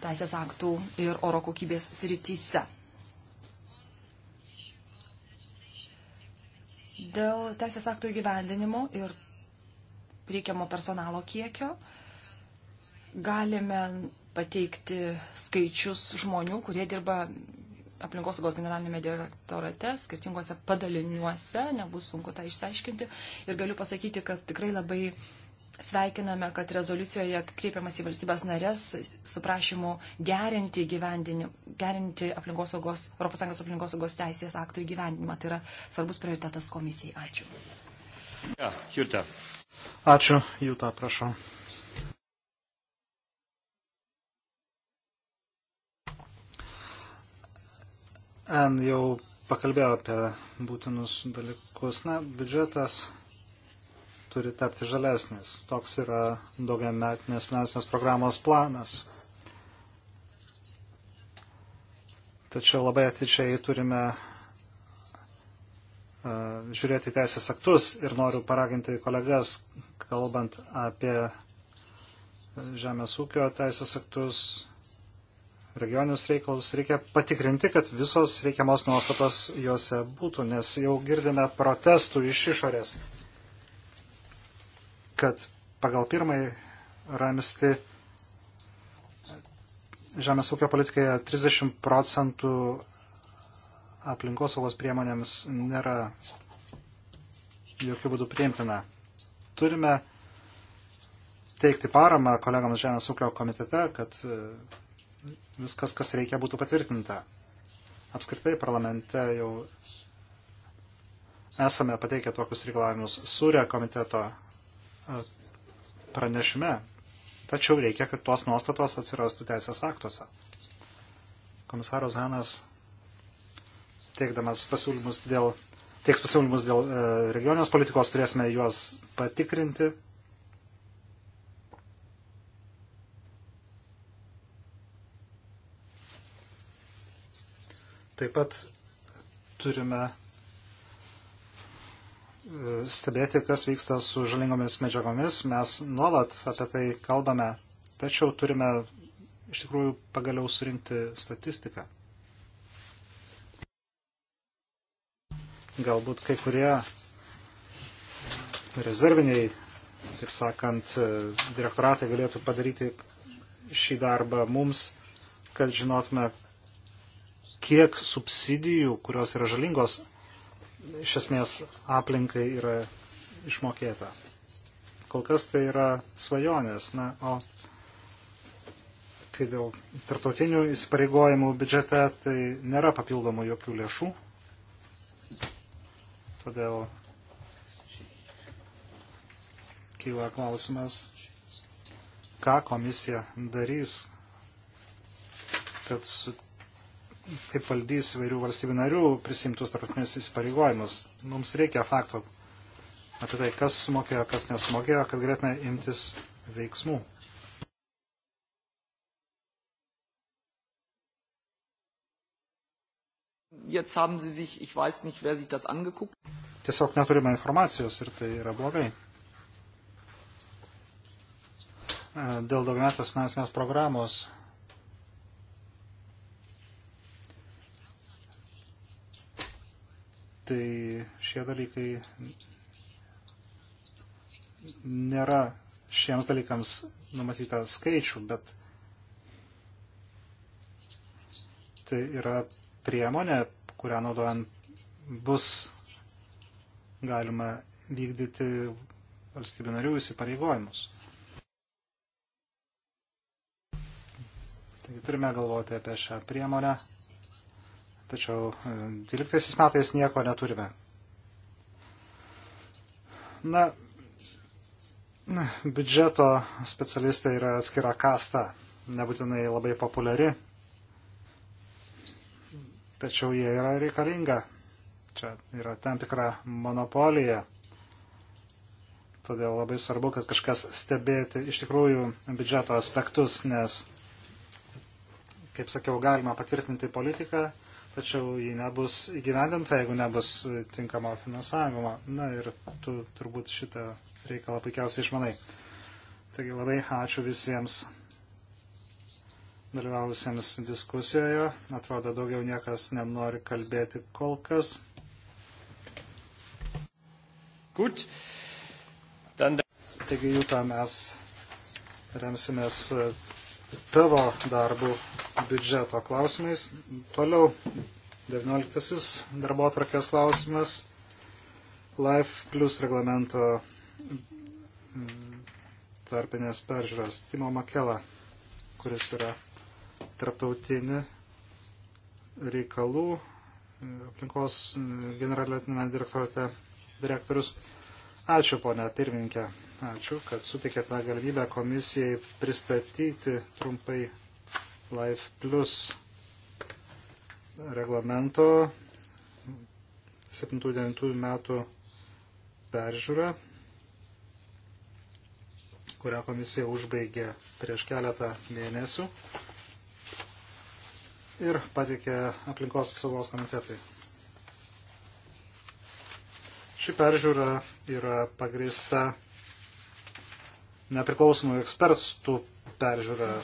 teisės aktų ir oro kokybės srityse. Dėl teisės aktų įgyvendinimo ir reikiamo personalo kiekio galime pateikti skaičius žmonių, kurie dirba aplinkosaugos generalinėme direktorate, skirtingose padaliniuose, nebus sunku tą išsiaiškinti. Ir galiu pasakyti, kad tikrai labai uh, Sveikiname, kad rezoliucijoje kreipiamas į valstybės narės su prašymu gerinti, gerinti aplinkosaugos, ES aplinkosaugos teisės aktų įgyvendinimą. Tai yra svarbus prioritetas komisijai. Ačiū. Ja, Jūta. Ačiū, Jūta, prašau. N jau pakalbėjo apie būtinus dalykus. Na, biudžetas turi tapti žalesnis. Toks yra daugiametinės finansinės programos planas. Tačiau labai atičiai turime e, žiūrėti teisės aktus ir noriu paraginti kolegas, kalbant apie žemės ūkio teisės aktus, regioninius reikalus, reikia patikrinti, kad visos reikiamos nuostatos juose būtų, nes jau girdime protestų iš išorės kad pagal pirmąjį ramsti žemės ūkio politikoje 30 procentų aplinkosaugos priemonėms nėra jokių būdų priimtina. Turime teikti paramą kolegams Žemės ūkio komitete, kad e, viskas, kas reikia, būtų patvirtinta. Apskritai parlamente jau esame pateikę tokius reikalavimus. Sūrė komiteto E, pranešime, tačiau reikia, kad tos nuostatos atsirastų teisės aktuose. Komisaras Hanas, teikdamas pasiūlymus dėl, teiks pasiūlymus dėl e, regionės politikos, turėsime juos patikrinti. Taip pat turime stebėti, kas vyksta su žalingomis medžiagomis. Mes nuolat apie tai kalbame, tačiau turime iš tikrųjų pagaliau surinkti statistiką. Galbūt kai kurie rezerviniai, taip sakant, direktoratai galėtų padaryti šį darbą mums, kad žinotume, kiek subsidijų, kurios yra žalingos, iš esmės aplinkai yra išmokėta. Kol kas tai yra svajonės, na, o kai dėl tartautinių įsipareigojimų biudžete, tai nėra papildomų jokių lėšų. Todėl kyla klausimas, ką komisija darys, kad su kaip valdys įvairių valstybių narių prisimtus tarptautinės įsipareigojimus. Mums reikia faktų apie tai, kas sumokėjo, kas nesumokėjo, kad galėtume imtis veiksmų. Jetzt haben Sie sich, ich weiß nicht, wer sich das angeguckt. Tiesiog neturime informacijos ir tai yra blogai. Dėl daugiametės finansinės programos tai šie dalykai nėra šiems dalykams numatyta skaičių, bet tai yra priemonė, kurią naudojant bus galima vykdyti valstybių narių įsipareigojimus. Taigi turime galvoti apie šią priemonę tačiau 12 e, metais nieko neturime. Na, biudžeto specialistai yra atskira kasta, nebūtinai labai populiari, tačiau jie yra reikalinga. Čia yra tam tikra monopolija. Todėl labai svarbu, kad kažkas stebėti iš tikrųjų biudžeto aspektus, nes, kaip sakiau, galima patvirtinti politiką, tačiau ji nebus įgyvendinta, jeigu nebus tinkamo finansavimo. Na ir tu turbūt šitą reikalą puikiausiai išmanai. Taigi labai ačiū visiems dalyvavusiems diskusijoje. Atrodo, daugiau niekas nenori kalbėti kol kas. Gut. Dann... Taigi, Jūta, mes remsimės e, tavo darbu biudžeto klausimais. Toliau 19 darbo atrakės klausimas. Life plus reglamento mm, tarpinės peržiūros. Timo Makela, kuris yra tarptautinį reikalų mm, aplinkos mm, generalinėme direktorate direktorius. Ačiū, ponė pirmininkė. Ačiū, kad sutikėte galimybę komisijai pristatyti trumpai Life Plus reglamento 79 metų peržiūrą, kurią komisija užbaigė prieš keletą mėnesių ir patikė aplinkos apsaugos komitetai. Ši peržiūra yra pagrįsta nepriklausomų ekspertų peržiūra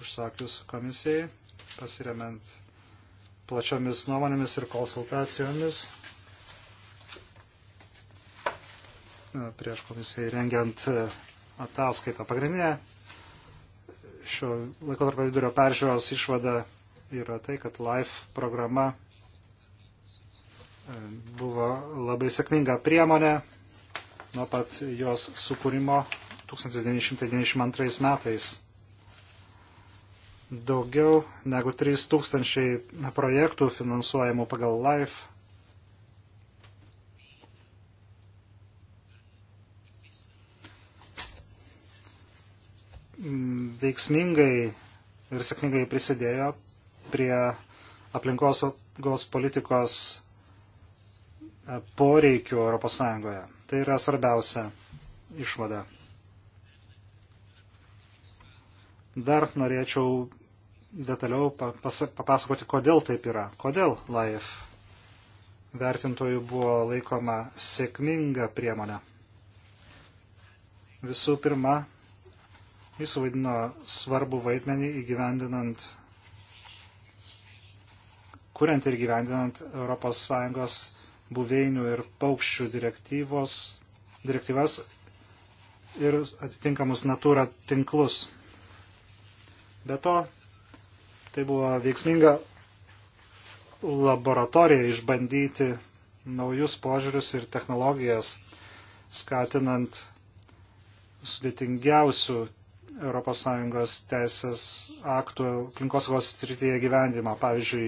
užsakius komisijai, pasiremiant plačiomis nuomonėmis ir konsultacijomis e, prieš komisijai rengiant e, ataskaitą. Pagrindinė šio laikotarpio vidurio peržiūros išvada yra tai, kad LIFE programa e, buvo labai sėkminga priemonė nuo pat jos sukūrimo 1992 metais daugiau negu 3000 projektų finansuojamų pagal LIFE. Veiksmingai ir sėkmingai prisidėjo prie aplinkos politikos e, poreikių ES. Tai yra svarbiausia išvada. Dar norėčiau detaliau papasakoti, kodėl taip yra, kodėl LIFE vertintojų buvo laikoma sėkminga priemonė. Visų pirma, jis vaidino svarbų vaidmenį įgyvendinant, kuriant ir gyvendinant ES buveinių ir paukščių direktyvos, direktyvas ir atitinkamus natūra tinklus. Be to, Tai buvo veiksminga laboratorija išbandyti naujus požiūrius ir technologijas, skatinant sudėtingiausių ES teisės aktų aplinkosaugos srityje gyvendimą, pavyzdžiui,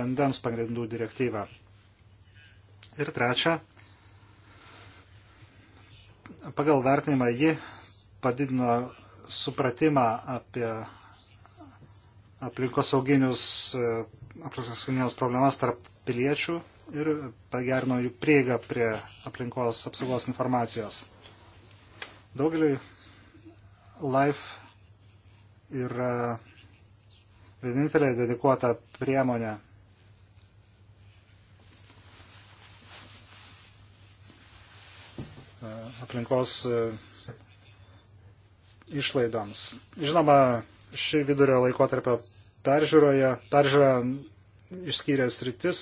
vandens pagrindų direktyvą. Ir trečia, pagal vertinimą ji padidino supratimą apie aplinkosauginius, e, aplinkosauginės problemas tarp piliečių ir pagerino jų prieigą prie aplinkos apsaugos informacijos. Daugeliui LIFE yra vienintelė dedikuota priemonė e, aplinkos e, išlaidoms. Žinoma, ši vidurio laikotarpio peržiūroje, peržiūra išskyrė sritis,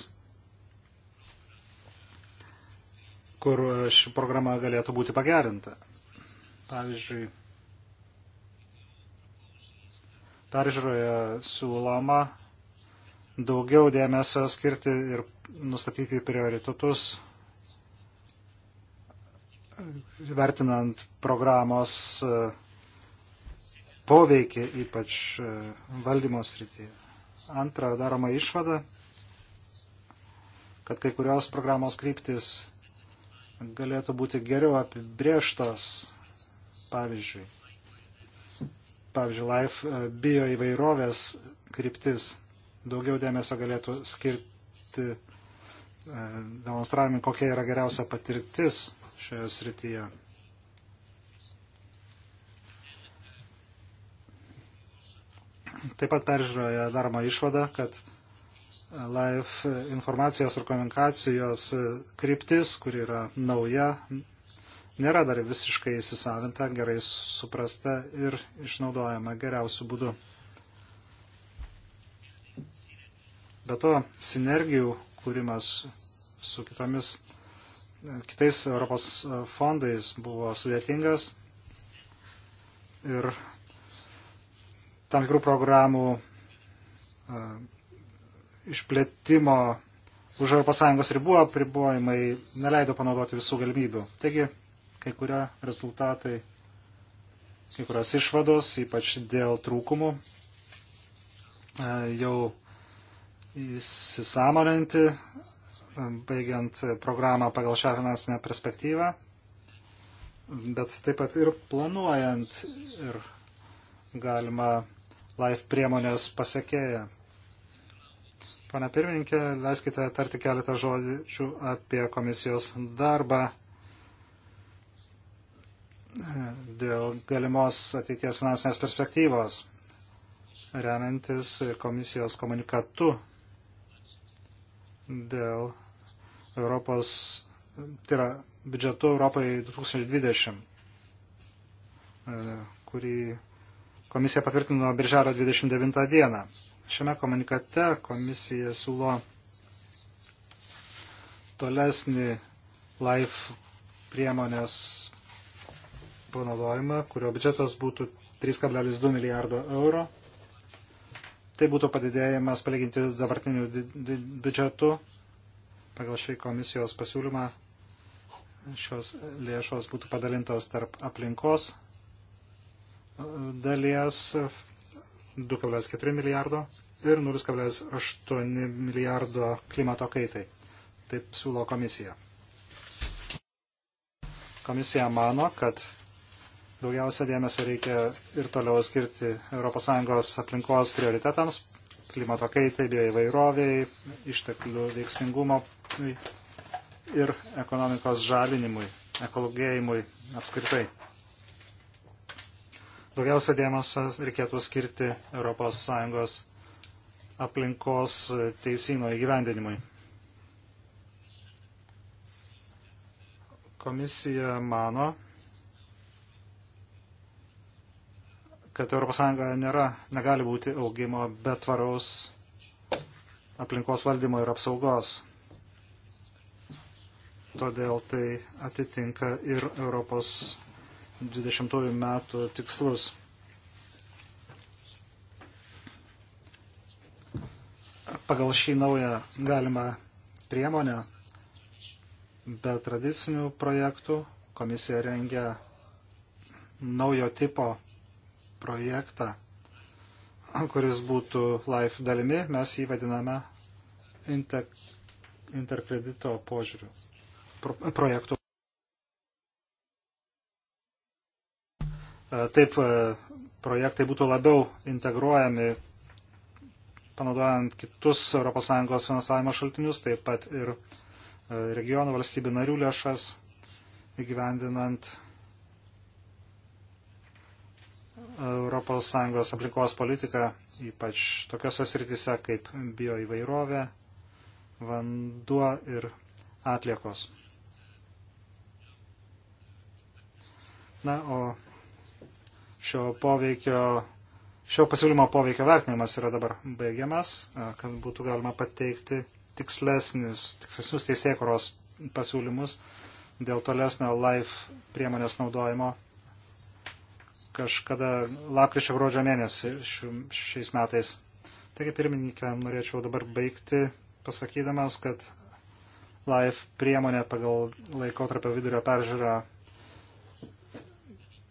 kur ši programa galėtų būti pagerinta. Pavyzdžiui, peržiūroje siūloma daugiau dėmesio skirti ir nustatyti prioritetus, vertinant programos uh, poveikį, ypač e, valdymo srityje. Antra, daroma išvada, kad kai kurios programos kryptis galėtų būti geriau apibrieštos, pavyzdžiui, pavyzdžiui, life e, bio įvairovės kryptis daugiau dėmesio galėtų skirti e, demonstravimui, kokia yra geriausia patirtis šioje srityje. Taip pat peržiūroje daroma išvada, kad live informacijos ir komunikacijos kryptis, kuri yra nauja, nėra dar visiškai įsisavinta, gerai suprasta ir išnaudojama geriausių būdų. Be to, sinergijų kūrimas su kitomis, kitais Europos fondais buvo sudėtingas ir tam tikrų programų e, išplėtimo už ES ribų apribojimai neleido panaudoti visų galimybių. Taigi, kai kurie rezultatai, kai kurios išvados, ypač dėl trūkumų, e, jau įsisamoninti, e, baigiant programą pagal šią finansinę perspektyvą, bet taip pat ir planuojant ir galima LIFE priemonės pasiekėja. Pane pirmininkė, leiskite tarti keletą žodžių apie komisijos darbą dėl galimos ateities finansinės perspektyvos, remiantis komisijos komunikatu dėl Europos, tai yra biudžetu Europai 2020, e, kurį komisija patvirtino birželio 29 dieną. Šiame komunikate komisija siūlo tolesnį LIFE priemonės panaudojimą, kurio biudžetas būtų 3,2 milijardo eurų. Tai būtų padidėjimas palyginti su dabartiniu biudžetu. Pagal šį komisijos pasiūlymą šios lėšos būtų padalintos tarp aplinkos dalies 2,4 milijardo ir 0,8 milijardo klimato kaitai. Taip siūlo komisija. Komisija mano, kad daugiausia dėmesio reikia ir toliau skirti ES aplinkos prioritetams, klimato kaitai, bioįvairoviai, išteklių veiksmingumo ir ekonomikos žalinimui, ekologėjimui apskritai. Daugiausia dėmesio reikėtų skirti ES aplinkos teisino įgyvendinimui. Komisija mano, kad ES nėra, negali būti augimo be tvaraus aplinkos valdymo ir apsaugos. Todėl tai atitinka ir Europos 20 metų tikslus. Pagal šį naują galima priemonę be tradicinių projektų komisija rengia naujo tipo projektą, kuris būtų LIFE dalimi, mes jį vadiname inter, interkredito požiūriu, pro, projektų E, taip e, projektai būtų labiau integruojami, panaudojant kitus ES finansavimo šaltinius, taip pat ir e, regionų valstybių narių lėšas, įgyvendinant ES aplinkos politiką, ypač tokiose srityse kaip bioįvairovė, vanduo ir atliekos. Na, o šio poveikio, šio pasiūlymo poveikio vertinimas yra dabar baigiamas, kad būtų galima pateikti tikslesnius, tikslesnius teisėkuros pasiūlymus dėl tolesnio LIFE priemonės naudojimo kažkada lapkričio gruodžio mėnesį šiais metais. Taigi, pirmininkė, norėčiau dabar baigti pasakydamas, kad LIFE priemonė pagal laikotarpio vidurio peržiūrą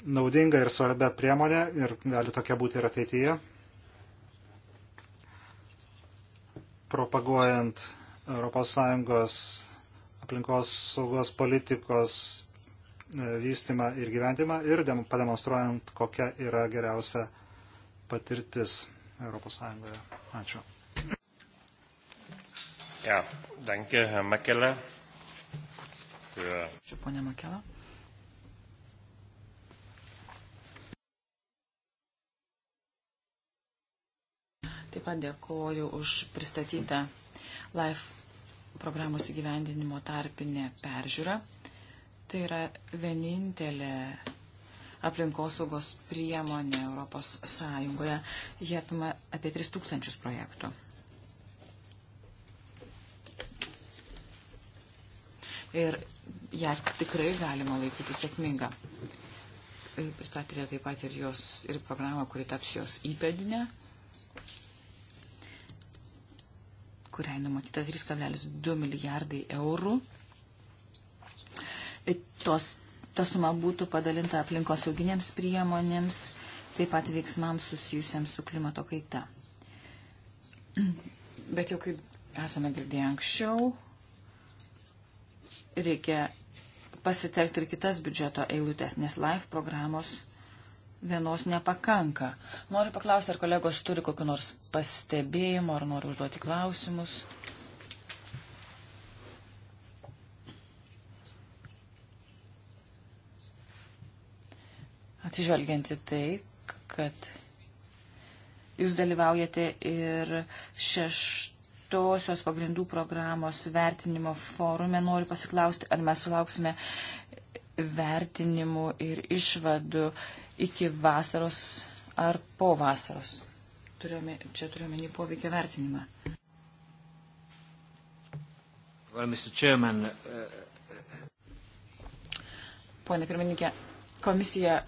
naudinga ir svarbia priemonė ir gali tokia būti ir ateityje, propaguojant ES aplinkos saugos politikos e, vystimą ir gyventimą ir pademonstruojant, kokia yra geriausia patirtis ES. Ačiū. Ja, danke, Herr Makela. Ačiū, ponia Makela. Taip pat dėkoju už pristatytą LIFE programos įgyvendinimo tarpinę peržiūrą. Tai yra vienintelė aplinkosaugos priemonė Europos Sąjungoje. Jie apima apie 3000 projektų. Ir ją tikrai galima laikyti sėkmingą. Pristatėte taip pat ir jos ir programą, kuri taps jos įpėdinę kuriai numatyta 3,2 milijardai eurų. Tos, ta suma būtų padalinta aplinkosauginėms priemonėms, taip pat veiksmams susijusiams su klimato kaita. Bet jau kaip esame girdėję anksčiau, reikia pasitelkti ir kitas biudžeto eilutės, nes LIFE programos vienos nepakanka. Noriu paklausti, ar kolegos turi kokiu nors pastebėjimu, ar nori užduoti klausimus. Atsižvelgianti tai, kad jūs dalyvaujate ir šeštosios pagrindų programos vertinimo forume, noriu pasiklausti, ar mes sulauksime vertinimų ir išvadų iki vasaros ar po vasaros. Turiuome, čia turiuomenį poveikio vertinimą. Well, Chairman, uh... Pone pirmininkė, komisija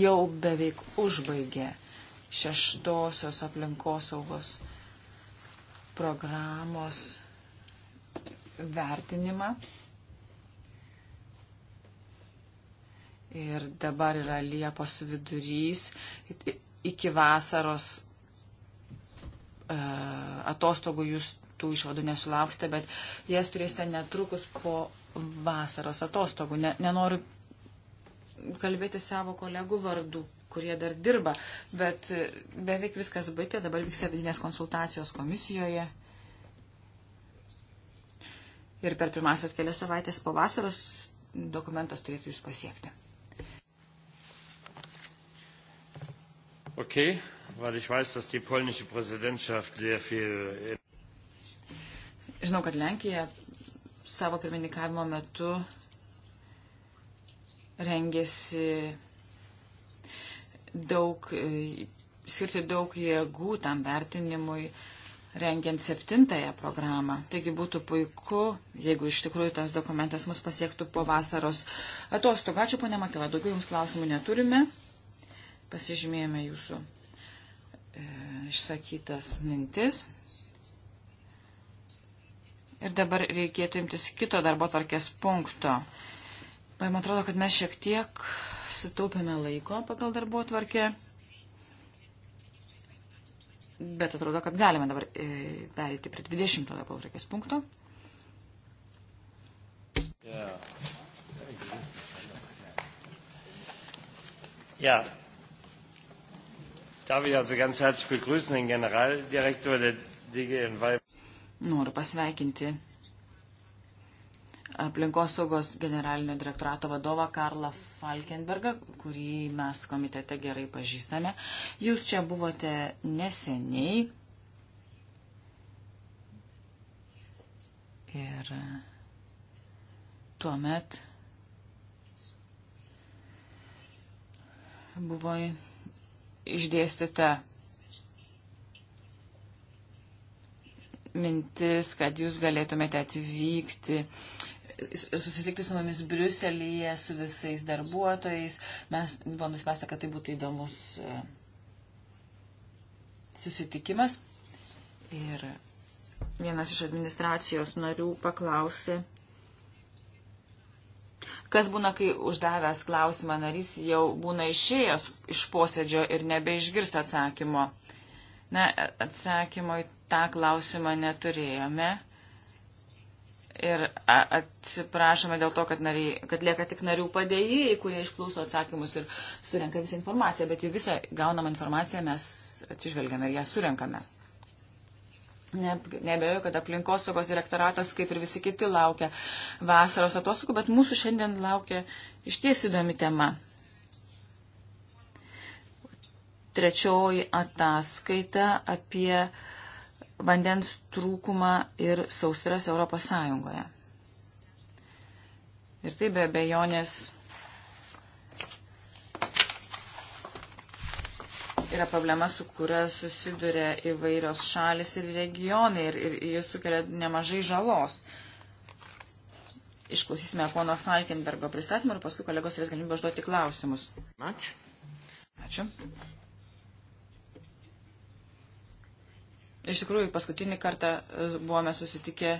jau beveik užbaigė šeštosios aplinkosaugos programos vertinimą. ir dabar yra Liepos vidurys, iki vasaros e, atostogų jūs tų išvadų nesulauksite, bet jas turėsite netrukus po vasaros atostogų. Ne, nenoriu kalbėti savo kolegų vardų, kurie dar dirba, bet beveik viskas baigė, dabar vyksta vidinės konsultacijos komisijoje. Ir per pirmasias kelias savaitės po vasaros dokumentas turėtų jūs pasiekti. Okay, weil ich weiß, dass die polnische Präsidentschaft sehr viel. Äh, Žinau, kad Lenkija savo pirmininkavimo metu rengėsi daug, e, skirti daug jėgų tam vertinimui, rengiant septintąją programą. Taigi būtų puiku, jeigu iš tikrųjų tas dokumentas mus pasiektų po vasaros atostogų. Ačiū, ponė Matila, daugiau jums klausimų neturime. Pasižymėjome jūsų e, išsakytas mintis. Ir dabar reikėtų imtis kito darbo tvarkės punkto. Man atrodo, kad mes šiek tiek sutaupėme laiko pagal darbo tvarkę. Bet atrodo, kad galime dabar e, perėti prie 20 darbo tvarkės punkto. Yeah. Ja, Darf ich also ganz herzlich begrüßen den Generaldirektor der DG Environment. Noriu pasveikinti aplinkosaugos generalinio direktorato vadovą Karlą Falkenbergą, kurį mes komitete gerai pažįstame. Jūs čia buvote neseniai. Ir tuomet buvo išdėstyta mintis, kad jūs galėtumėte atvykti, susitikti su mumis Briuselyje, su visais darbuotojais. Mes buvome nuspręsta, kad tai būtų įdomus e, susitikimas. Ir vienas iš administracijos narių paklausė, Kas būna, kai uždavęs klausimą narys jau būna išėjęs iš posėdžio ir nebeišgirsta atsakymo? Na, atsakymo į tą klausimą neturėjome. Ir atsiprašome dėl to, kad, nariai, kad lieka tik narių padėjėjai, kurie išklauso atsakymus ir surenka visą informaciją, bet į visą gaunamą informaciją mes atsižvelgiame ir ją surenkame. Ne, nebejoju, kad aplinkosaugos direktoratas, kaip ir visi kiti, laukia vasaros atostogų, bet mūsų šiandien laukia išties įdomi tema. Trečioji ataskaita apie vandens trūkumą ir saustras Europos Sąjungoje. Ir tai be abejonės yra problema, su kuria susiduria įvairios šalis ir regionai ir, ir jis sukelia nemažai žalos. Išklausysime pono Falkenbergo pristatymą ir paskui kolegos turės galimybę užduoti klausimus. Ačiū. Ačiū. Iš tikrųjų, paskutinį kartą e, buvome susitikę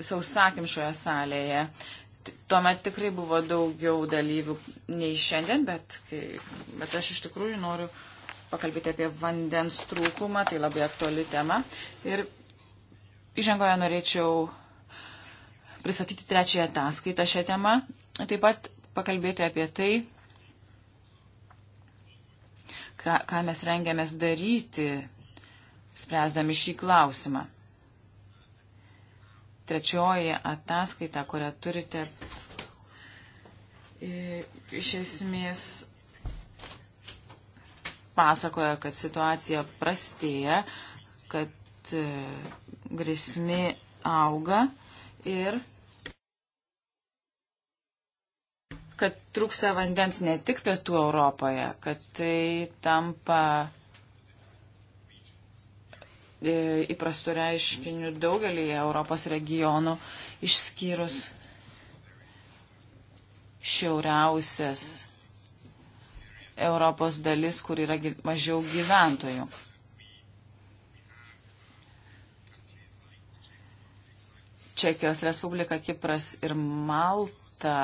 sausakimšoje salėje tuomet tikrai buvo daugiau dalyvių nei šiandien, bet, kai, bet aš iš tikrųjų noriu pakalbėti apie vandens trūkumą, tai labai aktuali tema. Ir įžengoje norėčiau pristatyti trečiąją ataskaitą šią temą, taip pat pakalbėti apie tai, ką, ką mes rengiamės daryti, spręsdami šį klausimą trečioji ataskaita, kurią turite, e, iš esmės pasakoja, kad situacija prastėja, kad e, grėsmi auga ir kad trūksta vandens ne tik pietų Europoje, kad tai tampa E, įprastų reiškinių daugelį Europos regionų, išskyrus šiauriausias Europos dalis, kur yra mažiau gyventojų. Čekijos Respublika, Kipras ir Malta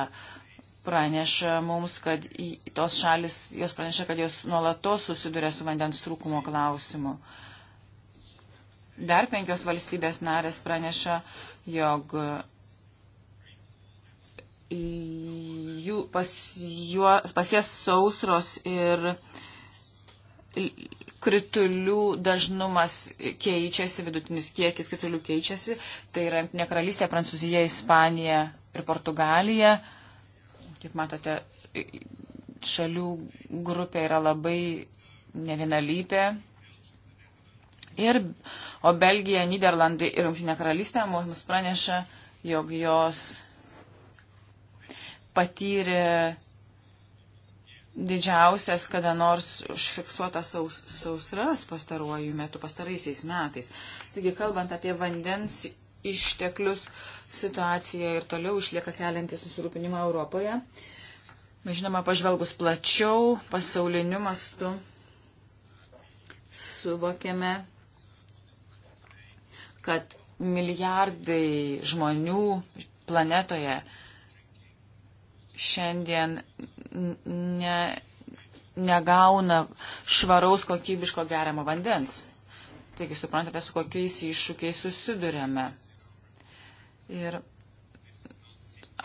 praneša mums, kad tos šalis, jos praneša, kad jos nuolatos susiduria su vandens trūkumo klausimu. Uh, Dar penkios valstybės narės praneša, jog jų, pas, juo, pas jas sausros ir kritulių dažnumas keičiasi, vidutinis kiekis kritulių keičiasi. Tai yra nekralystė Prancūzija, Ispanija ir Portugalija. Kaip matote, šalių grupė yra labai nevienalypė, Ir, o Belgija, Niderlandai ir Junktinė karalystė mums praneša, jog jos patyrė didžiausias kada nors užfiksuotas saus, sausras pastaruoju metu, pastaraisiais metais. Taigi, kalbant apie vandens išteklius, situacija ir toliau išlieka kelianti susirūpinimą Europoje. Mes žinoma, pažvelgus plačiau, pasauliniu mastu, suvokėme, kad milijardai žmonių planetoje šiandien ne, negauna švaraus kokybiško geriamo vandens. Taigi suprantate, su kokiais iššūkiais susidurėme. Ir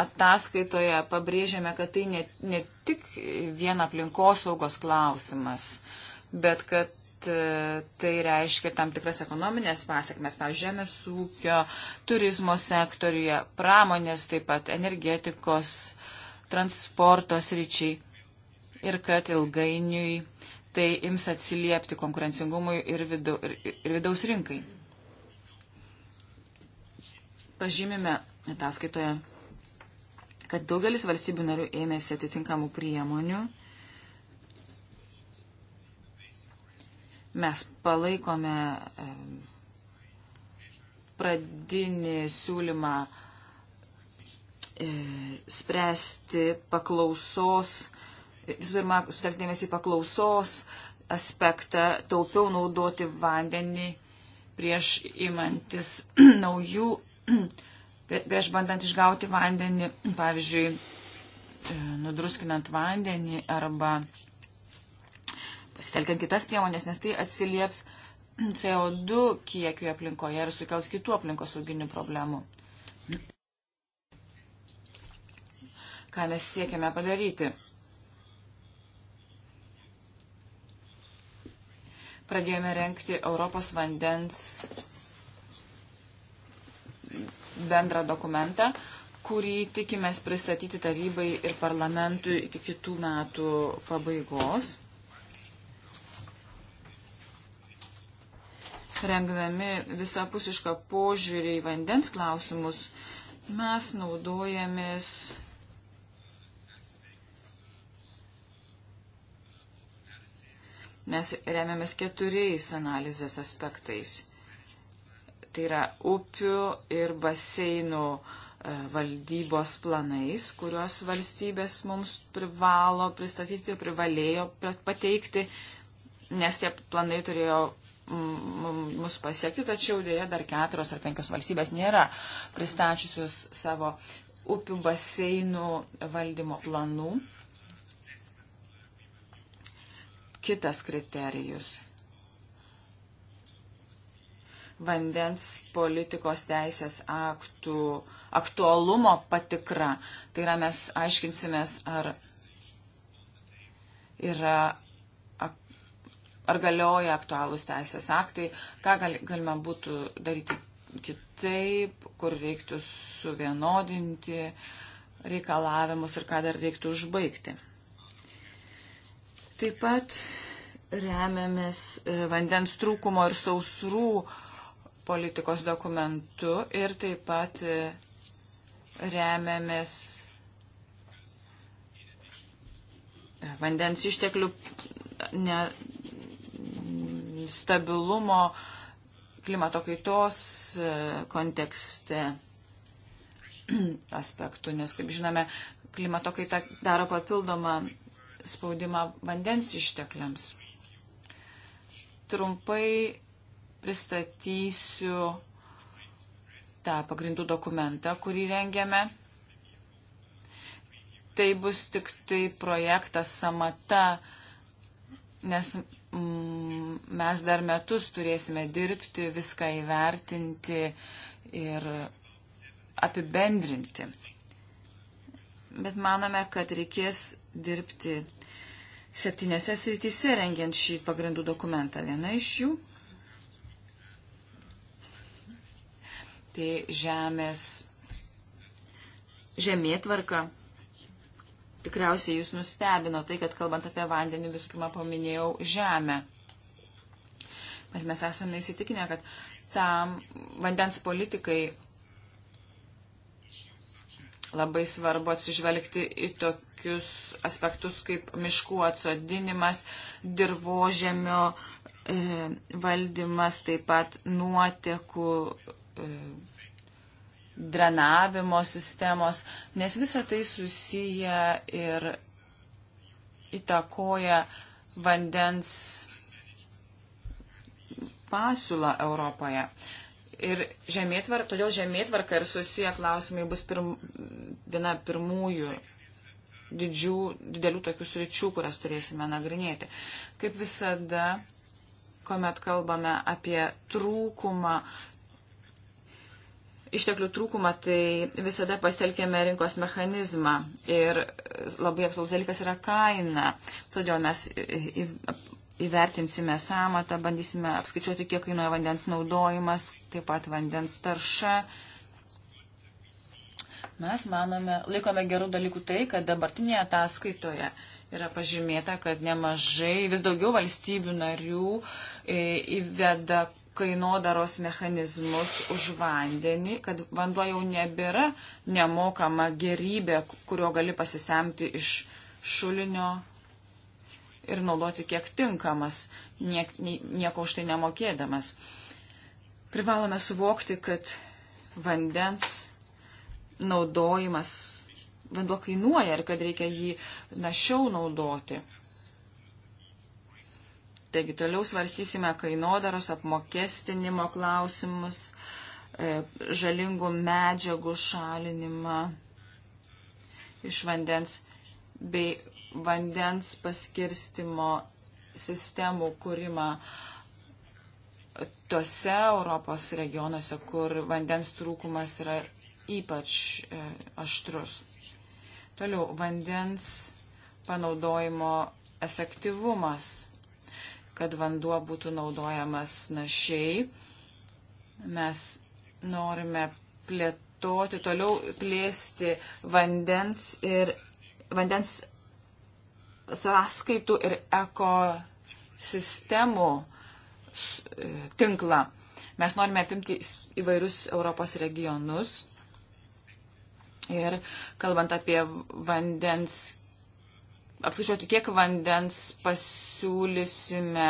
ataskaitoje pabrėžėme, kad tai ne, ne tik vien aplinkosaugos klausimas, bet kad E, tai reiškia tam tikras ekonominės pasiekmes, pavyzdžiui, žemės ūkio, turizmo sektoriuje, pramonės, taip pat energetikos, transporto sričiai ir kad ilgainiui tai ims atsiliepti konkurencingumui ir, vidu, ir, ir vidaus rinkai. Pažymime ataskaitoje, kad daugelis valstybių narių ėmėsi atitinkamų priemonių Mes palaikome pradinį siūlymą e, spręsti paklausos, visų pirma, sutelkdėmės į paklausos aspektą, taupiau naudoti vandenį prieš imantis <clears throat> naujų, <clears throat> prieš bandant išgauti vandenį, pavyzdžiui, e, nudruskinant vandenį arba pasitelkiant kitas priemonės, nes tai atsilieps CO2 kiekiui aplinkoje ir sukels kitų aplinkos sauginių problemų. Ką mes siekiame padaryti? Pradėjome renkti Europos vandens bendrą dokumentą, kurį tikimės pristatyti tarybai ir parlamentui iki kitų metų pabaigos. rengdami visapusišką požiūrį į vandens klausimus, mes naudojamės mes remiamės keturiais analizės aspektais. Tai yra upių ir baseinų e, valdybos planais, kuriuos valstybės mums privalo pristatyti, privalėjo pateikti, nes tie planai turėjo mus pasiekti, tačiau dėja dar keturios ar penkios valstybės nėra pristačiusios savo upių baseinų valdymo planų. Kitas kriterijus. Vandens politikos teisės aktų aktualumo patikra. Tai yra mes aiškinsimės, ar yra ar galioja aktualūs teisės aktai, ką gal, galima būtų daryti kitaip, kur reiktų suvienodinti reikalavimus ir ką dar reiktų užbaigti. Taip pat remiamės e, vandens trūkumo ir sausrų politikos dokumentu ir taip pat e, remiamės e, vandens išteklių ne, stabilumo klimato kaitos e, kontekste aspektų, nes, kaip žinome, klimato kaita daro papildomą spaudimą vandens ištekliams. Trumpai pristatysiu tą pagrindų dokumentą, kurį rengėme. Tai bus tik tai projektas samata, nes Mm, mes dar metus turėsime dirbti, viską įvertinti ir apibendrinti. Bet manome, kad reikės dirbti septyniose srityse rengiant šį pagrindų dokumentą. Viena iš jų tai žemės žemėtvarka tikriausiai jūs nustebino tai, kad kalbant apie vandenį visų pirma paminėjau žemę. Bet mes esame įsitikinę, kad tam vandens politikai labai svarbu atsižvelgti į tokius aspektus kaip miškų atsodinimas, dirbožemio e, valdymas, taip pat nuotekų e, drenavimo sistemos, nes visa tai susiję ir įtakoja vandens pasiūlą Europoje. Ir žemėtvarka, todėl žemėtvarka ir susiję klausimai bus pirm, viena pirmųjų didžių, didelių tokių sričių, kurias turėsime nagrinėti. Kaip visada, kuomet kalbame apie trūkumą išteklių trūkumą, tai visada pastelkėme rinkos mechanizmą ir labai aktualus dalykas yra kaina. Todėl mes įvertinsime samatą, bandysime apskaičiuoti, kiek kainuoja vandens naudojimas, taip pat vandens tarša. Mes manome, laikome gerų dalykų tai, kad dabartinėje ataskaitoje yra pažymėta, kad nemažai, vis daugiau valstybių narių e, įveda kainodaros mechanizmus už vandenį, kad vanduo jau nebėra nemokama gerybė, kurio gali pasisemti iš šulinio ir naudoti kiek tinkamas, niek, nieko už tai nemokėdamas. Privalome suvokti, kad vandens naudojimas, vanduo kainuoja ir kad reikia jį našiau naudoti. Taigi toliau svarstysime kainodaros apmokestinimo klausimus, e, žalingų medžiagų šalinimą iš vandens bei vandens paskirstimo sistemų kūrimą tose Europos regionuose, kur vandens trūkumas yra ypač e, aštrus. Toliau vandens panaudojimo efektyvumas kad vanduo būtų naudojamas našiai. Mes norime plėtoti, toliau plėsti vandens ir vandens sąskaitų ir ekosistemų e, tinklą. Mes norime apimti įvairius Europos regionus ir kalbant apie vandens apskaičiuoti, kiek vandens pasiūlysime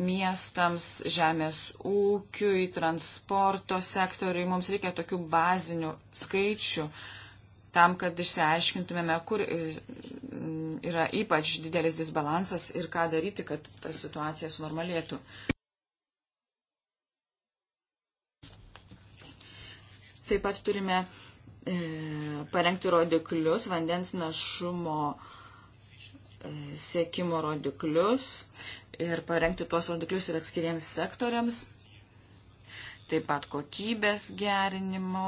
miestams, žemės ūkiui, transporto sektoriui. Mums reikia tokių bazinių skaičių tam, kad išsiaiškintumėme, kur yra ypač didelis disbalansas ir ką daryti, kad ta situacija sunormalėtų. Taip pat turime E, parengti rodiklius, vandens našumo e, sėkimo rodiklius ir parengti tuos rodiklius ir atskiriems sektoriams, taip pat kokybės gerinimo.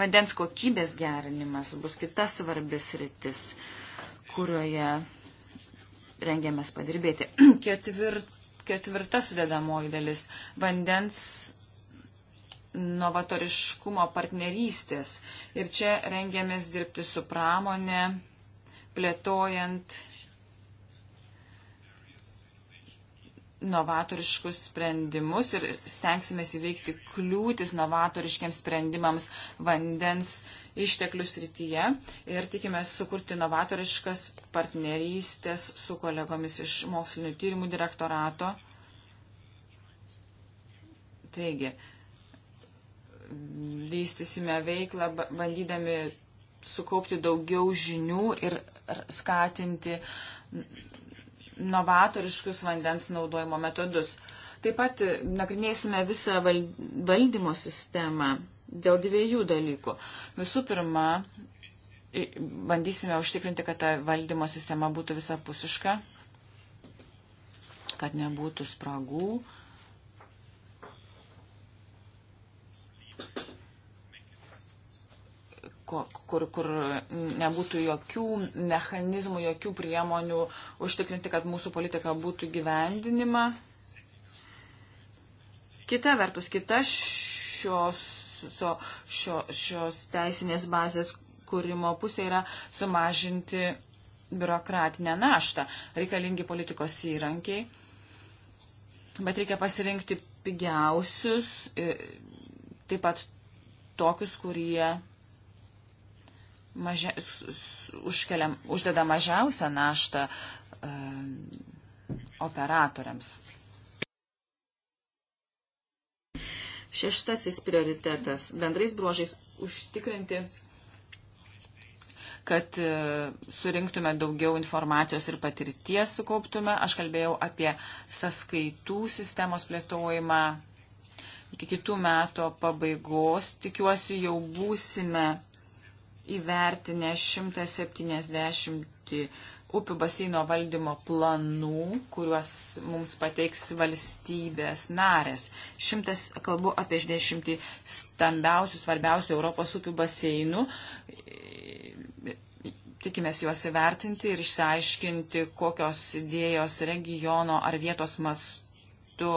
Vandens kokybės gerinimas bus kita svarbis rytis, kurioje rengiamės padirbėti. <clears throat> Ketvir, ketvirta sudėdamoji dalis - vandens novatoriškumo partnerystės. Ir čia rengiamės dirbti su pramonė, plėtojant novatoriškus sprendimus ir stengsimės įveikti kliūtis novatoriškiams sprendimams vandens išteklių srityje ir tikimės sukurti novatoriškas partnerystės su kolegomis iš mokslinio tyrimų direktorato. Taigi, vystysime veiklą, bandydami sukaupti daugiau žinių ir skatinti novatoriškus vandens naudojimo metodus. Taip pat nagrinėsime visą valdymo sistemą dėl dviejų dalykų. Visų pirma, bandysime užtikrinti, kad ta valdymo sistema būtų visapusiška, kad nebūtų spragų kur, kur nebūtų jokių mechanizmų, jokių priemonių užtikrinti, kad mūsų politika būtų gyvendinima. Kita vertus, kita šios, šios, šios teisinės bazės kūrimo pusė yra sumažinti biurokratinę naštą. Reikalingi politikos įrankiai, bet reikia pasirinkti pigiausius e, taip pat tokius, kurie mažia, užkelia, uždeda mažiausią naštą e, operatoriams. Šeštasis prioritetas - bendrais bruožais užtikrinti, kad e, surinktume daugiau informacijos ir patirties sukauptume. Aš kalbėjau apie saskaitų sistemos plėtojimą, iki kitų metų pabaigos, tikiuosi, jau būsime įvertinę 170 upių baseino valdymo planų, kuriuos mums pateiks valstybės narės. Šimtas, kalbu apie 60 stambiausių, svarbiausių Europos upių baseinų. Tikimės juos įvertinti ir išsiaiškinti, kokios idėjos regiono ar vietos mastu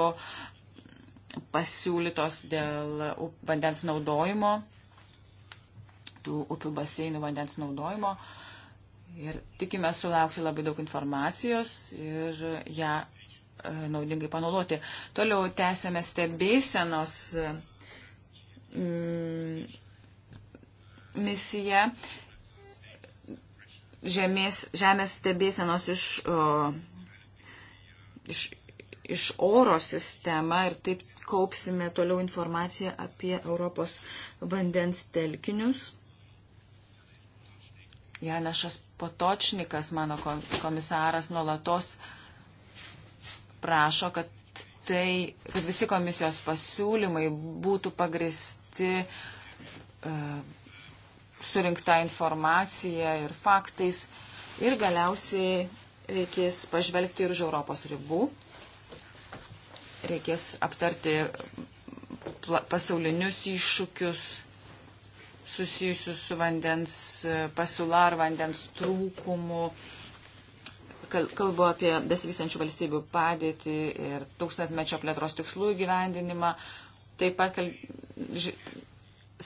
pasiūlytos dėl vandens naudojimo, tų upių baseinų vandens naudojimo. Ir tikime sulaukti labai daug informacijos ir ją e, naudingai panaudoti. Toliau tęsėme stebėsenos mm, misiją žemės, žemės stebėsenos iš, o, iš iš oro sistemą ir taip kaupsime toliau informaciją apie Europos vandens telkinius. Janešas Potočnikas, mano komisaras, nuolatos prašo, kad, tai, kad visi komisijos pasiūlymai būtų pagristi uh, surinkta informacija ir faktais. Ir galiausiai reikės pažvelgti ir už Europos ribų. Reikės aptarti pasaulinius iššūkius susijusius su vandens pasiūla ar vandens trūkumu. Kalbu apie besivystančių valstybių padėtį ir tūkstantmečio plėtros tikslų įgyvendinimą. Taip pat kalb... Ž...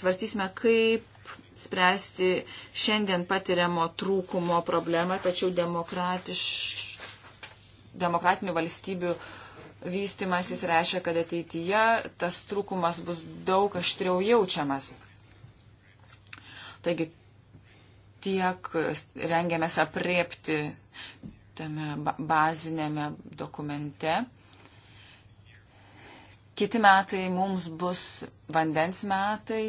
svarstysime, kaip spręsti šiandien patiriamo trūkumo problemą, tačiau demokratiš... demokratinių valstybių uh, vystimas jis reiškia, kad ateityje tas trūkumas bus daug aštriau jaučiamas. Taigi tiek rengiamės apriepti tame bazinėme dokumente. Kiti metai mums bus vandens metai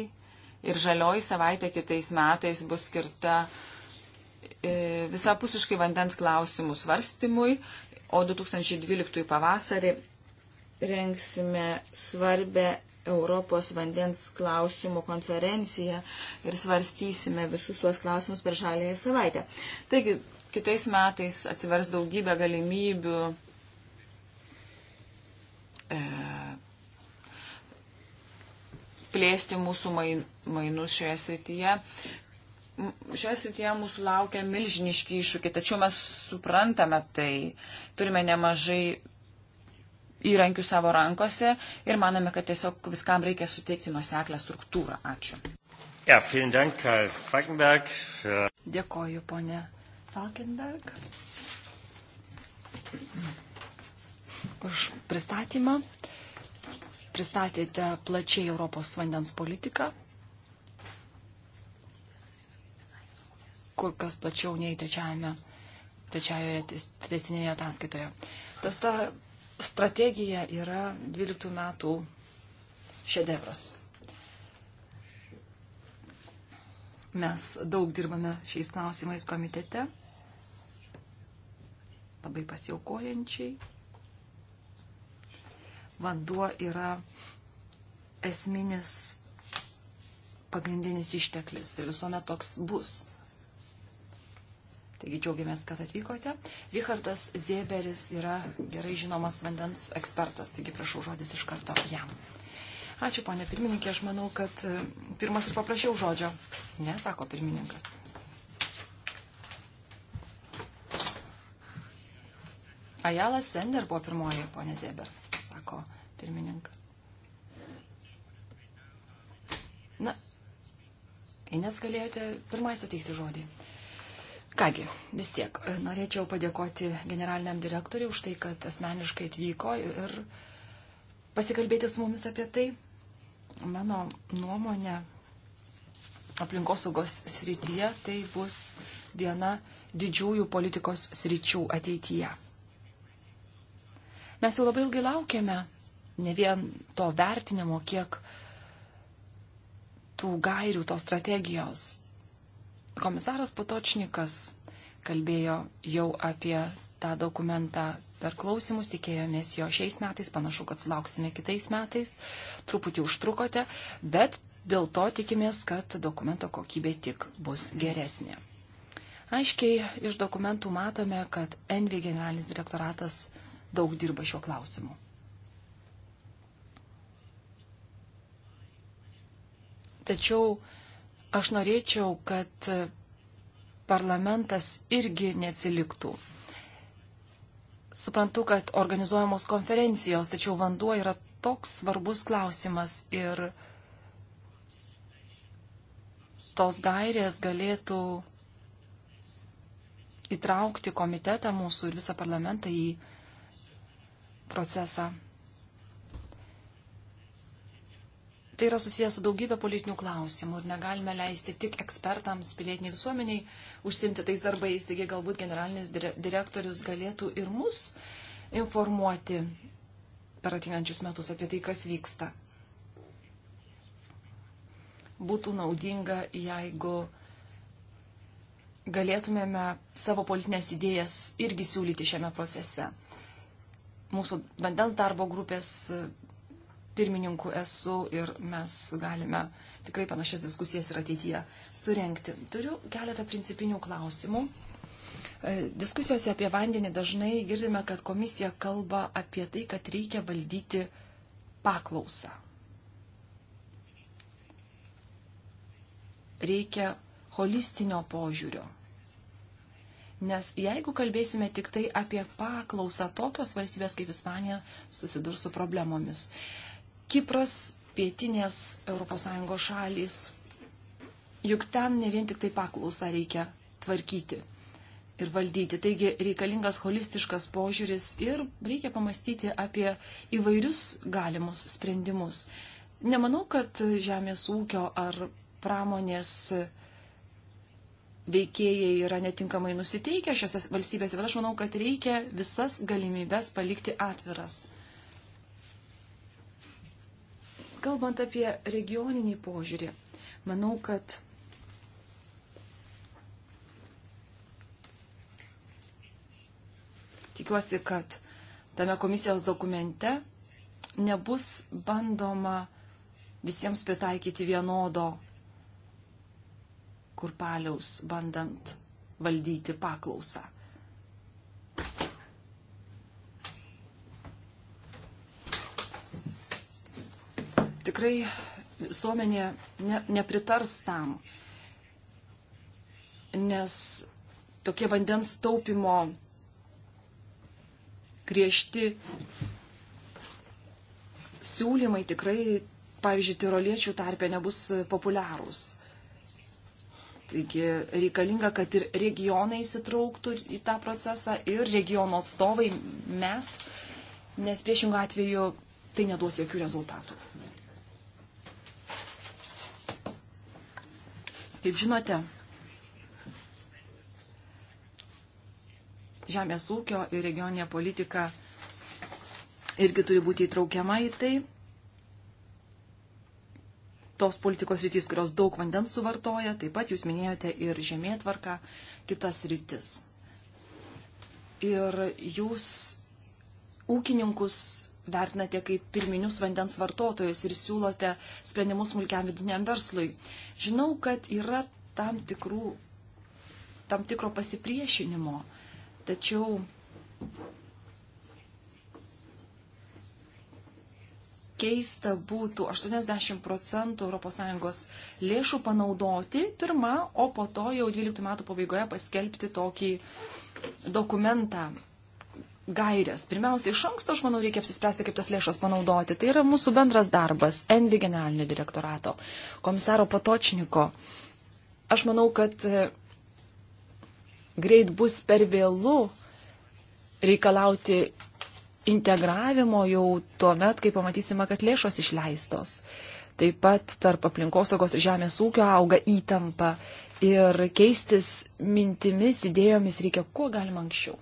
ir žalioji savaitė kitais metais bus skirta e, visapusiškai vandens klausimų svarstymui o 2012 pavasarį rengsime svarbę Europos vandens klausimų konferenciją ir svarstysime visus tuos klausimus per žalėją savaitę. Taigi, kitais metais atsivers daugybė galimybių e, plėsti mūsų main, mainus šioje srityje šioje srityje mūsų laukia milžiniški iššūkiai, tačiau mes suprantame tai, turime nemažai įrankių savo rankose ir manome, kad tiesiog viskam reikia suteikti nuoseklę struktūrą. Ačiū. Ja, dank, Falkenberg. Dėkoju, ponė Falkenberg, už pristatymą. Pristatėte plačiai Europos vandens politiką kur kas plačiau nei trečiajame, trečiojoje teisinėje ataskaitoje. Tas ta strategija yra 12 metų šedevras. Mes daug dirbame šiais klausimais komitete, labai pasiaukojančiai. Vanduo yra esminis pagrindinis išteklis ir visuomet toks bus. Taigi džiaugiamės, kad atvykote. Richardas Zieberis yra gerai žinomas vandens ekspertas, taigi prašau žodis iš karto jam. Ačiū, ponė pirmininkė, aš manau, kad e, pirmas ir paprašiau žodžio. Ne, sako pirmininkas. Ajalas Sender buvo pirmoji, ponė Zieber, sako pirmininkas. Na, Ines galėjote pirmai suteikti žodį. Kągi, vis tiek e, norėčiau padėkoti generaliniam direktoriui už tai, kad asmeniškai atvyko ir pasikalbėti su mumis apie tai. Mano nuomonė aplinkosaugos srityje tai bus viena didžiųjų politikos sričių ateityje. Mes jau labai ilgai laukiame ne vien to vertinimo, kiek tų gairių, tos strategijos, Komisaras Patočnikas kalbėjo jau apie tą dokumentą per klausimus, tikėjomės jo šiais metais, panašu, kad sulauksime kitais metais, truputį užtrukote, bet dėl to tikimės, kad dokumento kokybė tik bus geresnė. Aiškiai iš dokumentų matome, kad Envi generalinis direktoratas daug dirba šiuo klausimu. Tačiau Aš norėčiau, kad parlamentas irgi neatsiliktų. Suprantu, kad organizuojamos konferencijos, tačiau vanduo yra toks svarbus klausimas ir tos gairės galėtų įtraukti komitetą mūsų ir visą parlamentą į procesą. Tai yra susijęs su daugybė politinių klausimų ir negalime leisti tik ekspertams, pilietiniai visuomeniai užsimti tais darbais. Taigi galbūt generalinis direktorius galėtų ir mus informuoti per atinančius metus apie tai, kas vyksta. Būtų naudinga, jeigu galėtumėme savo politinės idėjas irgi siūlyti šiame procese. Mūsų vandens darbo grupės pirmininku esu ir mes galime tikrai panašias diskusijas ir ateityje surenkti. Turiu keletą principinių klausimų. E, diskusijose apie vandenį dažnai girdime, kad komisija kalba apie tai, kad reikia valdyti paklausą. Reikia holistinio požiūrio. Nes jeigu kalbėsime tik tai apie paklausą, tokios valstybės kaip Ispanija susidurs su problemomis. Kipras, pietinės ES šalys. Juk ten ne vien tik tai paklausą reikia tvarkyti ir valdyti. Taigi reikalingas holistiškas požiūris ir reikia pamastyti apie įvairius galimus sprendimus. Nemanau, kad žemės ūkio ar pramonės veikėjai yra netinkamai nusiteikę šiose valstybėse, bet aš manau, kad reikia visas galimybės palikti atviras. Kalbant apie regioninį požiūrį, manau, kad tikiuosi, kad tame komisijos dokumente nebus bandoma visiems pritaikyti vienodo kurpaliaus, bandant valdyti paklausą. tikrai visuomenė ne, nepritars tam, nes tokie vandens taupimo griežti siūlymai tikrai, pavyzdžiui, tiroliečių tarpė nebus populiarūs. Taigi reikalinga, kad ir regionai įsitrauktų į tą procesą ir regiono atstovai mes, nes priešingų atveju tai neduos jokių rezultatų. Kaip žinote, žemės ūkio ir regioninė politika irgi turi būti įtraukiama į tai. Tos politikos rytis, kurios daug vandens suvartoja, taip pat jūs minėjote ir žemėtvarką, kitas rytis. Ir jūs ūkininkus vertinate kaip pirminius vandens vartotojus ir siūlote sprendimus smulkiam vidiniam verslui. Žinau, kad yra tam, tikrų, tam tikro pasipriešinimo, tačiau keista būtų 80 procentų ES lėšų panaudoti pirmą, o po to jau 12 metų pabaigoje paskelbti tokį dokumentą gairias. Pirmiausia, iš anksto, aš manau, reikia apsispręsti, kaip tas lėšas panaudoti. Tai yra mūsų bendras darbas, Endi generalinio direktorato, komisaro Patočniko. Aš manau, kad e, greit bus per vėlų reikalauti integravimo jau tuo met, kai pamatysime, kad lėšos išleistos. Taip pat tarp aplinkosaugos ir žemės ūkio auga įtampa ir keistis mintimis, idėjomis reikia kuo galima anksčiau.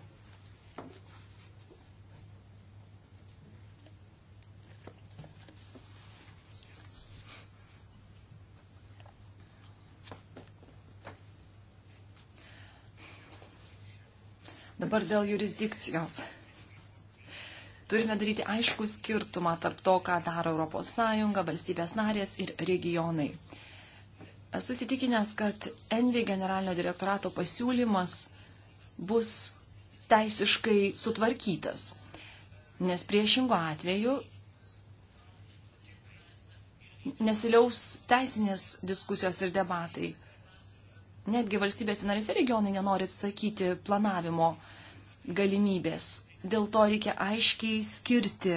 Dabar dėl jurisdikcijos. Turime daryti aišku skirtumą tarp to, ką daro ES, valstybės narės ir regionai. Esu įsitikinęs, kad Envi generalinio direktorato pasiūlymas bus teisiškai sutvarkytas, nes priešingų atveju nesiliaus teisinės diskusijos ir debatai. Netgi valstybės narėse regionai nenori atsakyti planavimo uh, galimybės. Dėl to reikia aiškiai skirti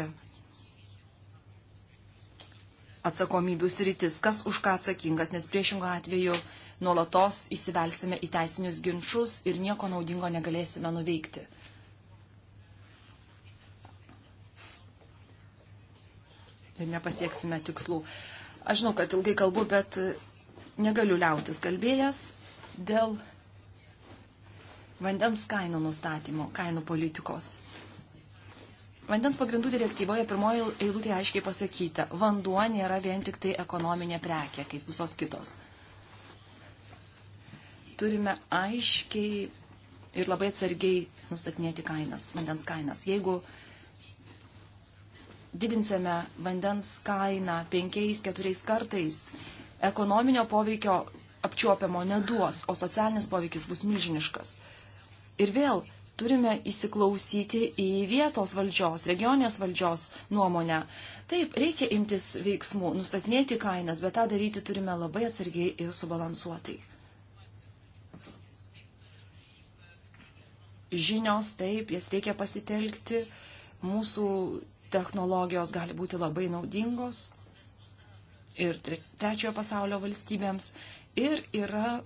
atsakomybių sritis, kas už ką atsakingas, nes priešingų atveju nuolatos įsivelsime į teisinius ginčius ir nieko naudingo negalėsime nuveikti. ir nepasieksime tikslų. Aš žinau, kad ilgai kalbu, bet negaliu liautis kalbėjęs dėl vandens kainų nustatymo, kainų politikos. Vandens pagrindų direktyvoje pirmoji eilutė aiškiai pasakyta, vanduo nėra vien tik tai ekonominė prekė, kaip visos kitos. Turime aiškiai ir labai atsargiai nustatinėti kainas, vandens kainas. Jeigu didinsime vandens kainą penkiais, keturiais kartais, ekonominio poveikio apčiuopiamo neduos, o socialinis poveikis bus milžiniškas. Ir vėl turime įsiklausyti į vietos valdžios, regionės valdžios nuomonę. Taip, reikia imtis veiksmų, nustatinėti kainas, bet tą daryti turime labai atsargiai ir subalansuotai. Žinios, taip, jas reikia pasitelkti, mūsų technologijos gali būti labai naudingos ir trečiojo pasaulio valstybėms. Ir yra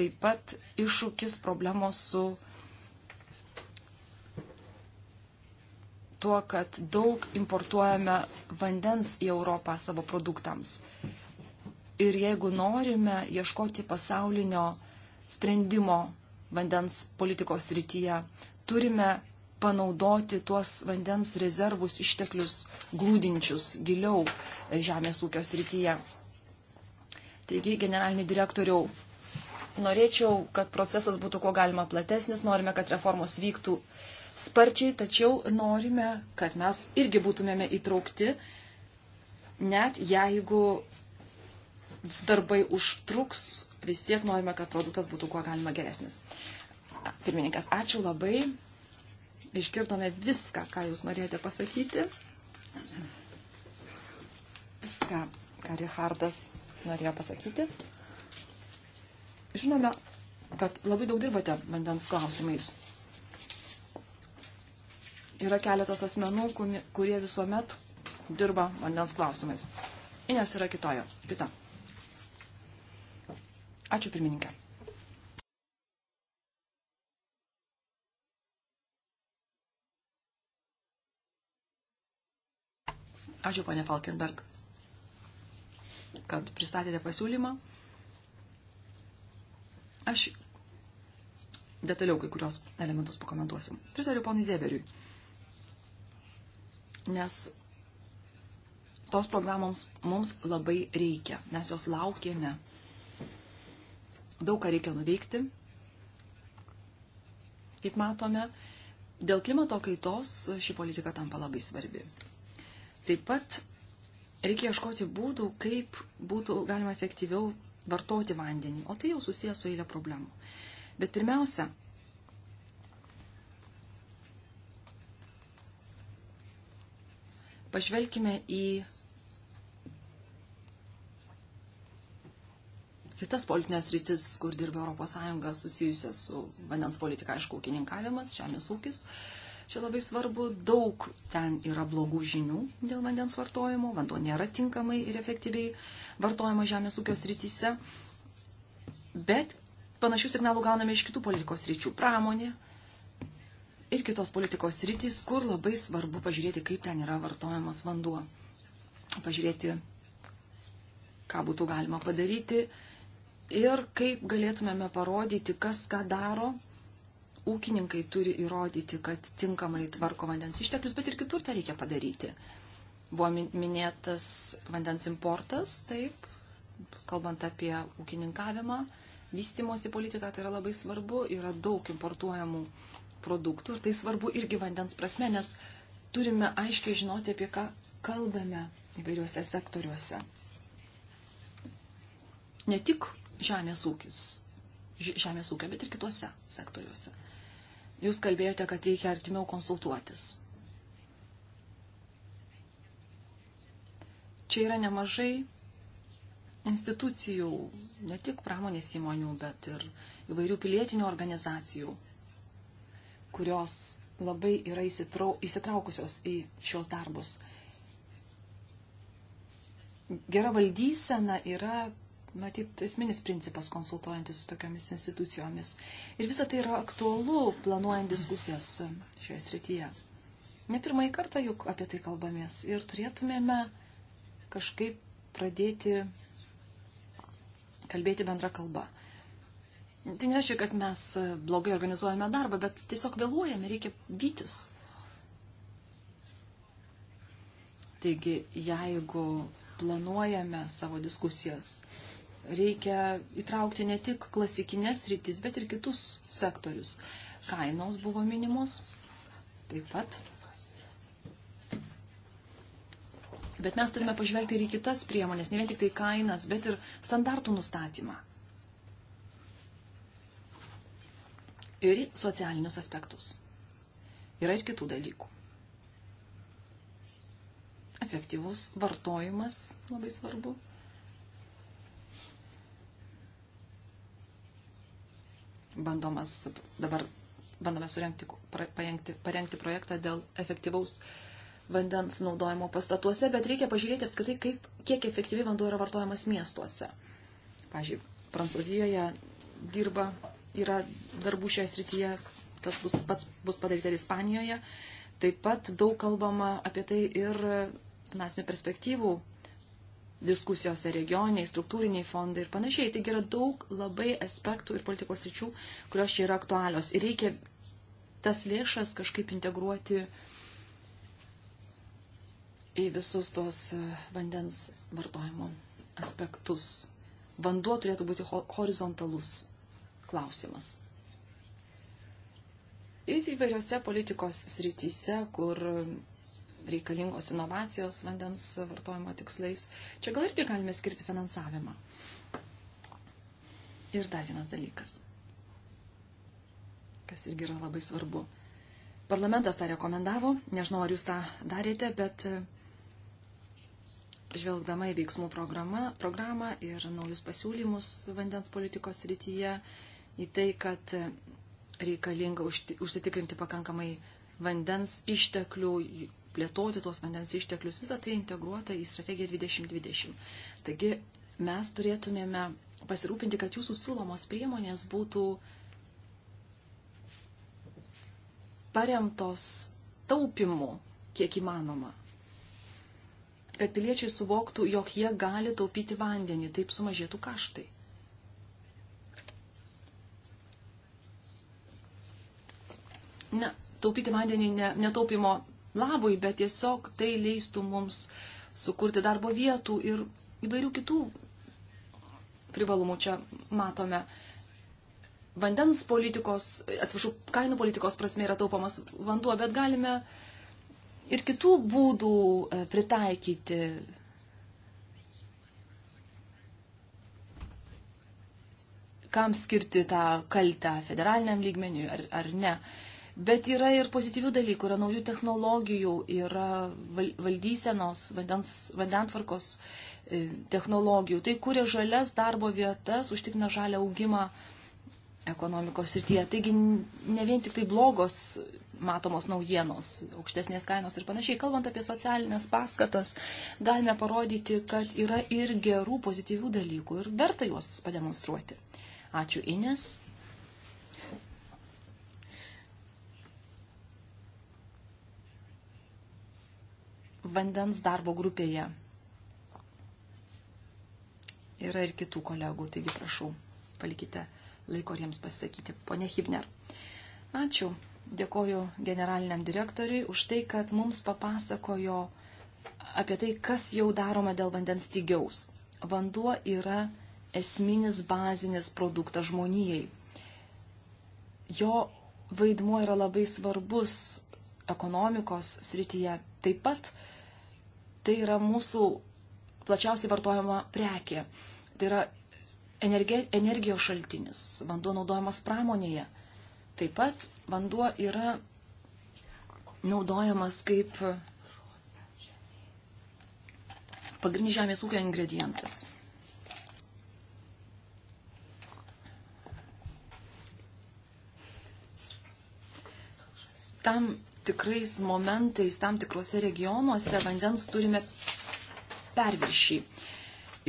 taip pat iššūkis problemos su tuo, kad daug importuojame vandens į Europą savo produktams. Ir jeigu norime ieškoti pasaulinio sprendimo vandens politikos rytyje, turime panaudoti tuos vandens rezervus išteklius glūdinčius giliau žemės ūkio srityje. Taigi, generalinį direktoriau, Norėčiau, kad procesas būtų kuo galima platesnis, norime, kad reformos vyktų sparčiai, tačiau norime, kad mes irgi būtumėme įtraukti, net jeigu darbai užtruks, vis tiek norime, kad produktas būtų kuo galima geresnis. Pirmininkas, ačiū labai. Išgirdome viską, ką jūs norėjote pasakyti. Viską, ką Richardas norėjo pasakyti. Žinome, kad labai daug dirbate vandens klausimais. Yra keletas asmenų, kurie visuomet dirba vandens klausimais. Inės yra kitojo, kita. Ačiū pirmininkė. Ačiū, ponė Falkenberg, kad pristatėte pasiūlymą Aš detaliau kai kurios elementus pakomentuosiu. Pritariu ponui Zeberiui, nes tos programoms mums labai reikia, mes jos laukėme. Daug ką reikia nuveikti, kaip matome. Dėl klimato kaitos ši politika tampa labai svarbi. Taip pat reikia ieškoti būdų, kaip būtų galima efektyviau vartoti vandenį, o tai jau susijęs su eilė problemų. Bet pirmiausia, pažvelkime į kitas politinės rytis, kur dirba ES susijusias su vandens politika, aišku, ūkininkavimas, žemės ūkis. Uh, Čia labai svarbu, daug ten yra blogų žinių dėl vandens vartojimo, vanduo nėra tinkamai ir efektyviai vartojama žemės ūkio srityse, bet panašių signalų gauname iš kitų politikos ryčių - pramonė ir kitos politikos rytis, kur labai svarbu pažiūrėti, kaip ten yra vartojamas vanduo. Pažiūrėti, ką būtų galima padaryti ir kaip galėtumėme parodyti, kas ką daro ūkininkai turi įrodyti, kad tinkamai tvarko vandens išteklius, bet ir kitur tą reikia padaryti. Buvo minėtas vandens importas, taip, kalbant apie ūkininkavimą, vystimosi politiką, tai yra labai svarbu, yra daug importuojamų produktų ir tai svarbu irgi vandens prasme, nes turime aiškiai žinoti, apie ką kalbame įvairiuose sektoriuose. Ne tik žemės ūkis, žemės ūkio, bet ir kituose sektoriuose. Jūs kalbėjote, kad reikia artimiau konsultuotis. Čia yra nemažai institucijų, ne tik pramonės įmonių, bet ir įvairių pilietinių organizacijų, kurios labai yra įsitrau, įsitraukusios į šios darbus. Gera valdysena yra matyt, esminis principas konsultuojantis su tokiomis institucijomis. Ir visa tai yra aktualu, planuojant diskusijas šioje srityje. Ne pirmąjį kartą juk apie tai kalbamės ir turėtumėme kažkaip pradėti kalbėti bendrą kalbą. Tai nereiškia, kad mes blogai organizuojame darbą, bet tiesiog vėluojame, reikia vytis. Taigi, jeigu planuojame savo diskusijas, reikia įtraukti ne tik klasikinės rytis, bet ir kitus sektorius. Kainos buvo minimos taip pat. Bet mes turime pažvelgti ir į kitas priemonės, ne vien tik tai kainas, bet ir standartų nustatymą. Ir socialinius aspektus. Yra ir kitų dalykų. Efektyvus vartojimas labai svarbu. bandomas dabar bandome surengti, parengti, parengti projektą dėl efektyvaus vandens naudojimo pastatuose, bet reikia pažiūrėti apskritai, kaip, kiek efektyviai vanduo yra vartojamas miestuose. Pavyzdžiui, Prancūzijoje dirba, yra darbų šioje srityje, tas bus, pats bus padaryta ir Ispanijoje. Taip pat daug kalbama apie tai ir finansinių perspektyvų diskusijose regioniniai, struktūriniai fondai ir panašiai. Taigi yra daug labai aspektų ir politikos ryčių, kurios čia yra aktualios. Ir reikia tas lėšas kažkaip integruoti į visus tos e, vandens vartojimo aspektus. Vanduo turėtų būti horizontalus klausimas. Ir įvairiose politikos srityse, kur reikalingos inovacijos vandens vartojimo tikslais. Čia gal irgi galime skirti finansavimą. Ir dar vienas dalykas, kas irgi yra labai svarbu. Parlamentas tą rekomendavo, nežinau, ar jūs tą darėte, bet e, žvelgdama į veiksmų programą, programą ir naujus pasiūlymus vandens politikos rytyje, į tai, kad e, reikalinga užsitikrinti pakankamai vandens išteklių, plėtoti tos vandens išteklius, visą tai integruota į strategiją 2020. Taigi mes turėtumėme pasirūpinti, kad jūsų siūlomos priemonės būtų paremtos taupimu, kiek įmanoma. Kad piliečiai suvoktų, jog jie gali taupyti vandenį, taip sumažėtų kaštai. Ne, taupyti vandenį ne, netaupimo labui, bet tiesiog tai leistų mums sukurti darbo vietų ir įvairių kitų privalumų čia matome. Vandens politikos, atsiprašau, kainų politikos prasme yra taupomas vanduo, bet galime ir kitų būdų e, pritaikyti. kam skirti tą kaltę federaliniam lygmeniui ar, ar ne. Uh, Bet yra ir pozityvių dalykų, yra naujų technologijų, yra valdysenos, vandens, vandentvarkos e, technologijų. Tai kūrė žalias darbo vietas, užtikrina žalę augimą ekonomikos srityje. Taigi ne vien tik tai blogos matomos naujienos, aukštesnės kainos ir panašiai. Kalbant apie socialinės paskatas, galime parodyti, kad yra ir gerų pozityvių dalykų ir verta juos pademonstruoti. Ačiū Ines. vandens darbo grupėje. Yra ir kitų kolegų, taigi prašau, palikite laiko ir jiems pasisakyti. Pone Hibner, ačiū. Dėkoju generaliniam direktoriui už tai, kad mums papasakojo apie tai, kas jau daroma dėl vandens tygiaus. Vanduo yra esminis bazinis produktas žmonijai. Jo vaidmuo yra labai svarbus ekonomikos srityje. Taip pat tai yra mūsų plačiausiai vartojama prekė. Tai yra energi, energijos šaltinis, vanduo naudojamas pramonėje. Taip pat vanduo yra naudojamas kaip pagrindinis žemės ūkio ingredientas. Tam tikrais momentais tam tikrose regionuose vandens turime perviršį.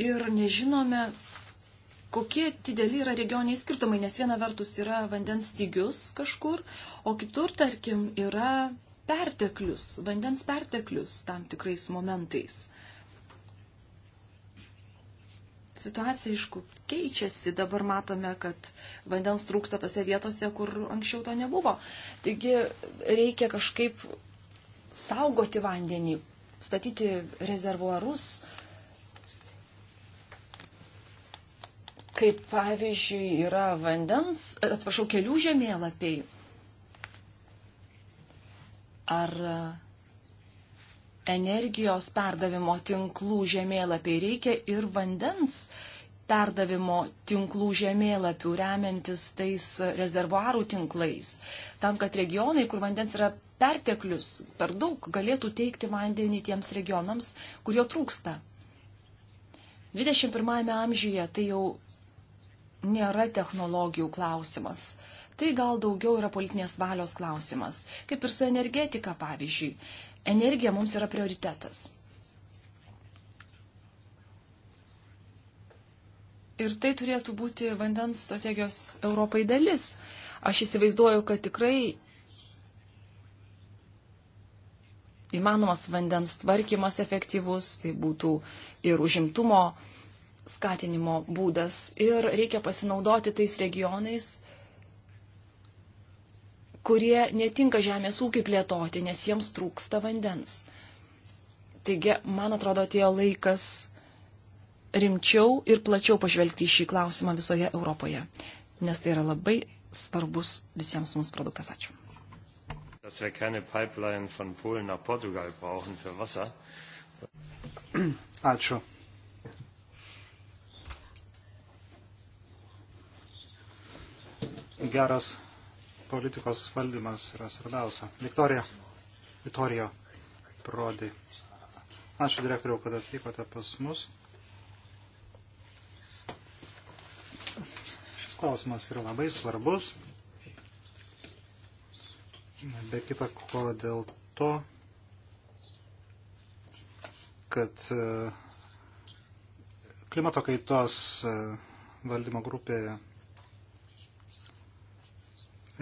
Ir nežinome, kokie dideli yra regioniai skirtumai, nes viena vertus yra vandens stygius kažkur, o kitur, tarkim, yra perteklius, vandens perteklius tam tikrais momentais. situacija, aišku, keičiasi. Dabar matome, kad vandens trūksta tose vietose, kur anksčiau to nebuvo. Taigi reikia kažkaip saugoti vandenį, statyti rezervuarus. Kaip pavyzdžiui yra vandens, atsiprašau, kelių žemėlapiai. Ar energijos perdavimo tinklų žemėlapiai, reikia ir vandens perdavimo tinklų žemėlapių, remiantis tais rezervuarų tinklais, tam, kad regionai, kur vandens yra perteklius, per daug galėtų teikti vandenį tiems regionams, kur jo trūksta. 21 amžiuje tai jau nėra technologijų klausimas tai gal daugiau yra politinės valios klausimas. Kaip ir su energetika, pavyzdžiui energija mums yra prioritetas. Ir tai turėtų būti vandens strategijos Europai dalis. Aš įsivaizduoju, kad tikrai įmanomas vandens tvarkymas efektyvus, tai būtų ir užimtumo skatinimo būdas. Ir reikia pasinaudoti tais regionais, kurie netinka žemės ūkiai plėtoti, nes jiems trūksta vandens. Taigi, man atrodo, atėjo laikas rimčiau ir plačiau pažvelgti į šį klausimą visoje Europoje, nes tai yra labai svarbus visiems mums produktas. Ačiū. Dass wir keine Pipeline von Polen nach Portugal brauchen für Wasser. Ačiū. Geras politikos valdymas yra svarbiausia. Viktorija, Vitorijo Prodi. Ačiū direktoriau, kad atvykote pas mus. Šis klausimas yra labai svarbus. Be kita ko dėl to, kad e, klimato kaitos e, valdymo grupėje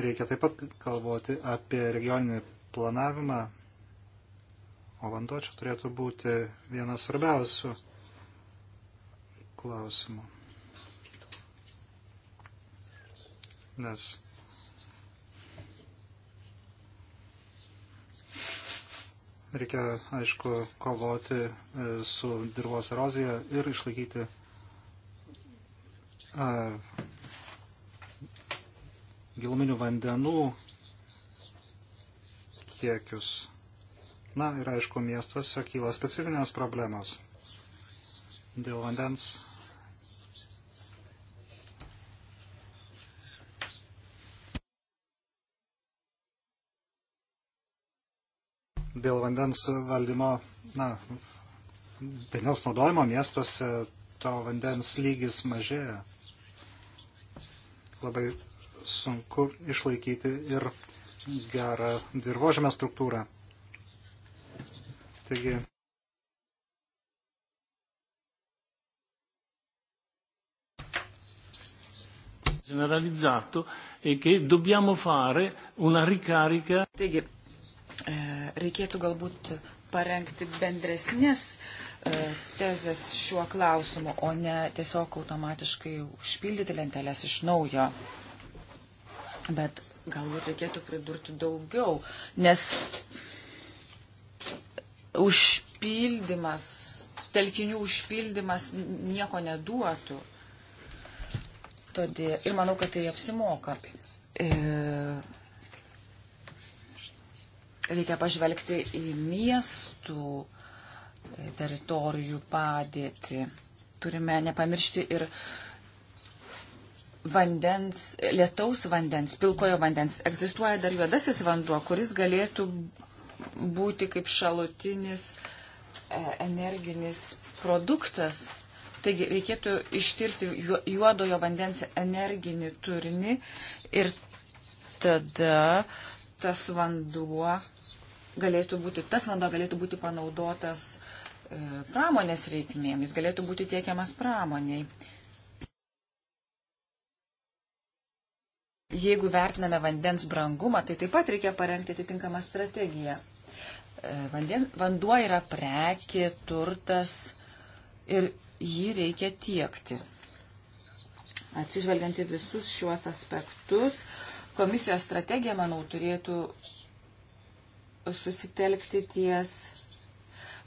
Reikia taip pat kalboti apie regioninį planavimą, o vanduo čia turėtų būti vienas svarbiausių klausimų. Nes reikia, aišku, kovoti e, su dirbos erozija ir išlaikyti e, giluminių vandenų kiekius. Na ir aišku, miestuose kyla specifinės problemos dėl vandens. Dėl vandens valdymo, na, vandens naudojimo miestuose to vandens lygis mažėja. Labai sunku išlaikyti ir gerą dirbožėmę struktūrą. Taigi, generalizzato e che dobbiamo fare una ricarica. Taigi, e, reikėtų galbūt parengti bendresnės e, tezes šiuo klausimu, o ne tiesiog automatiškai užpildyti lenteles iš naujo. Bet galbūt reikėtų pridurti daugiau, nes užpildymas, telkinių užpildymas nieko neduotų. Todėl, ir manau, kad tai apsimoka. E, reikia pažvelgti į miestų e, teritorijų padėtį. Turime nepamiršti ir e, vandens, lietaus vandens, pilkojo vandens. Egzistuoja dar juodasis vanduo, kuris galėtų būti kaip šalutinis e, energinis produktas. Taigi reikėtų ištirti juodojo vandens energinį turinį ir tada tas vanduo galėtų būti, tas vanduo galėtų būti panaudotas e, pramonės reikmėmis, galėtų būti tiekiamas pramoniai. E, Jeigu vertiname vandens brangumą, tai taip pat reikia parengti atitinkamą strategiją. E, vandien, vanduo yra prekė, turtas ir jį reikia tiekti. Atsižvelgianti visus šiuos aspektus, komisijos strategija, manau, turėtų susitelkti ties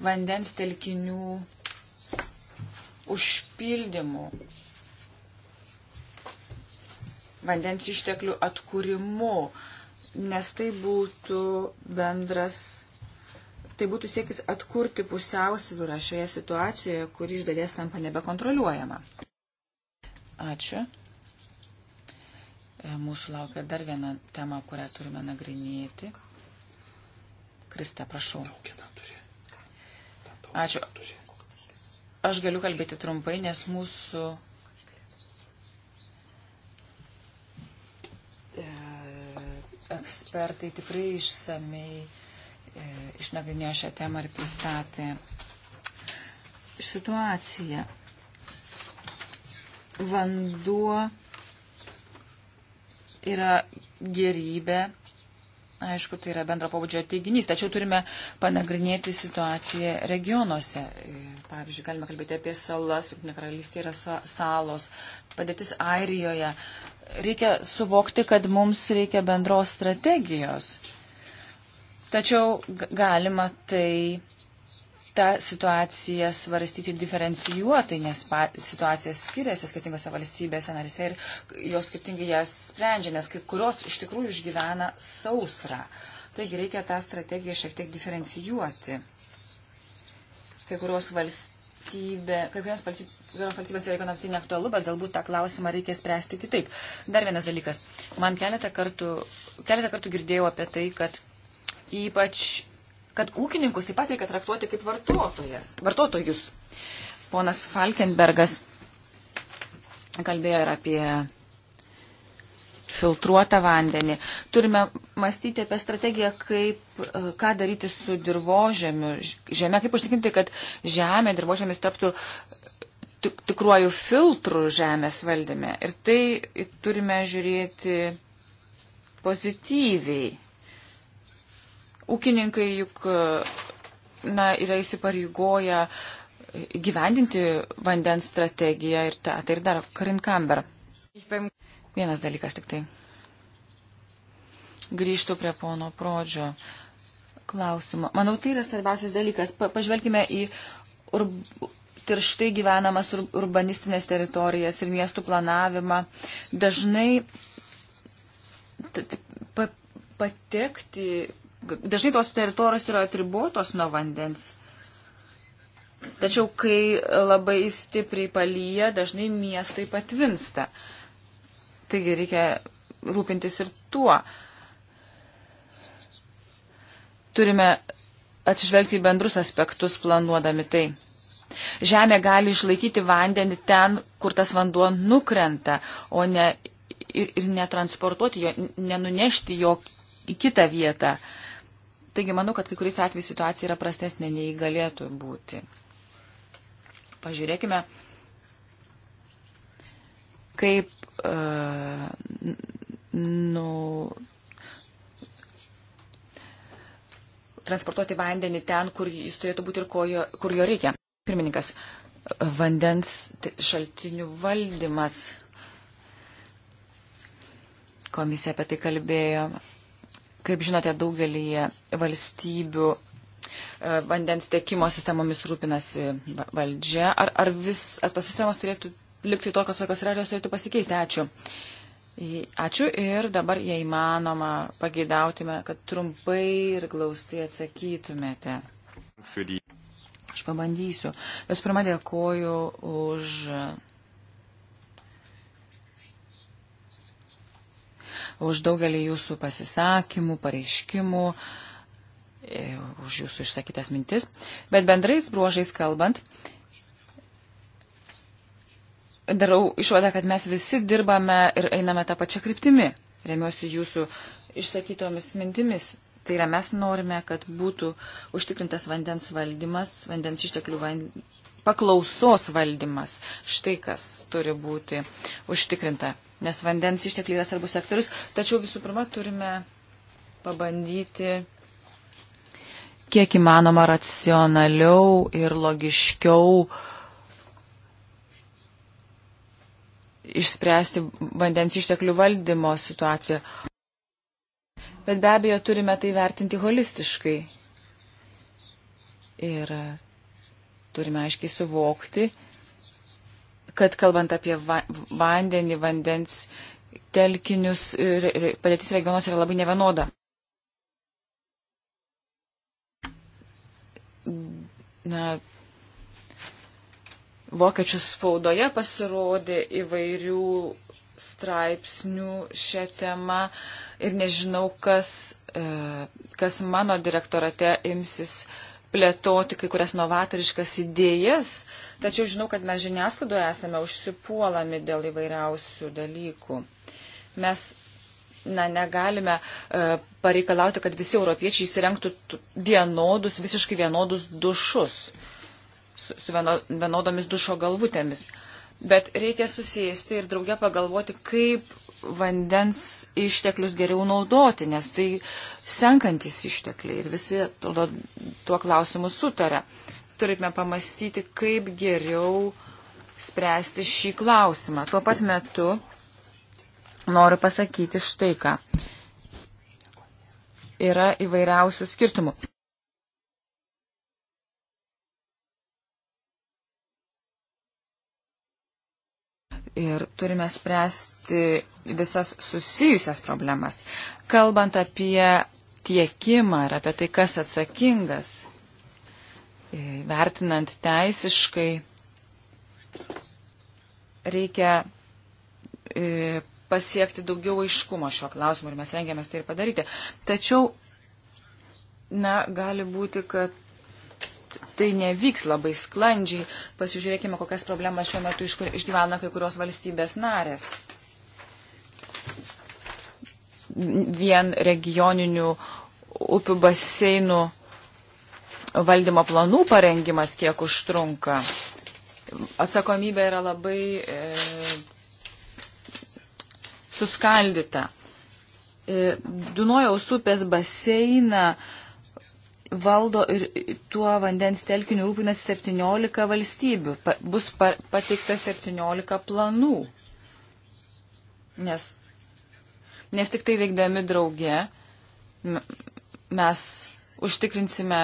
vandens telkinių užpildymu vandens išteklių atkūrimu, nes tai būtų bendras, tai būtų siekis atkurti pusiausvyrą šioje situacijoje, kuri iš dalies tampa nebekontroliuojama. Ačiū. E, mūsų laukia dar viena tema, kurią turime nagrinėti. Krista, prašau. Ačiū. Aš galiu kalbėti trumpai, nes mūsų ekspertai tikrai išsamei e, išnagrinėjo šią temą ir pristatė situaciją. Vanduo yra gerybė, aišku, tai yra bendro pabudžio teiginys, tačiau turime panagrinėti situaciją regionuose. E, pavyzdžiui, galime kalbėti apie salas, Junktinė karalystė yra salos, padėtis Airijoje, reikia suvokti, kad mums reikia bendros strategijos. Tačiau galima tai tą situaciją svarstyti diferencijuotai, nes situacija skiriasi skirtingose valstybėse narise ir jos skirtingai jas sprendžia, nes kai kurios iš tikrųjų išgyvena sausrą. Taigi reikia tą strategiją šiek tiek diferencijuoti. Kai kurios valstybė, kai kurios valstybė kuriam valstybės yra ekonomiškai neaktualu, bet galbūt tą klausimą reikia spręsti kitaip. Dar vienas dalykas. Man keletą kartų, keletą kartų girdėjau apie tai, kad ypač, kad ūkininkus taip pat reikia traktuoti kaip vartotojus. Ponas Falkenbergas kalbėjo ir apie filtruotą vandenį. Turime mąstyti apie strategiją, kaip, e, ką daryti su dirbožėmiu. Žemė, kaip užtikrinti, kad žemė, dirbožėmis taptų tik, tikruoju filtru žemės valdyme. Ir tai turime žiūrėti pozityviai. Ūkininkai juk na, yra įsipareigoję gyvendinti vandens strategiją ir tą. Tai ir dar Karin Kamber. Vienas dalykas tik tai. Grįžtu prie pono Prodžio klausimo. Manau, tai yra svarbiausias dalykas. Pa, pažvelkime į urb tirštai gyvenamas urbanistinės teritorijas ir miestų planavimą. Dažnai patekti, dažnai tos teritorijos yra atribotos nuo vandens. Tačiau, kai labai stipriai palyja, dažnai miestai patvinsta. Taigi reikia rūpintis ir tuo. Turime atsižvelgti į bendrus aspektus planuodami tai. Žemė gali išlaikyti vandenį ten, kur tas vanduo nukrenta, o ne ir, ir netransportuoti jo, nenunešti jo į kitą vietą. Taigi manau, kad kai kuriais atvejais situacija yra prastesnė nei galėtų būti. Pažiūrėkime, kaip uh, nu, transportuoti vandenį ten, kur jis turėtų būti ir jo, kur jo reikia. Pirmininkas, vandens šaltinių valdymas. Komisija apie tai kalbėjo. Kaip žinote, daugelį valstybių e, vandens tiekimo sistemomis rūpinasi valdžia. Ar, ar, vis, ar tos sistemos turėtų likti tokios, kokios realios turėtų pasikeisti? Ačiū. Ačiū ir dabar, jei įmanoma, pageidautume, kad trumpai ir glaustai atsakytumėte. Aš pabandysiu. Vis pirma, dėkoju už už daugelį jūsų pasisakymų, pareiškimų, e, už jūsų išsakytas mintis. Bet bendrais bruožais kalbant, darau išvadą, kad mes visi dirbame ir einame tą pačią kryptimį. Remiuosi jūsų išsakytomis mintimis. Tai yra, mes norime, kad būtų užtikrintas vandens valdymas, vandens išteklių van... paklausos valdymas. Štai kas turi būti užtikrinta. Nes vandens ištekliai yra svarbus sektorius. Tačiau visų pirma turime pabandyti kiek įmanoma racionaliau ir logiškiau išspręsti vandens išteklių valdymo situaciją. Bet be abejo, turime tai vertinti holistiškai. Ir turime aiškiai suvokti, kad kalbant apie va vandenį, vandens telkinius, padėtis regionuose yra labai nevienoda. Na, vokiečių spaudoje pasirodė įvairių straipsnių šią temą. Uh, ir nežinau, kas, e, kas mano direktorate imsis plėtoti kai kurias novatoriškas idėjas, tačiau žinau, kad mes žiniasklaidoje esame užsipuolami dėl įvairiausių dalykų. Mes na, negalime e, pareikalauti, kad visi europiečiai įsirengtų vienodus, visiškai vienodus dušus su, su vieno, vienodomis dušo galvutėmis. Bet reikia susijęsti ir draugę pagalvoti, kaip vandens išteklius geriau naudoti, nes tai senkantis ištekliai ir visi tuo, tuo klausimu sutarė. Turime pamastyti, kaip geriau spręsti šį klausimą. Tuo pat metu noriu pasakyti štai ką. Yra įvairiausių skirtumų. ir turime spręsti visas susijusias problemas. Kalbant apie tiekimą ir apie tai, kas atsakingas, e, vertinant teisiškai, reikia e, pasiekti daugiau aiškumo šio klausimu ir mes rengiamės tai ir padaryti. Tačiau, na, gali būti, kad tai nevyks labai sklandžiai. Pasižiūrėkime, kokias problemas šiuo metu išgyvena kai kurios valstybės narės. Vien regioninių upių baseinų valdymo planų parengimas kiek užtrunka. Atsakomybė yra labai e, suskaldyta. E, Dunojaus upės baseiną e, valdo ir tuo vandens telkiniu rūpinasi 17 valstybių. Pa, bus pa, pateikta 17 planų. Nes, nes tik tai veikdami drauge mes užtikrinsime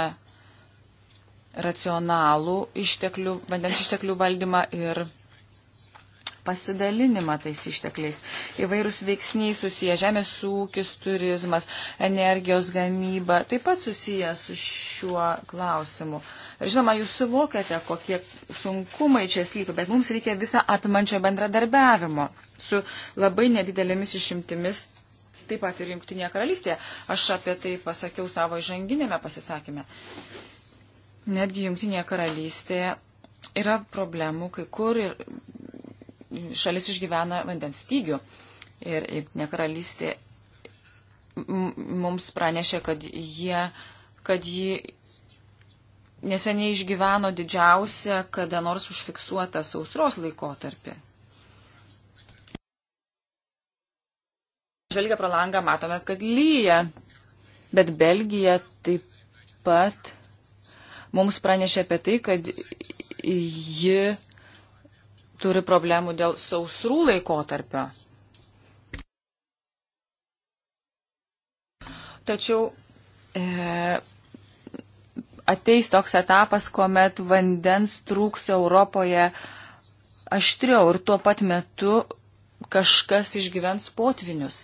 racionalų išteklių, vandens išteklių valdymą ir pasidalinimą tais ištekliais. Įvairūs veiksniai susiję žemės ūkis, turizmas, energijos gamyba taip pat susiję su šiuo klausimu. Ir žinoma, jūs suvokiate, kokie sunkumai čia slypi, bet mums reikia visą apimančio bendradarbiavimo su labai nedidelėmis išimtimis. Taip pat ir Junktinėje karalystėje. Aš apie tai pasakiau savo žanginėme pasisakymė. Netgi Junktinėje karalystėje yra problemų, kai kur ir šalis išgyvena vandens stygių. Ir ne karalystė mums pranešė, kad jie, kad jie neseniai išgyveno didžiausią kada nors užfiksuotą sausros laikotarpį. Žvelgia pro langą, matome, kad lyja, bet Belgija taip pat mums pranešė apie tai, kad ji turi problemų dėl sausrų laikotarpio. Tačiau e, ateis toks etapas, kuomet vandens trūks Europoje aštriau ir tuo pat metu kažkas išgyvens potvinius.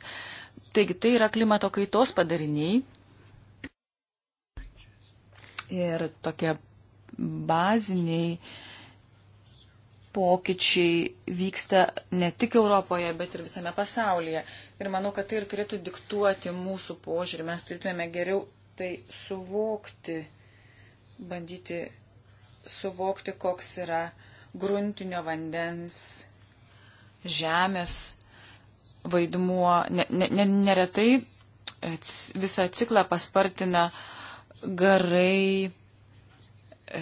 Taigi tai yra klimato kaitos padariniai. Ir tokie baziniai pokyčiai vyksta ne tik Europoje, bet ir visame pasaulyje. Ir manau, kad tai ir turėtų diktuoti mūsų požiūrį. Mes turėtume geriau tai suvokti, bandyti suvokti, koks yra gruntinio vandens, žemės vaidmuo. Ne, ne, neretai visą ciklą paspartina garai. E,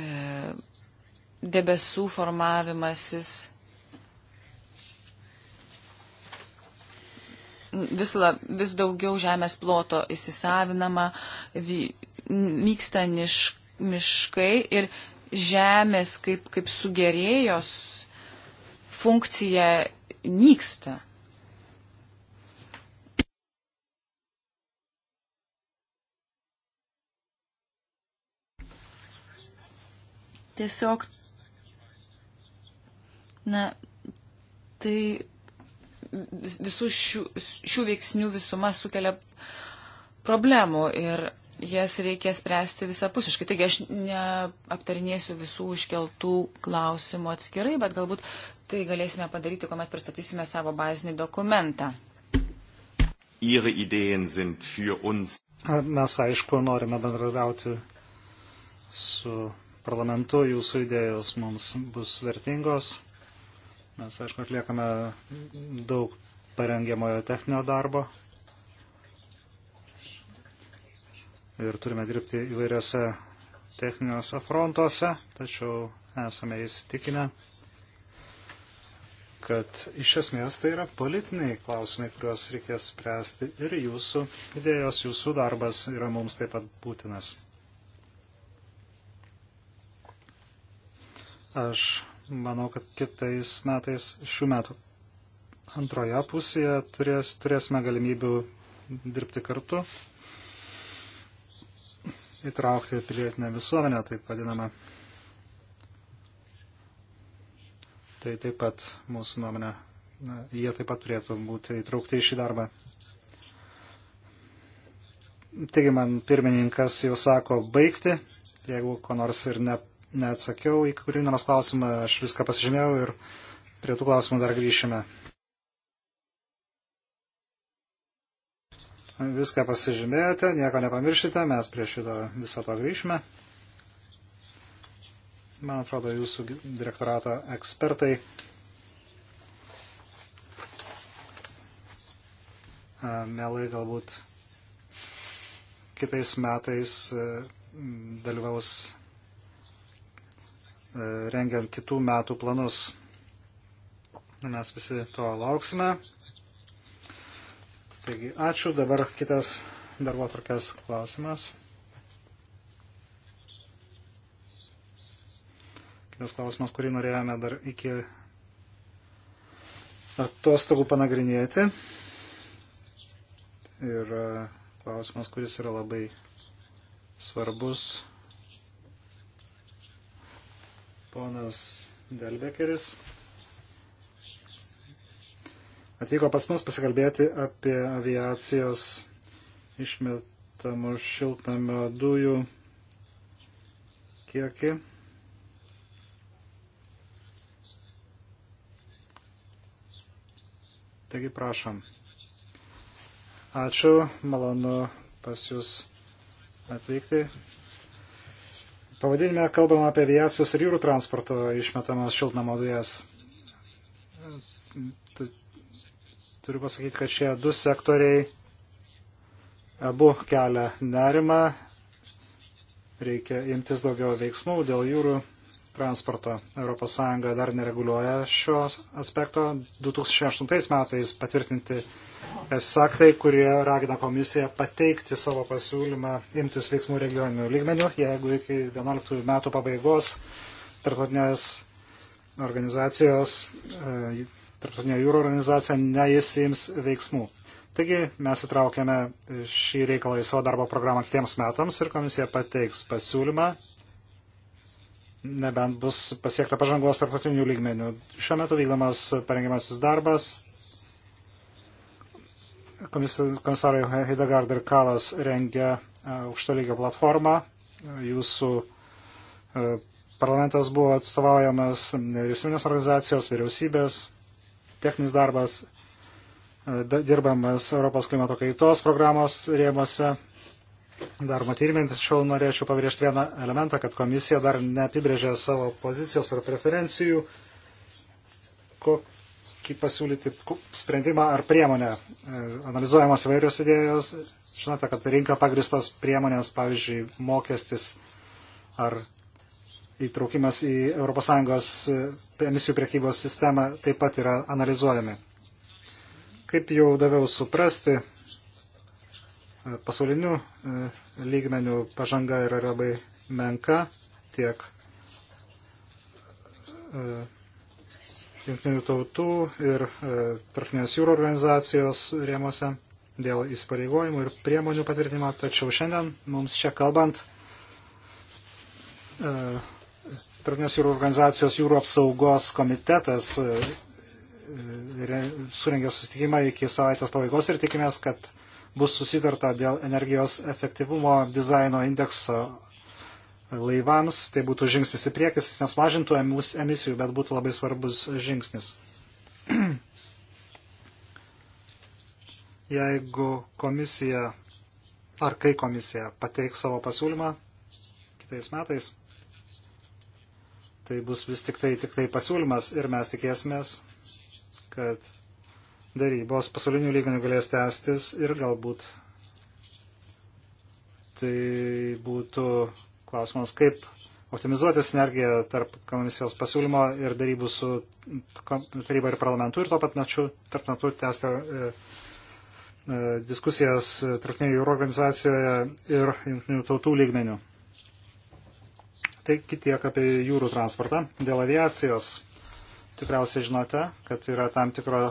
debesų formavimasis vis, la, vis daugiau žemės ploto įsisavinama, vy, myksta niš, miškai ir žemės kaip, kaip sugerėjos funkcija nyksta. Tiesiog Na, tai visų šių, šių veiksnių visuma sukelia problemų ir jas reikia spręsti visapusiškai. Taigi aš neaptarinėsiu visų iškeltų klausimų atskirai, bet galbūt tai galėsime padaryti, kuomet pristatysime savo bazinį dokumentą. Mes, aišku, norime bendradauti su parlamentu, jūsų idėjos mums bus vertingos Mes, aišku, atliekame daug parengiamojo techninio darbo ir turime dirbti įvairiose techniniuose frontuose, tačiau esame įsitikinę, kad iš esmės tai yra politiniai klausimai, kuriuos reikės spręsti ir jūsų idėjos, jūsų darbas yra mums taip pat būtinas. Aš manau, kad kitais metais, šių metų antroje pusėje turės, turėsime galimybių dirbti kartu, įtraukti pilietinę visuomenę, taip vadinamą. Tai taip pat mūsų nuomonė, na, jie taip pat turėtų būti įtraukti į šį darbą. Taigi man pirmininkas jau sako baigti, jeigu ko nors ir ne neatsakiau į kurį nors klausimą, aš viską pasižymėjau ir prie tų klausimų dar grįšime. Viską pasižymėjote, nieko nepamiršite, mes prie šito viso to grįšime. Man atrodo, jūsų direktorato ekspertai mielai galbūt kitais metais e, dalyvaus E, rengiant kitų metų planus. Mes visi to lauksime. Taigi, ačiū. Dabar kitas darbo tvarkės klausimas. Kitas klausimas, kurį norėjome dar iki atostogų panagrinėti. Ir e, klausimas, kuris yra labai svarbus Ponas Delbekeris atvyko pas mus pasikalbėti apie aviacijos išmetamų šiltnamio dujų kiekį. Taigi prašom. Ačiū, malonu pas Jūs atvykti. Pavadinime kalbama apie aviacijos ir jūrų transporto išmetamas šiltnamo dujas. Turiu pasakyti, kad šie du sektoriai abu kelia nerimą. Reikia imtis daugiau veiksmų dėl jūrų transporto. ES dar nereguliuoja šio aspekto. 2008 metais patvirtinti teisės aktai, kurie ragina komisiją pateikti savo pasiūlymą imtis veiksmų regioninių lygmenių, jeigu iki 11 metų pabaigos tarptautinės organizacijos, e, tarptautinė jūro organizacija neįsims veiksmų. Taigi mes įtraukėme šį reikalą į savo darbo programą kitiems metams ir komisija pateiks pasiūlymą, nebent bus pasiekta pažangos tarptautinių lygmenių. Šiuo metu vykdomas parengiamasis darbas komisarai Heidegard ir Kalas rengia e, aukšto lygio platformą. Jūsų e, parlamentas buvo atstovaujamas nevyriausybinės organizacijos, vyriausybės, techninis darbas, e, dirbamas Europos klimato kaitos programos rėmose. Dar matyrimint, tačiau norėčiau pabrėžti vieną elementą, kad komisija dar neapibrėžė savo pozicijos ar preferencijų, kok pasiūlyti sprendimą ar priemonę. E, analizuojamos įvairios idėjos. Žinote, kad rinka pagristos priemonės, pavyzdžiui, mokestis ar įtraukimas į ES emisijų priekybos sistemą taip pat yra analizuojami. Kaip jau daviau suprasti, e, pasaulinių e, lygmenių pažanga yra labai menka tiek Junktinių tautų ir e, Tarpinės jūrų organizacijos rėmose dėl įsipareigojimų ir priemonių patvirtinimo, tačiau šiandien mums čia kalbant e, Tarpinės jūrų organizacijos jūrų apsaugos komitetas e, surengė susitikimą iki savaitės pabaigos ir tikimės, kad bus susitarta dėl energijos efektyvumo dizaino indekso laivams, tai būtų žingsnis į priekį, nes mažintų emisijų, bet būtų labai svarbus žingsnis. <clears throat> Jeigu komisija ar kai komisija pateiks savo pasiūlymą kitais metais, tai bus vis tik tai, tik tai pasiūlymas ir mes tikėsimės, kad darybos pasaulinių lygmenių galės tęstis ir galbūt tai būtų klausimas, kaip optimizuoti sinergiją tarp komisijos pasiūlymo ir darybų su taryba ir parlamentu ir tuo pat metu tarp metų tęsti e, e, diskusijas tarptautinėje jūro organizacijoje ir jungtinių tautų lygmenių. Taigi tiek apie jūrų transportą. Dėl aviacijos tikriausiai žinote, kad yra tam, tikro,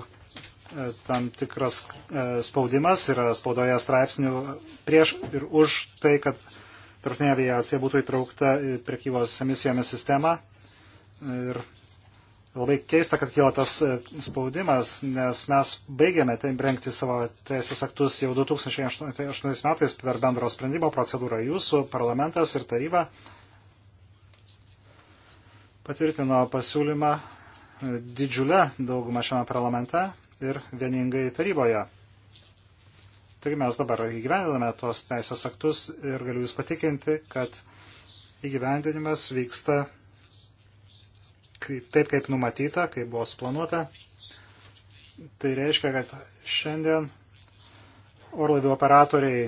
e, tam tikras e, spaudimas, yra spaudoje straipsnių prieš ir už tai, kad tarptautinė aviacija būtų įtraukta į prekybos emisijomis sistemą. Ir labai keista, kad kyla tas e, spaudimas, nes mes baigėme ten rengti savo teisės aktus jau 2008 metais per bendro sprendimo procedūrą. Jūsų parlamentas ir taryba patvirtino pasiūlymą e, didžiulę daugumą šiame parlamente ir vieningai taryboje. Taigi mes dabar įgyvendiname tuos teisės aktus ir galiu Jūs patikinti, kad įgyvendinimas vyksta taip, kaip numatyta, kaip buvo suplanuota. Tai reiškia, kad šiandien orlaivių operatoriai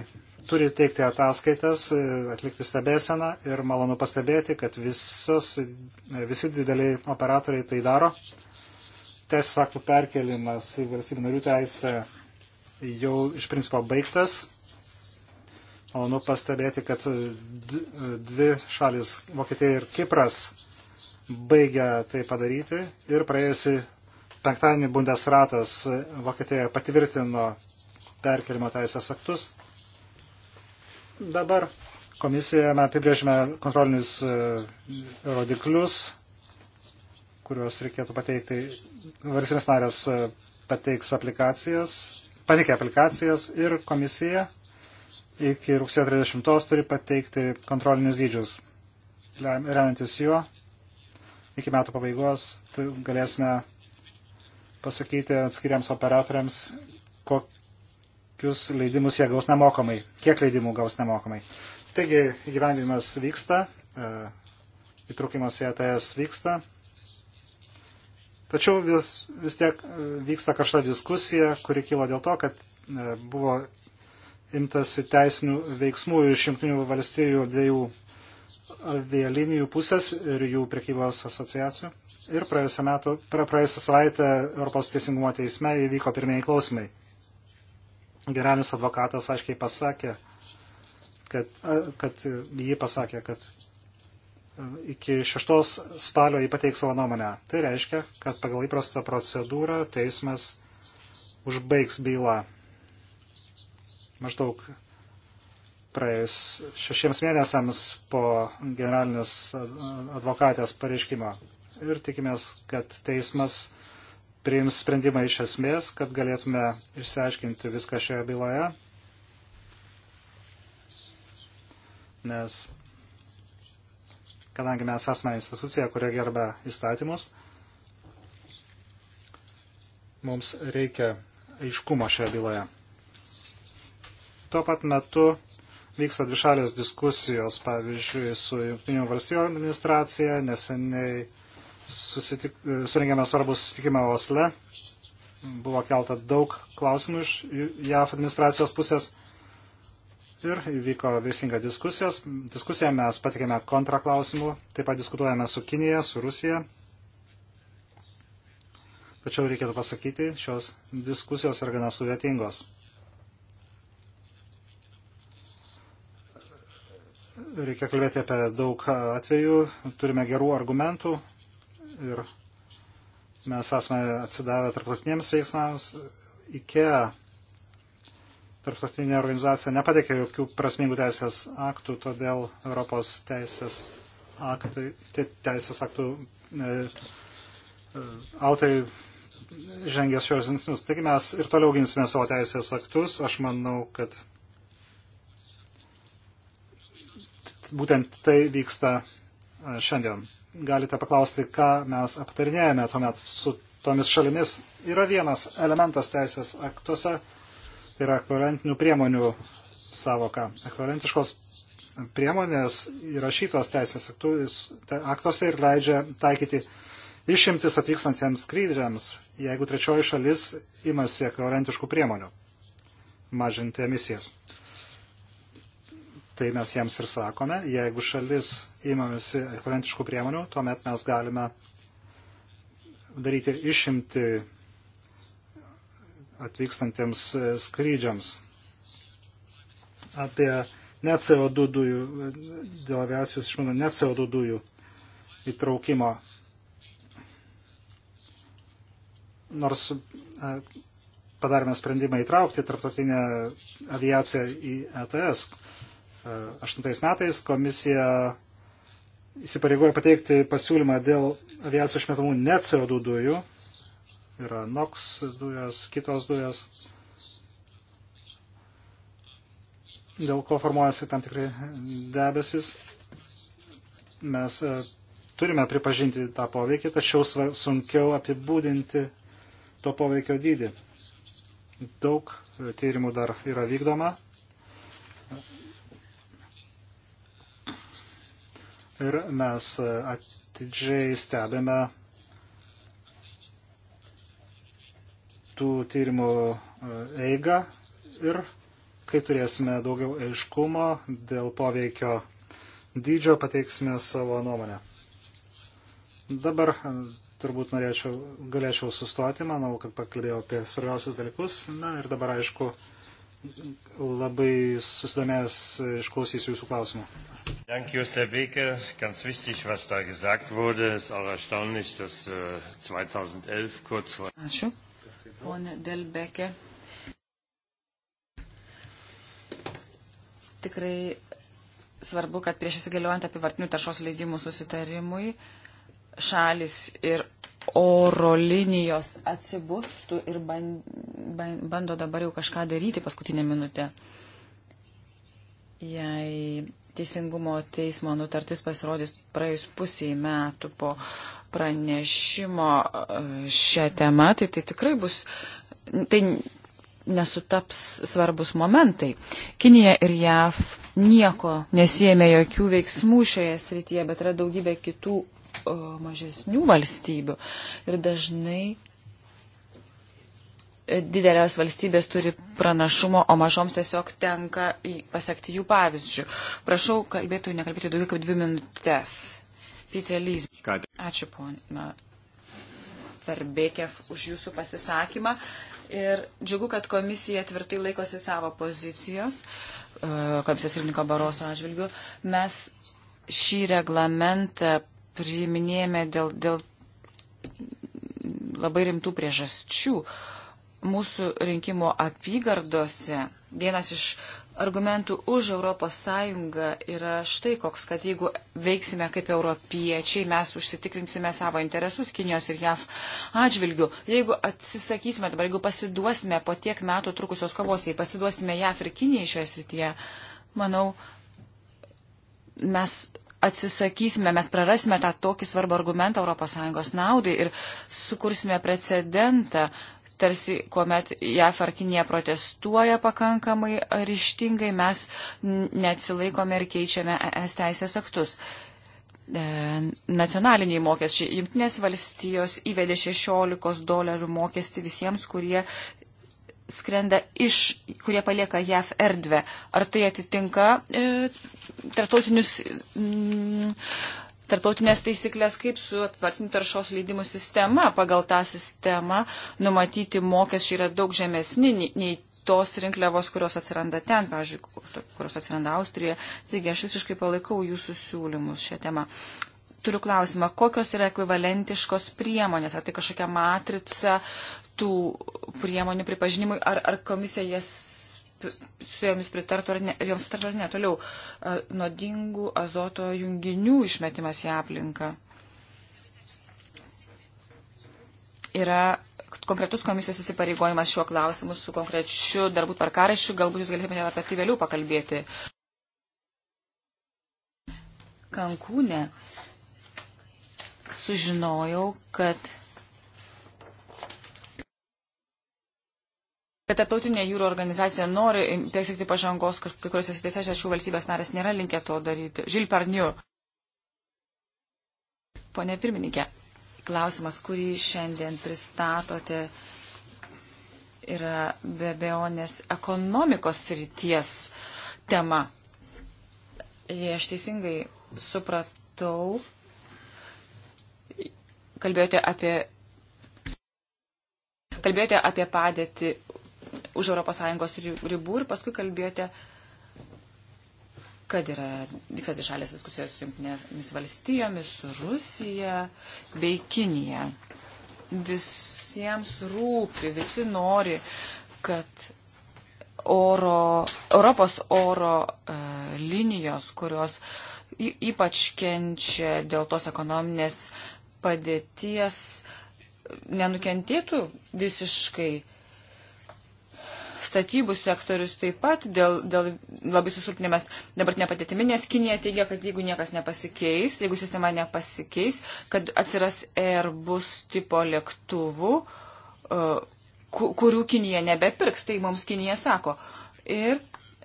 turi teikti ataskaitas, atlikti stebėseną ir malonu pastebėti, kad visos, visi dideliai operatoriai tai daro. Teisės aktų perkelimas į valstybių narių teisę jau iš principo baigtas. Malonu pastebėti, kad dvi šalis, Vokietija ir Kipras, baigia tai padaryti ir praėjusi penktadienį Bundesratas Vokietijoje patvirtino perkelimo teisės aktus. Dabar komisijoje mes apibrėžime kontrolinius e, rodiklius, kuriuos reikėtų pateikti. Varsinės narės e, pateiks aplikacijas pateikė aplikacijas ir komisija iki rugsėjo 30 turi pateikti kontrolinius dydžius. Remiantis juo, iki metų pabaigos galėsime pasakyti atskiriams operatoriams, kokius leidimus jie gaus nemokamai, kiek leidimų gaus nemokamai. Taigi, gyvendinimas vyksta, e, įtrukimas į ATS e vyksta, Tačiau vis, vis tiek e, vyksta kažta diskusija, kuri kilo dėl to, kad e, buvo imtasi teisinių veiksmų iš jungtinių valstybių dviejų avialinijų pusės ir jų prekybos asociacijų. Ir praėjusią, metų, praėjusią savaitę Europos teisingumo teisme įvyko pirmieji klausimai. Generalinis advokatas aiškiai pasakė, kad, kad jį pasakė, kad iki 6 spalio jį pateiks savo nuomonę. Tai reiškia, kad pagal įprastą procedūrą teismas užbaigs bylą maždaug praėjus šešiems mėnesiams po generalinius advokatės pareiškimo. Ir tikimės, kad teismas priims sprendimą iš esmės, kad galėtume išsiaiškinti viską šioje byloje. Nes kadangi mes esame institucija, kuria gerba įstatymus, mums reikia aiškumo šioje byloje. Tuo pat metu vyksta dvišalės diskusijos, pavyzdžiui, su Junktinių valstybių administracija, neseniai susitik, surengėme svarbų susitikimą Osle, buvo kelta daug klausimų iš JAF administracijos pusės ir vyko veisinga diskusija, mes patikėme kontraklausimų, taip pat diskutuojame su Kinija, su Rusija. Tačiau reikėtų pasakyti, šios diskusijos yra gana sudėtingos. Reikia kalbėti apie daug atvejų, turime gerų argumentų ir mes esame atsidavę tarptautiniams veiksmams. IKEA tarptautinė organizacija nepateikė jokių prasmingų teisės aktų, todėl Europos teisės, aktai, teisės aktų e, e, autoriai žengė šios žingsnius. Taigi mes ir toliau ginsime savo teisės aktus. Aš manau, kad būtent tai vyksta e, šiandien. Galite paklausti, ką mes aptarinėjame tuomet su tomis šalimis. Yra vienas elementas teisės aktuose Tai yra ekvivalentinių priemonių savoka. Ekvivalentiškos priemonės įrašytos teisės aktuose ir leidžia taikyti išimtis atvykstantiems skrydžiams, jeigu trečioji šalis imasi ekvivalentiškų priemonių mažinti emisijas. Tai mes jiems ir sakome, jeigu šalis imamasi ekvivalentiškų priemonių, tuomet mes galime daryti išimti atvykstantiems e, skrydžiams. Apie ne CO2 dujų, e, dėl aviacijos išmanų, ne CO2 dujų įtraukimo. Nors e, padarėme sprendimą įtraukti tarptautinę aviaciją į ETS. Aštuntais metais komisija įsipareigojo pateikti pasiūlymą dėl aviacijos išmetamų ne CO2 dujų yra NOX dujos, kitos dujos, dėl ko formuojasi tam tikrai debesis. Mes e, turime pripažinti tą poveikį, tačiau sunkiau apibūdinti to poveikio dydį. Daug e, tyrimų dar yra vykdoma. Ir mes e, atidžiai stebime tų tyrimų e, eigą ir kai turėsime daugiau aiškumo dėl poveikio dydžio, pateiksime savo nuomonę. Dabar e, turbūt norėčiau, galėčiau sustoti, manau, kad pakalbėjau apie svarbiausius dalykus. Na ir dabar, aišku, labai susidomės išklausysiu jūsų klausimų. Danke, Jus, Herr Beke. Ganz wichtig, was da gesagt wurde. Es ist auch erstaunlich, dass 2011 äh, kurz vor. Ačiū ponė Delbeke. Tikrai svarbu, kad prieš įsigaliojant apivartinių taršos leidimų susitarimui šalis ir oro linijos atsibustų ir bando dabar jau kažką daryti paskutinę minutę. Jei teisingumo teismo nutartis pasirodys praėjus pusiai metų po pranešimo e, šią temą, tai tai tikrai bus, tai nesutaps svarbus momentai. Kinija ir JAV nieko nesėmė jokių veiksmų šioje srityje, bet yra daugybė kitų o, e, mažesnių valstybių. Ir dažnai e, didelės valstybės turi pranašumo, o mažoms tiesiog tenka pasiekti jų pavyzdžių. Prašau kalbėtojų nekalbėti daugiau kaip dvi minutės. Pitė Lyz. Ačiū, ponia Verbekev, už jūsų pasisakymą. Ir džiugu, kad komisija tvirtai laikosi savo pozicijos, e, komisijos pirmininko Baroso atžvilgiu. Mes šį reglamentą priminėjame dėl, dėl labai rimtų priežasčių. Mūsų rinkimo apygardose vienas iš argumentų už Europos Sąjungą yra štai koks, kad jeigu veiksime kaip europiečiai, mes užsitikrinsime savo interesus Kinijos ir JAV atžvilgių. Jeigu atsisakysime dabar, jeigu pasiduosime po tiek metų trukusios kovos, jei pasiduosime JAV ir Kinijai šioje srityje, manau, mes atsisakysime, mes prarasime tą tokį svarbą argumentą ES naudai ir sukursime precedentą tarsi kuomet JAF ar Kinija protestuoja pakankamai ryštingai, mes neatsilaikome ir keičiame ES teisės aktus. E, nacionaliniai mokesčiai. Junktinės valstijos įvedė 16 dolerių mokestį visiems, kurie skrenda iš, kurie palieka JAF erdvę. Ar tai atitinka e, tarptautinius mm, tarptautinės taisyklės, kaip su apvartinių taršos leidimų sistema. Pagal tą sistemą numatyti mokesčiai yra daug žemesni nei tos rinkliavos, kurios atsiranda ten, pavyzdžiui, kurios atsiranda Austrijoje. Taigi aš visiškai palaikau jūsų siūlymus šią temą. Turiu klausimą, kokios yra ekvivalentiškos priemonės, ar tai kažkokia matrica tų priemonių pripažinimui, ar, ar komisija jas su jomis pritartų ar ne, joms pritartų ar ne. Toliau, e, nuodingų azoto junginių išmetimas į aplinką. Yra konkretus komisijos įsipareigojimas šiuo klausimu su konkrečiu darbų tvarkarašiu, galbūt jūs galėtumėte apie tai vėliau pakalbėti. Kankūne sužinojau, kad kad tarptautinė jūro organizacija nori siekti pažangos, kad kai kuriuose srityse šių valstybės narės nėra linkę to daryti. Žil Parniu. Pone pirmininkė, klausimas, kurį šiandien pristatote, yra be bejonės ekonomikos srities tema. Jei aš teisingai supratau, kalbėjote apie, kalbėjote apie padėtį už ES ribų ir paskui kalbėjote, kad yra vyksta dišalės diskusijos su jungtinėmis valstijomis, su Rusija bei Kinija. Visiems rūpi, visi nori, kad oro, Europos oro uh, linijos, kurios ypač kenčia dėl tos ekonominės padėties, nenukentėtų visiškai statybų sektorius taip pat dėl, dėl labai susilpnėmės dabartinė patėtimi, nes Kinija teigia, kad jeigu niekas nepasikeis, jeigu sistema nepasikeis, kad atsiras Airbus tipo lėktuvų, e, kurių Kinija nebepirks, tai mums Kinija sako. Ir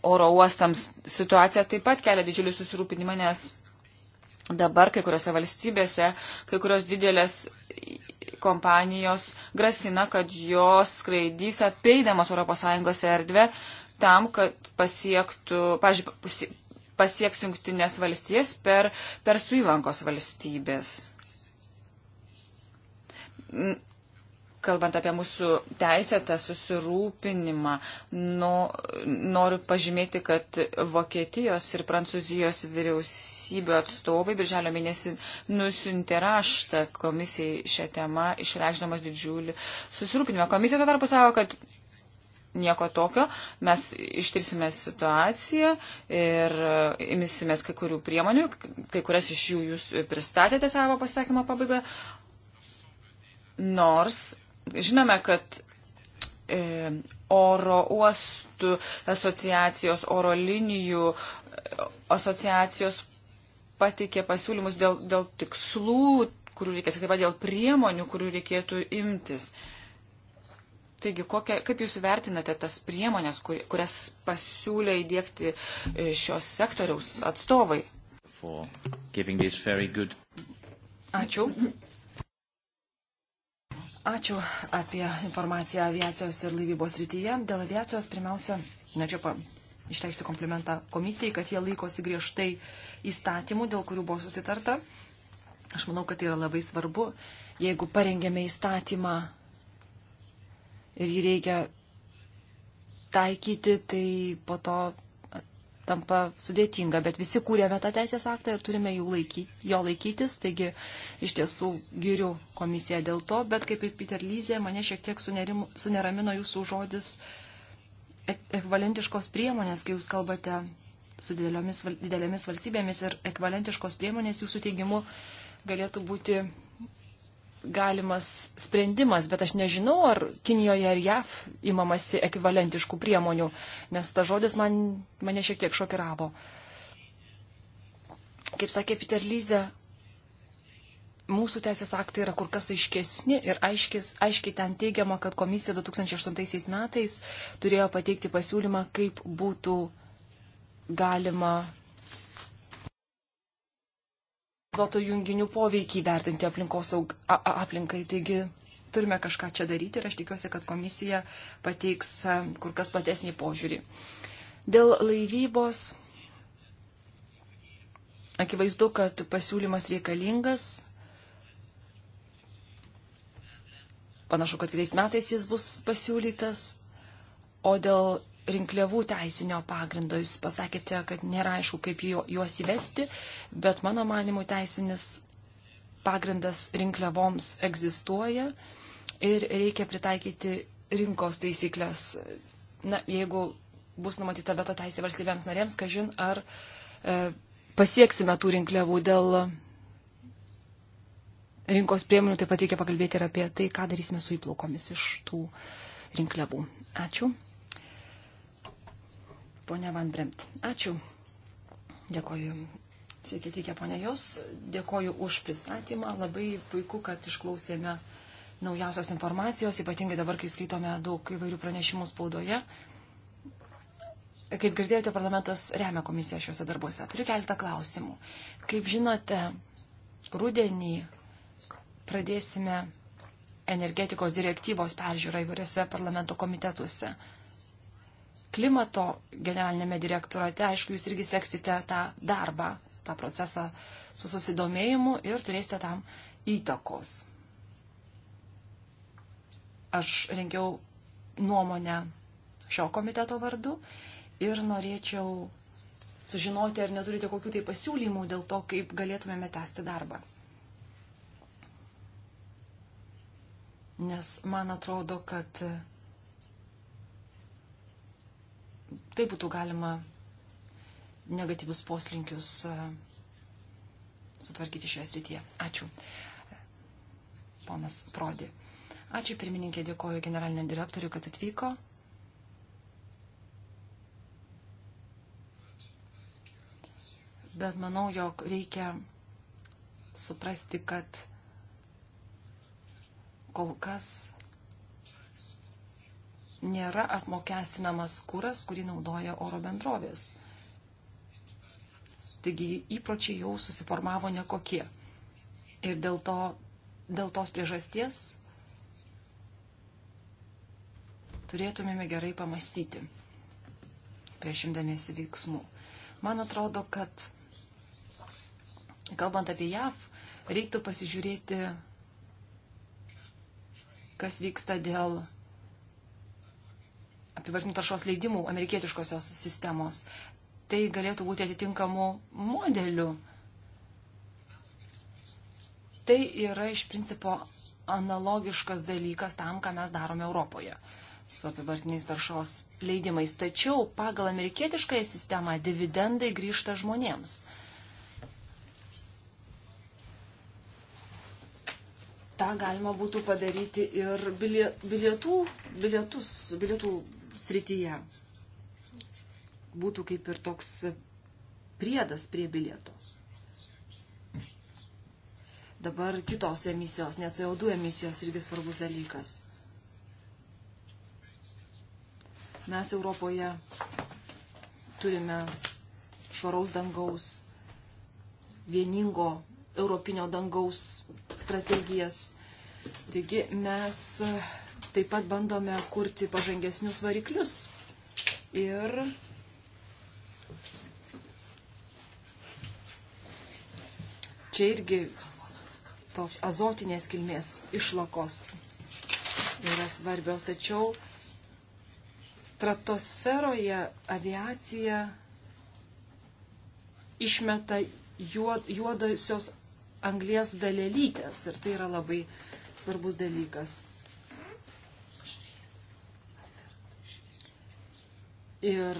oro uostams situacija taip pat kelia didžiulį susirūpinimą, nes dabar kai kuriuose valstybėse, kai kurios didelės kompanijos grasina, kad jos skraidys apeidamos ES erdvę tam, kad pasiektų, pažiūrėjau, pasieks jungtinės valstijas per, per Suilankos valstybės kalbant apie mūsų teisėtą susirūpinimą, nu, noriu pažymėti, kad Vokietijos ir Prancūzijos vyriausybių atstovai birželio mėnesį nusintė raštą komisijai šią temą, išreikšdamas didžiulį susirūpinimą. Komisija tuo tarpu savo, kad nieko tokio, mes ištirsime situaciją ir imisimės kai kurių priemonių, kai kurias iš jų jūs pristatėte savo pasakymo pabaigoje, nors Žinome, kad e, oro uostų asociacijos, oro linijų e, asociacijos pateikė pasiūlymus dėl, dėl tikslų, kurių reikės, taip pat dėl priemonių, kurių reikėtų imtis. Taigi, kokia, kaip Jūs vertinate tas priemonės, kur, kurias pasiūlė įdėkti e, šios sektoriaus atstovai? Ačiū Ačiū apie informaciją aviacijos ir laivybos rytyje. Dėl aviacijos pirmiausia, norėčiau išreikšti komplimentą komisijai, kad jie laikosi griežtai įstatymų, dėl kurių buvo susitarta. Aš manau, kad tai yra labai svarbu, jeigu parengėme įstatymą ir jį reikia taikyti, tai po to tampa sudėtinga, bet visi kūrėme tą teisės aktą ir turime laiky, jo laikytis, taigi iš tiesų giriu komisiją dėl to, bet kaip ir Peter Lyzė, mane šiek tiek sunerim, suneramino jūsų žodis e-, ekvalentiškos priemonės, kai jūs kalbate su didelėmis, didelėmis valstybėmis ir ekvalentiškos priemonės jūsų teigimu galėtų būti galimas sprendimas, bet aš nežinau, ar Kinijoje ar JAV imamasi ekvivalentiškų priemonių, nes ta žodis man, mane šiek tiek šokiravo. Kaip sakė Peter Lyze, mūsų teisės aktai yra kur kas aiškesni ir aiškis, aiškiai ten teigiama, kad komisija 2008 metais turėjo pateikti pasiūlymą, kaip būtų galima azoto junginių poveikį vertinti aplinkosaug, a, a, aplinkai. Taigi turime kažką čia daryti ir aš tikiuosi, kad komisija pateiks kur kas platesnį požiūrį. Dėl laivybos akivaizdu, kad pasiūlymas reikalingas. Panašu, kad kitais metais jis bus pasiūlytas. O dėl rinkliavų teisinio pagrindo. Jūs pasakėte, kad nėra aišku, kaip juos įvesti, bet mano manimų teisinis pagrindas rinkliavoms egzistuoja ir reikia pritaikyti rinkos taisyklės. Na, jeigu bus numatyta veto teisė valstybėms narėms, kažin ar e, pasieksime tų rinkliavų dėl rinkos priemonių, taip pat reikia pakalbėti ir apie tai, ką darysime su įplaukomis iš tų rinkliavų. Ačiū ponia Van Bremt. Ačiū. Dėkoju. Sveiki atvykę, ponia Jos. Dėkoju už pristatymą. Labai puiku, kad išklausėme naujausios informacijos, ypatingai dabar, kai skaitome daug įvairių pranešimų spaudoje. Kaip girdėjote, parlamentas remia komisiją šiuose darbuose. Turiu keletą klausimų. Kaip žinote, rudenį pradėsime energetikos direktyvos peržiūrą įvairiose parlamento komitetuose klimato generalinėme direktorate, aišku, jūs irgi seksite tą darbą, tą procesą su susidomėjimu ir turėsite tam įtakos. Aš rengiau nuomonę šio komiteto vardu ir norėčiau sužinoti, ar neturite kokių tai pasiūlymų dėl to, kaip galėtumėme tęsti darbą. Nes man atrodo, kad apskritai būtų galima negatyvius poslinkius e, sutvarkyti šioje srityje. Ačiū, ponas Prodi. Ačiū pirmininkė, dėkoju generaliniam direktoriui, kad atvyko. Bet manau, jog reikia suprasti, kad kol kas nėra apmokestinamas kuras, kurį naudoja oro bendrovės. Taigi įpročiai jau susiformavo nekokie. Ir dėl, to, dėl tos priežasties turėtumėme gerai pamastyti prieš imdamiesi veiksmų. Man atrodo, kad kalbant apie JAV, reiktų pasižiūrėti, kas vyksta dėl apivartinių taršos leidimų amerikietiškosios sistemos. Tai galėtų būti atitinkamų modelių. Tai yra iš principo analogiškas dalykas tam, ką mes darome Europoje su apivartiniais taršos leidimais. Tačiau pagal amerikietiškąją sistemą dividendai grįžta žmonėms. tą galima būtų padaryti ir bilietų, bilietus, bilietų srityje būtų kaip ir toks priedas prie bilieto. Dabar kitos emisijos, ne CO2 emisijos irgi svarbus dalykas. Mes Europoje turime švaraus dangaus, vieningo europinio dangaus strategijas. Taigi mes taip pat bandome kurti pažangesnius variklius. Ir čia irgi tos azotinės kilmės išlakos yra svarbios, tačiau stratosferoje aviacija išmeta juod, juodosios anglės dalelytės ir tai yra labai svarbus dalykas. Ir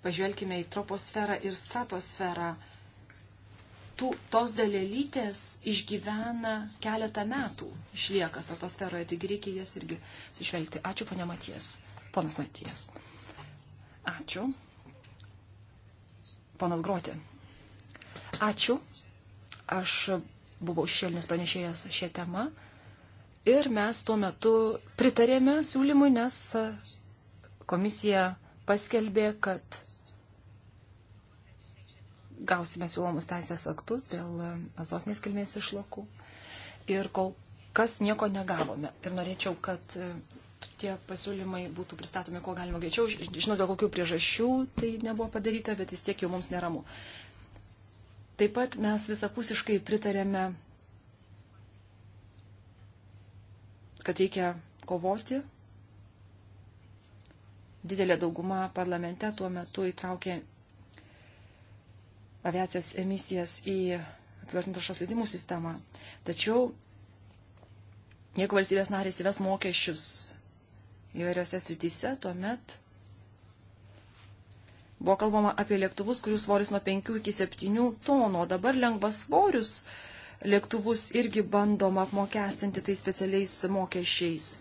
pažvelkime į troposferą ir stratosferą. Tų, tos dalelytės išgyvena keletą metų, išlieka stratosferoje, taigi reikia jas irgi sižvelgti. Ačiū, ponia Matijas. Ponas Matijas. Ačiū. Ponas Grotė. Ačiū. Aš buvau šešėlinis pranešėjas šią temą. Ir mes tuo metu pritarėme siūlymui, nes komisija paskelbė, kad gausime siūlomus teisės aktus dėl e, azotinės kilmės išlakų. Ir kol kas nieko negavome. Ir norėčiau, kad e, tie pasiūlymai būtų pristatomi kuo galima greičiau. Žinau, dėl kokių priežasčių tai nebuvo padaryta, bet vis tiek jau mums neramu. Taip pat mes visapusiškai pritarėme, kad reikia kovoti didelė dauguma parlamente tuo metu įtraukė aviacijos emisijas į apivartintos šios leidimų sistemą. Tačiau, jeigu valstybės narės įves mokesčius įvairiose srityse, tuomet buvo kalbama apie lėktuvus, kurių svoris nuo 5 iki 7 tonų, o dabar lengvas svorius lėktuvus irgi bandoma apmokestinti tai specialiais mokesčiais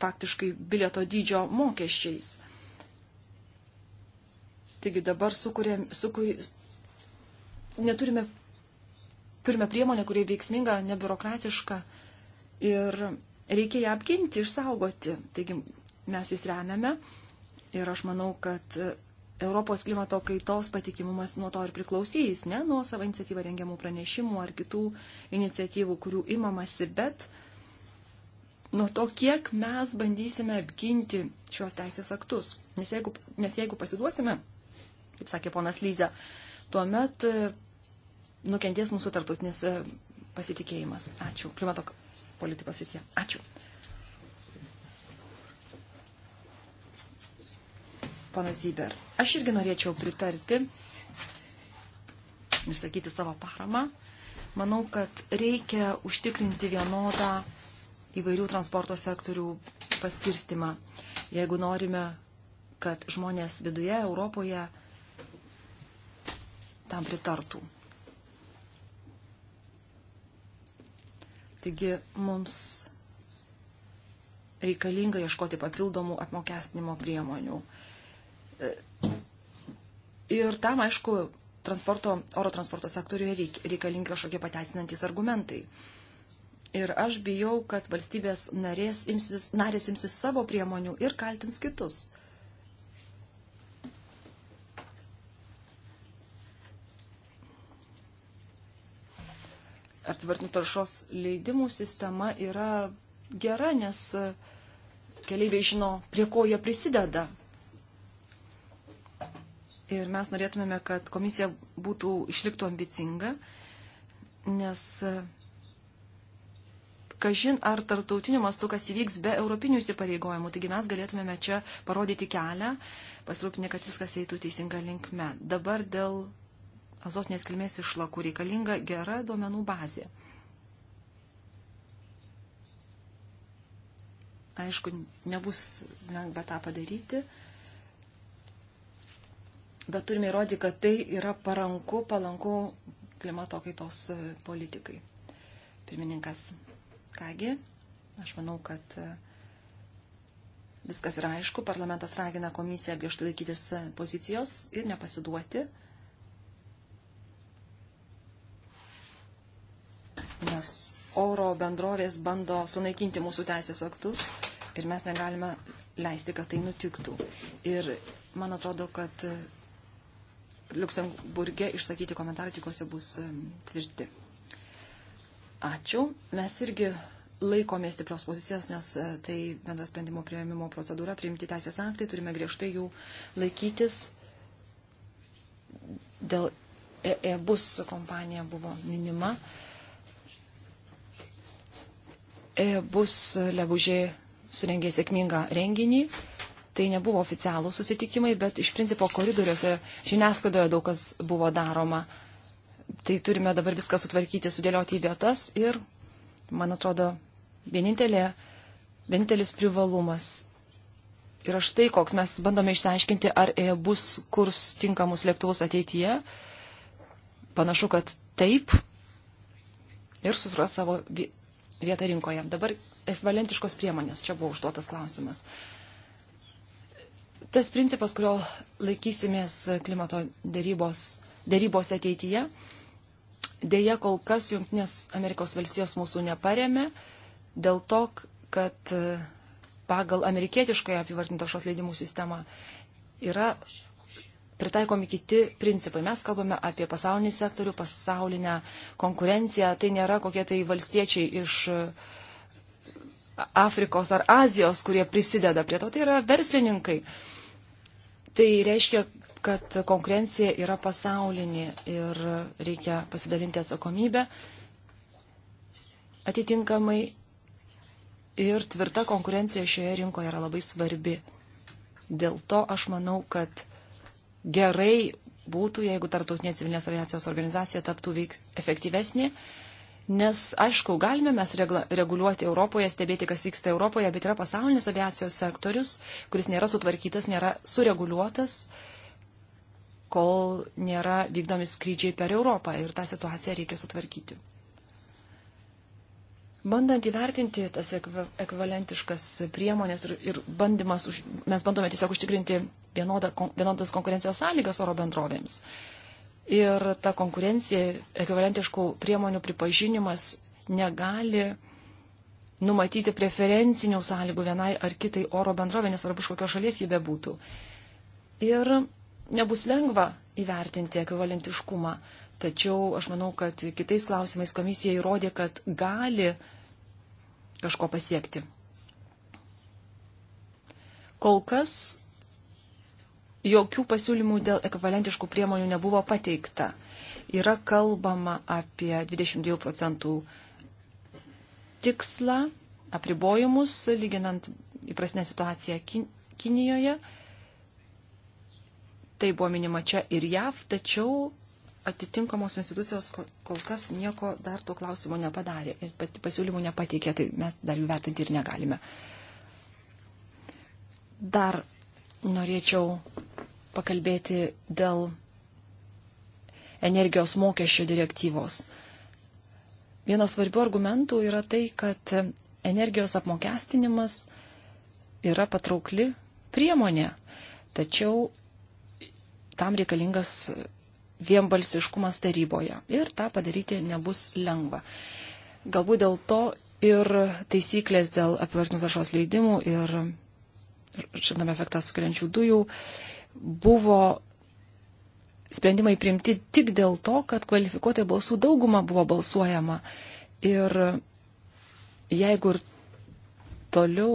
faktiškai bilieto dydžio mokesčiais. Taigi dabar sukūrėm, sukūrė, neturime, turime priemonę, kurie veiksminga, nebiurokratiška ir reikia ją apginti, išsaugoti. Taigi mes jūs remiame ir aš manau, kad Europos klimato kaitos patikimumas nuo to ir priklausys, ne nuo savo iniciatyvą rengiamų pranešimų ar kitų iniciatyvų, kurių imamasi, bet uh, nuo to, kiek mes bandysime apginti šios teisės aktus. Nes jeigu, nes jeigu pasiduosime, kaip sakė ponas Lyza, tuomet e, nukentės mūsų tartutinis e, pasitikėjimas. Ačiū. Klimato politikos įtie. Ačiū. Ponas Zyber, aš irgi norėčiau pritarti, išsakyti savo paramą. Manau, kad reikia užtikrinti vienodą įvairių transporto sektorių paskirstimą. Jeigu norime, kad žmonės viduje Europoje tam pritartų. Taigi mums reikalinga ieškoti papildomų apmokestinimo priemonių. Ir tam, aišku, transporto, oro transporto sektoriuje reik, reikalingi kažkokie pateisinantis argumentai. Ir aš bijau, kad valstybės narės imsis, narės imsis savo priemonių ir kaltins kitus. Artvartinių taršos leidimų sistema yra gera, nes e, keliaiviai žino, prie ko jie prisideda. Ir mes norėtumėme, kad komisija būtų išliktų ambicinga, nes e, kažin ar tarptautiniu mastu kas įvyks be europinių įsipareigojimų. Taigi mes galėtumėme čia parodyti kelią, pasirūpinti, kad viskas eitų teisinga linkme. Dabar dėl azotinės kilmės išlakų reikalinga gera duomenų bazė. Aišku, nebus lengva tą padaryti, bet turime įrodyti, kad tai yra paranku, palanku klimato kaitos politikai. Pirmininkas Kągi, aš manau, kad e, viskas yra aišku. Parlamentas ragina komisiją griežtai laikytis e, pozicijos ir nepasiduoti. Nes oro bendrovės bando sunaikinti mūsų teisės aktus ir mes negalime leisti, kad tai nutiktų. Ir man atrodo, kad e, Luksemburgė išsakyti komentarai tikiuosi bus tvirti. Ačiū. Mes irgi laikomės stiprios pozicijos, nes e, tai bendras sprendimo prieimimo procedūra, priimti teisės aktai, turime griežtai jų laikytis. Dėl EBUS e, e kompanija buvo minima. EBUS Lebužė surengė sėkmingą renginį. Tai nebuvo oficialūs susitikimai, bet iš principo koridoriuose žiniasklaidoje daug kas buvo daroma tai turime dabar viską sutvarkyti, sudėlioti į vietas ir, man atrodo, vienintelė, vienintelis privalumas yra štai koks. Mes bandome išsiaiškinti, ar e bus kurs tinkamus lėktuvus ateityje. Panašu, kad taip ir suras savo vietą rinkoje. Dabar ekvivalentiškos priemonės, čia buvo užduotas klausimas. Tas principas, kurio laikysimės klimato dėrybos, dėrybos ateityje, Deja, kol kas Junktinės Amerikos valstijos mūsų neparemė dėl to, kad e, pagal amerikietiškai apivartinto šios leidimų sistemą yra pritaikomi kiti principai. Mes kalbame apie pasaulinį sektorių, pasaulinę konkurenciją. Tai nėra kokie tai valstiečiai iš e, Afrikos ar Azijos, kurie prisideda prie to. Tai yra verslininkai. Tai reiškia, kad konkurencija yra pasaulinė ir reikia pasidalinti atsakomybę atitinkamai ir tvirta konkurencija šioje rinkoje yra labai svarbi. Dėl to aš manau, kad gerai būtų, jeigu tarptautinė civilinės aviacijos organizacija taptų veik efektyvesnė, nes aišku, galime mes regla, reguliuoti Europoje, stebėti, kas vyksta Europoje, bet yra pasaulinis aviacijos sektorius, kuris nėra sutvarkytas, nėra sureguliuotas kol nėra vykdomi skrydžiai per Europą ir tą situaciją reikia sutvarkyti. Bandant įvertinti tas ekvivalentiškas priemonės ir, ir bandymas, už, mes bandome tiesiog užtikrinti vienodą, vienodas konkurencijos sąlygas oro bendrovėms. Ir ta konkurencija, ekvivalentiškų priemonių pripažinimas negali numatyti preferencinių sąlygų vienai ar kitai oro bendrovė, nesvarbu, iš kokios šalies jį bebūtų. Ir nebus lengva įvertinti ekvivalentiškumą, tačiau aš manau, kad kitais klausimais komisija įrodė, kad gali kažko pasiekti. Kol kas jokių pasiūlymų dėl ekvivalentiškų priemonių nebuvo pateikta. Yra kalbama apie 22 procentų tikslą, apribojimus, lyginant įprasnę situaciją Kin Kinijoje tai buvo minima čia ir JAV, tačiau atitinkamos institucijos kol kas nieko dar to klausimo nepadarė ir pasiūlymų nepateikė, tai mes dar jų vertinti ir negalime. Dar norėčiau pakalbėti dėl energijos mokesčio direktyvos. Vienas svarbių argumentų yra tai, kad energijos apmokestinimas yra patraukli priemonė, tačiau tam reikalingas vienbalsiškumas taryboje ir tą padaryti nebus lengva. Galbūt dėl to ir taisyklės dėl apivartinių taršos leidimų ir šitame efektą sukeliančių dujų buvo sprendimai priimti tik dėl to, kad kvalifikuotai balsų dauguma buvo balsuojama. Ir jeigu ir toliau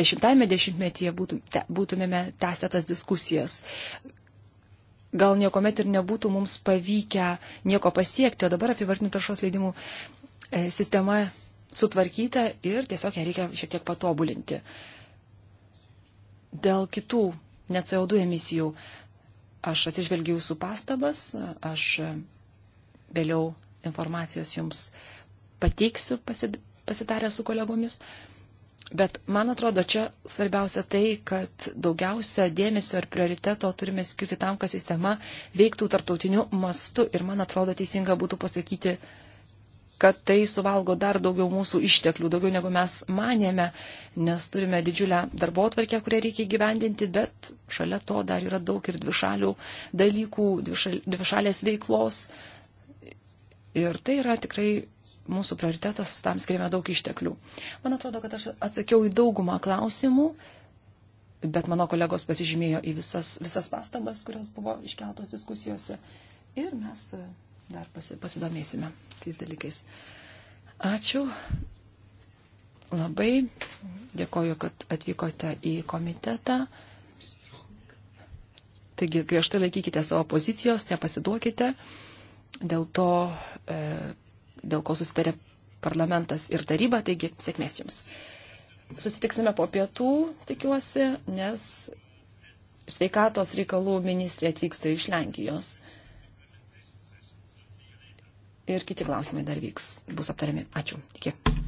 dešimtajame dešimtmetyje būtum, te, būtumėme tęsę tas diskusijas, gal niekuomet ir nebūtų mums pavykę nieko pasiekti, o dabar apivartinių taršos leidimų e, sistema sutvarkyta ir tiesiog ją reikia šiek tiek patobulinti. Dėl kitų ne CO2 emisijų aš atsižvelgiu jūsų pastabas, aš e, vėliau informacijos jums pateiksiu pasidarę su kolegomis. Uh, Bet man atrodo, čia svarbiausia tai, kad daugiausia dėmesio ir prioriteto turime skirti tam, kad sistema veiktų tartautiniu mastu. Ir man atrodo, teisinga būtų pasakyti, kad tai suvalgo dar daugiau mūsų išteklių, daugiau negu mes manėme, nes turime didžiulę darbo atvarkę, kurią reikia gyvendinti, bet šalia to dar yra daug ir dvišalių dalykų, dvišalės veiklos. Ir tai yra tikrai mūsų prioritetas, tam skiriame daug išteklių. Man atrodo, kad aš atsakiau į daugumą klausimų, bet mano kolegos pasižymėjo į visas, visas pastabas, kurios buvo iškeltos diskusijose. Ir mes e, dar pasi, pasidomėsime tais dalykais. Ačiū labai. Dėkoju, kad atvykote į komitetą. Taigi griežtai laikykite savo pozicijos, nepasiduokite. Dėl to e, dėl ko susitarė parlamentas ir taryba, taigi sėkmės jums. Susitiksime po pietų, tikiuosi, nes sveikatos reikalų ministrė atvyksta iš Lenkijos. Ir kiti klausimai dar vyks, bus aptariami. Ačiū. Iki.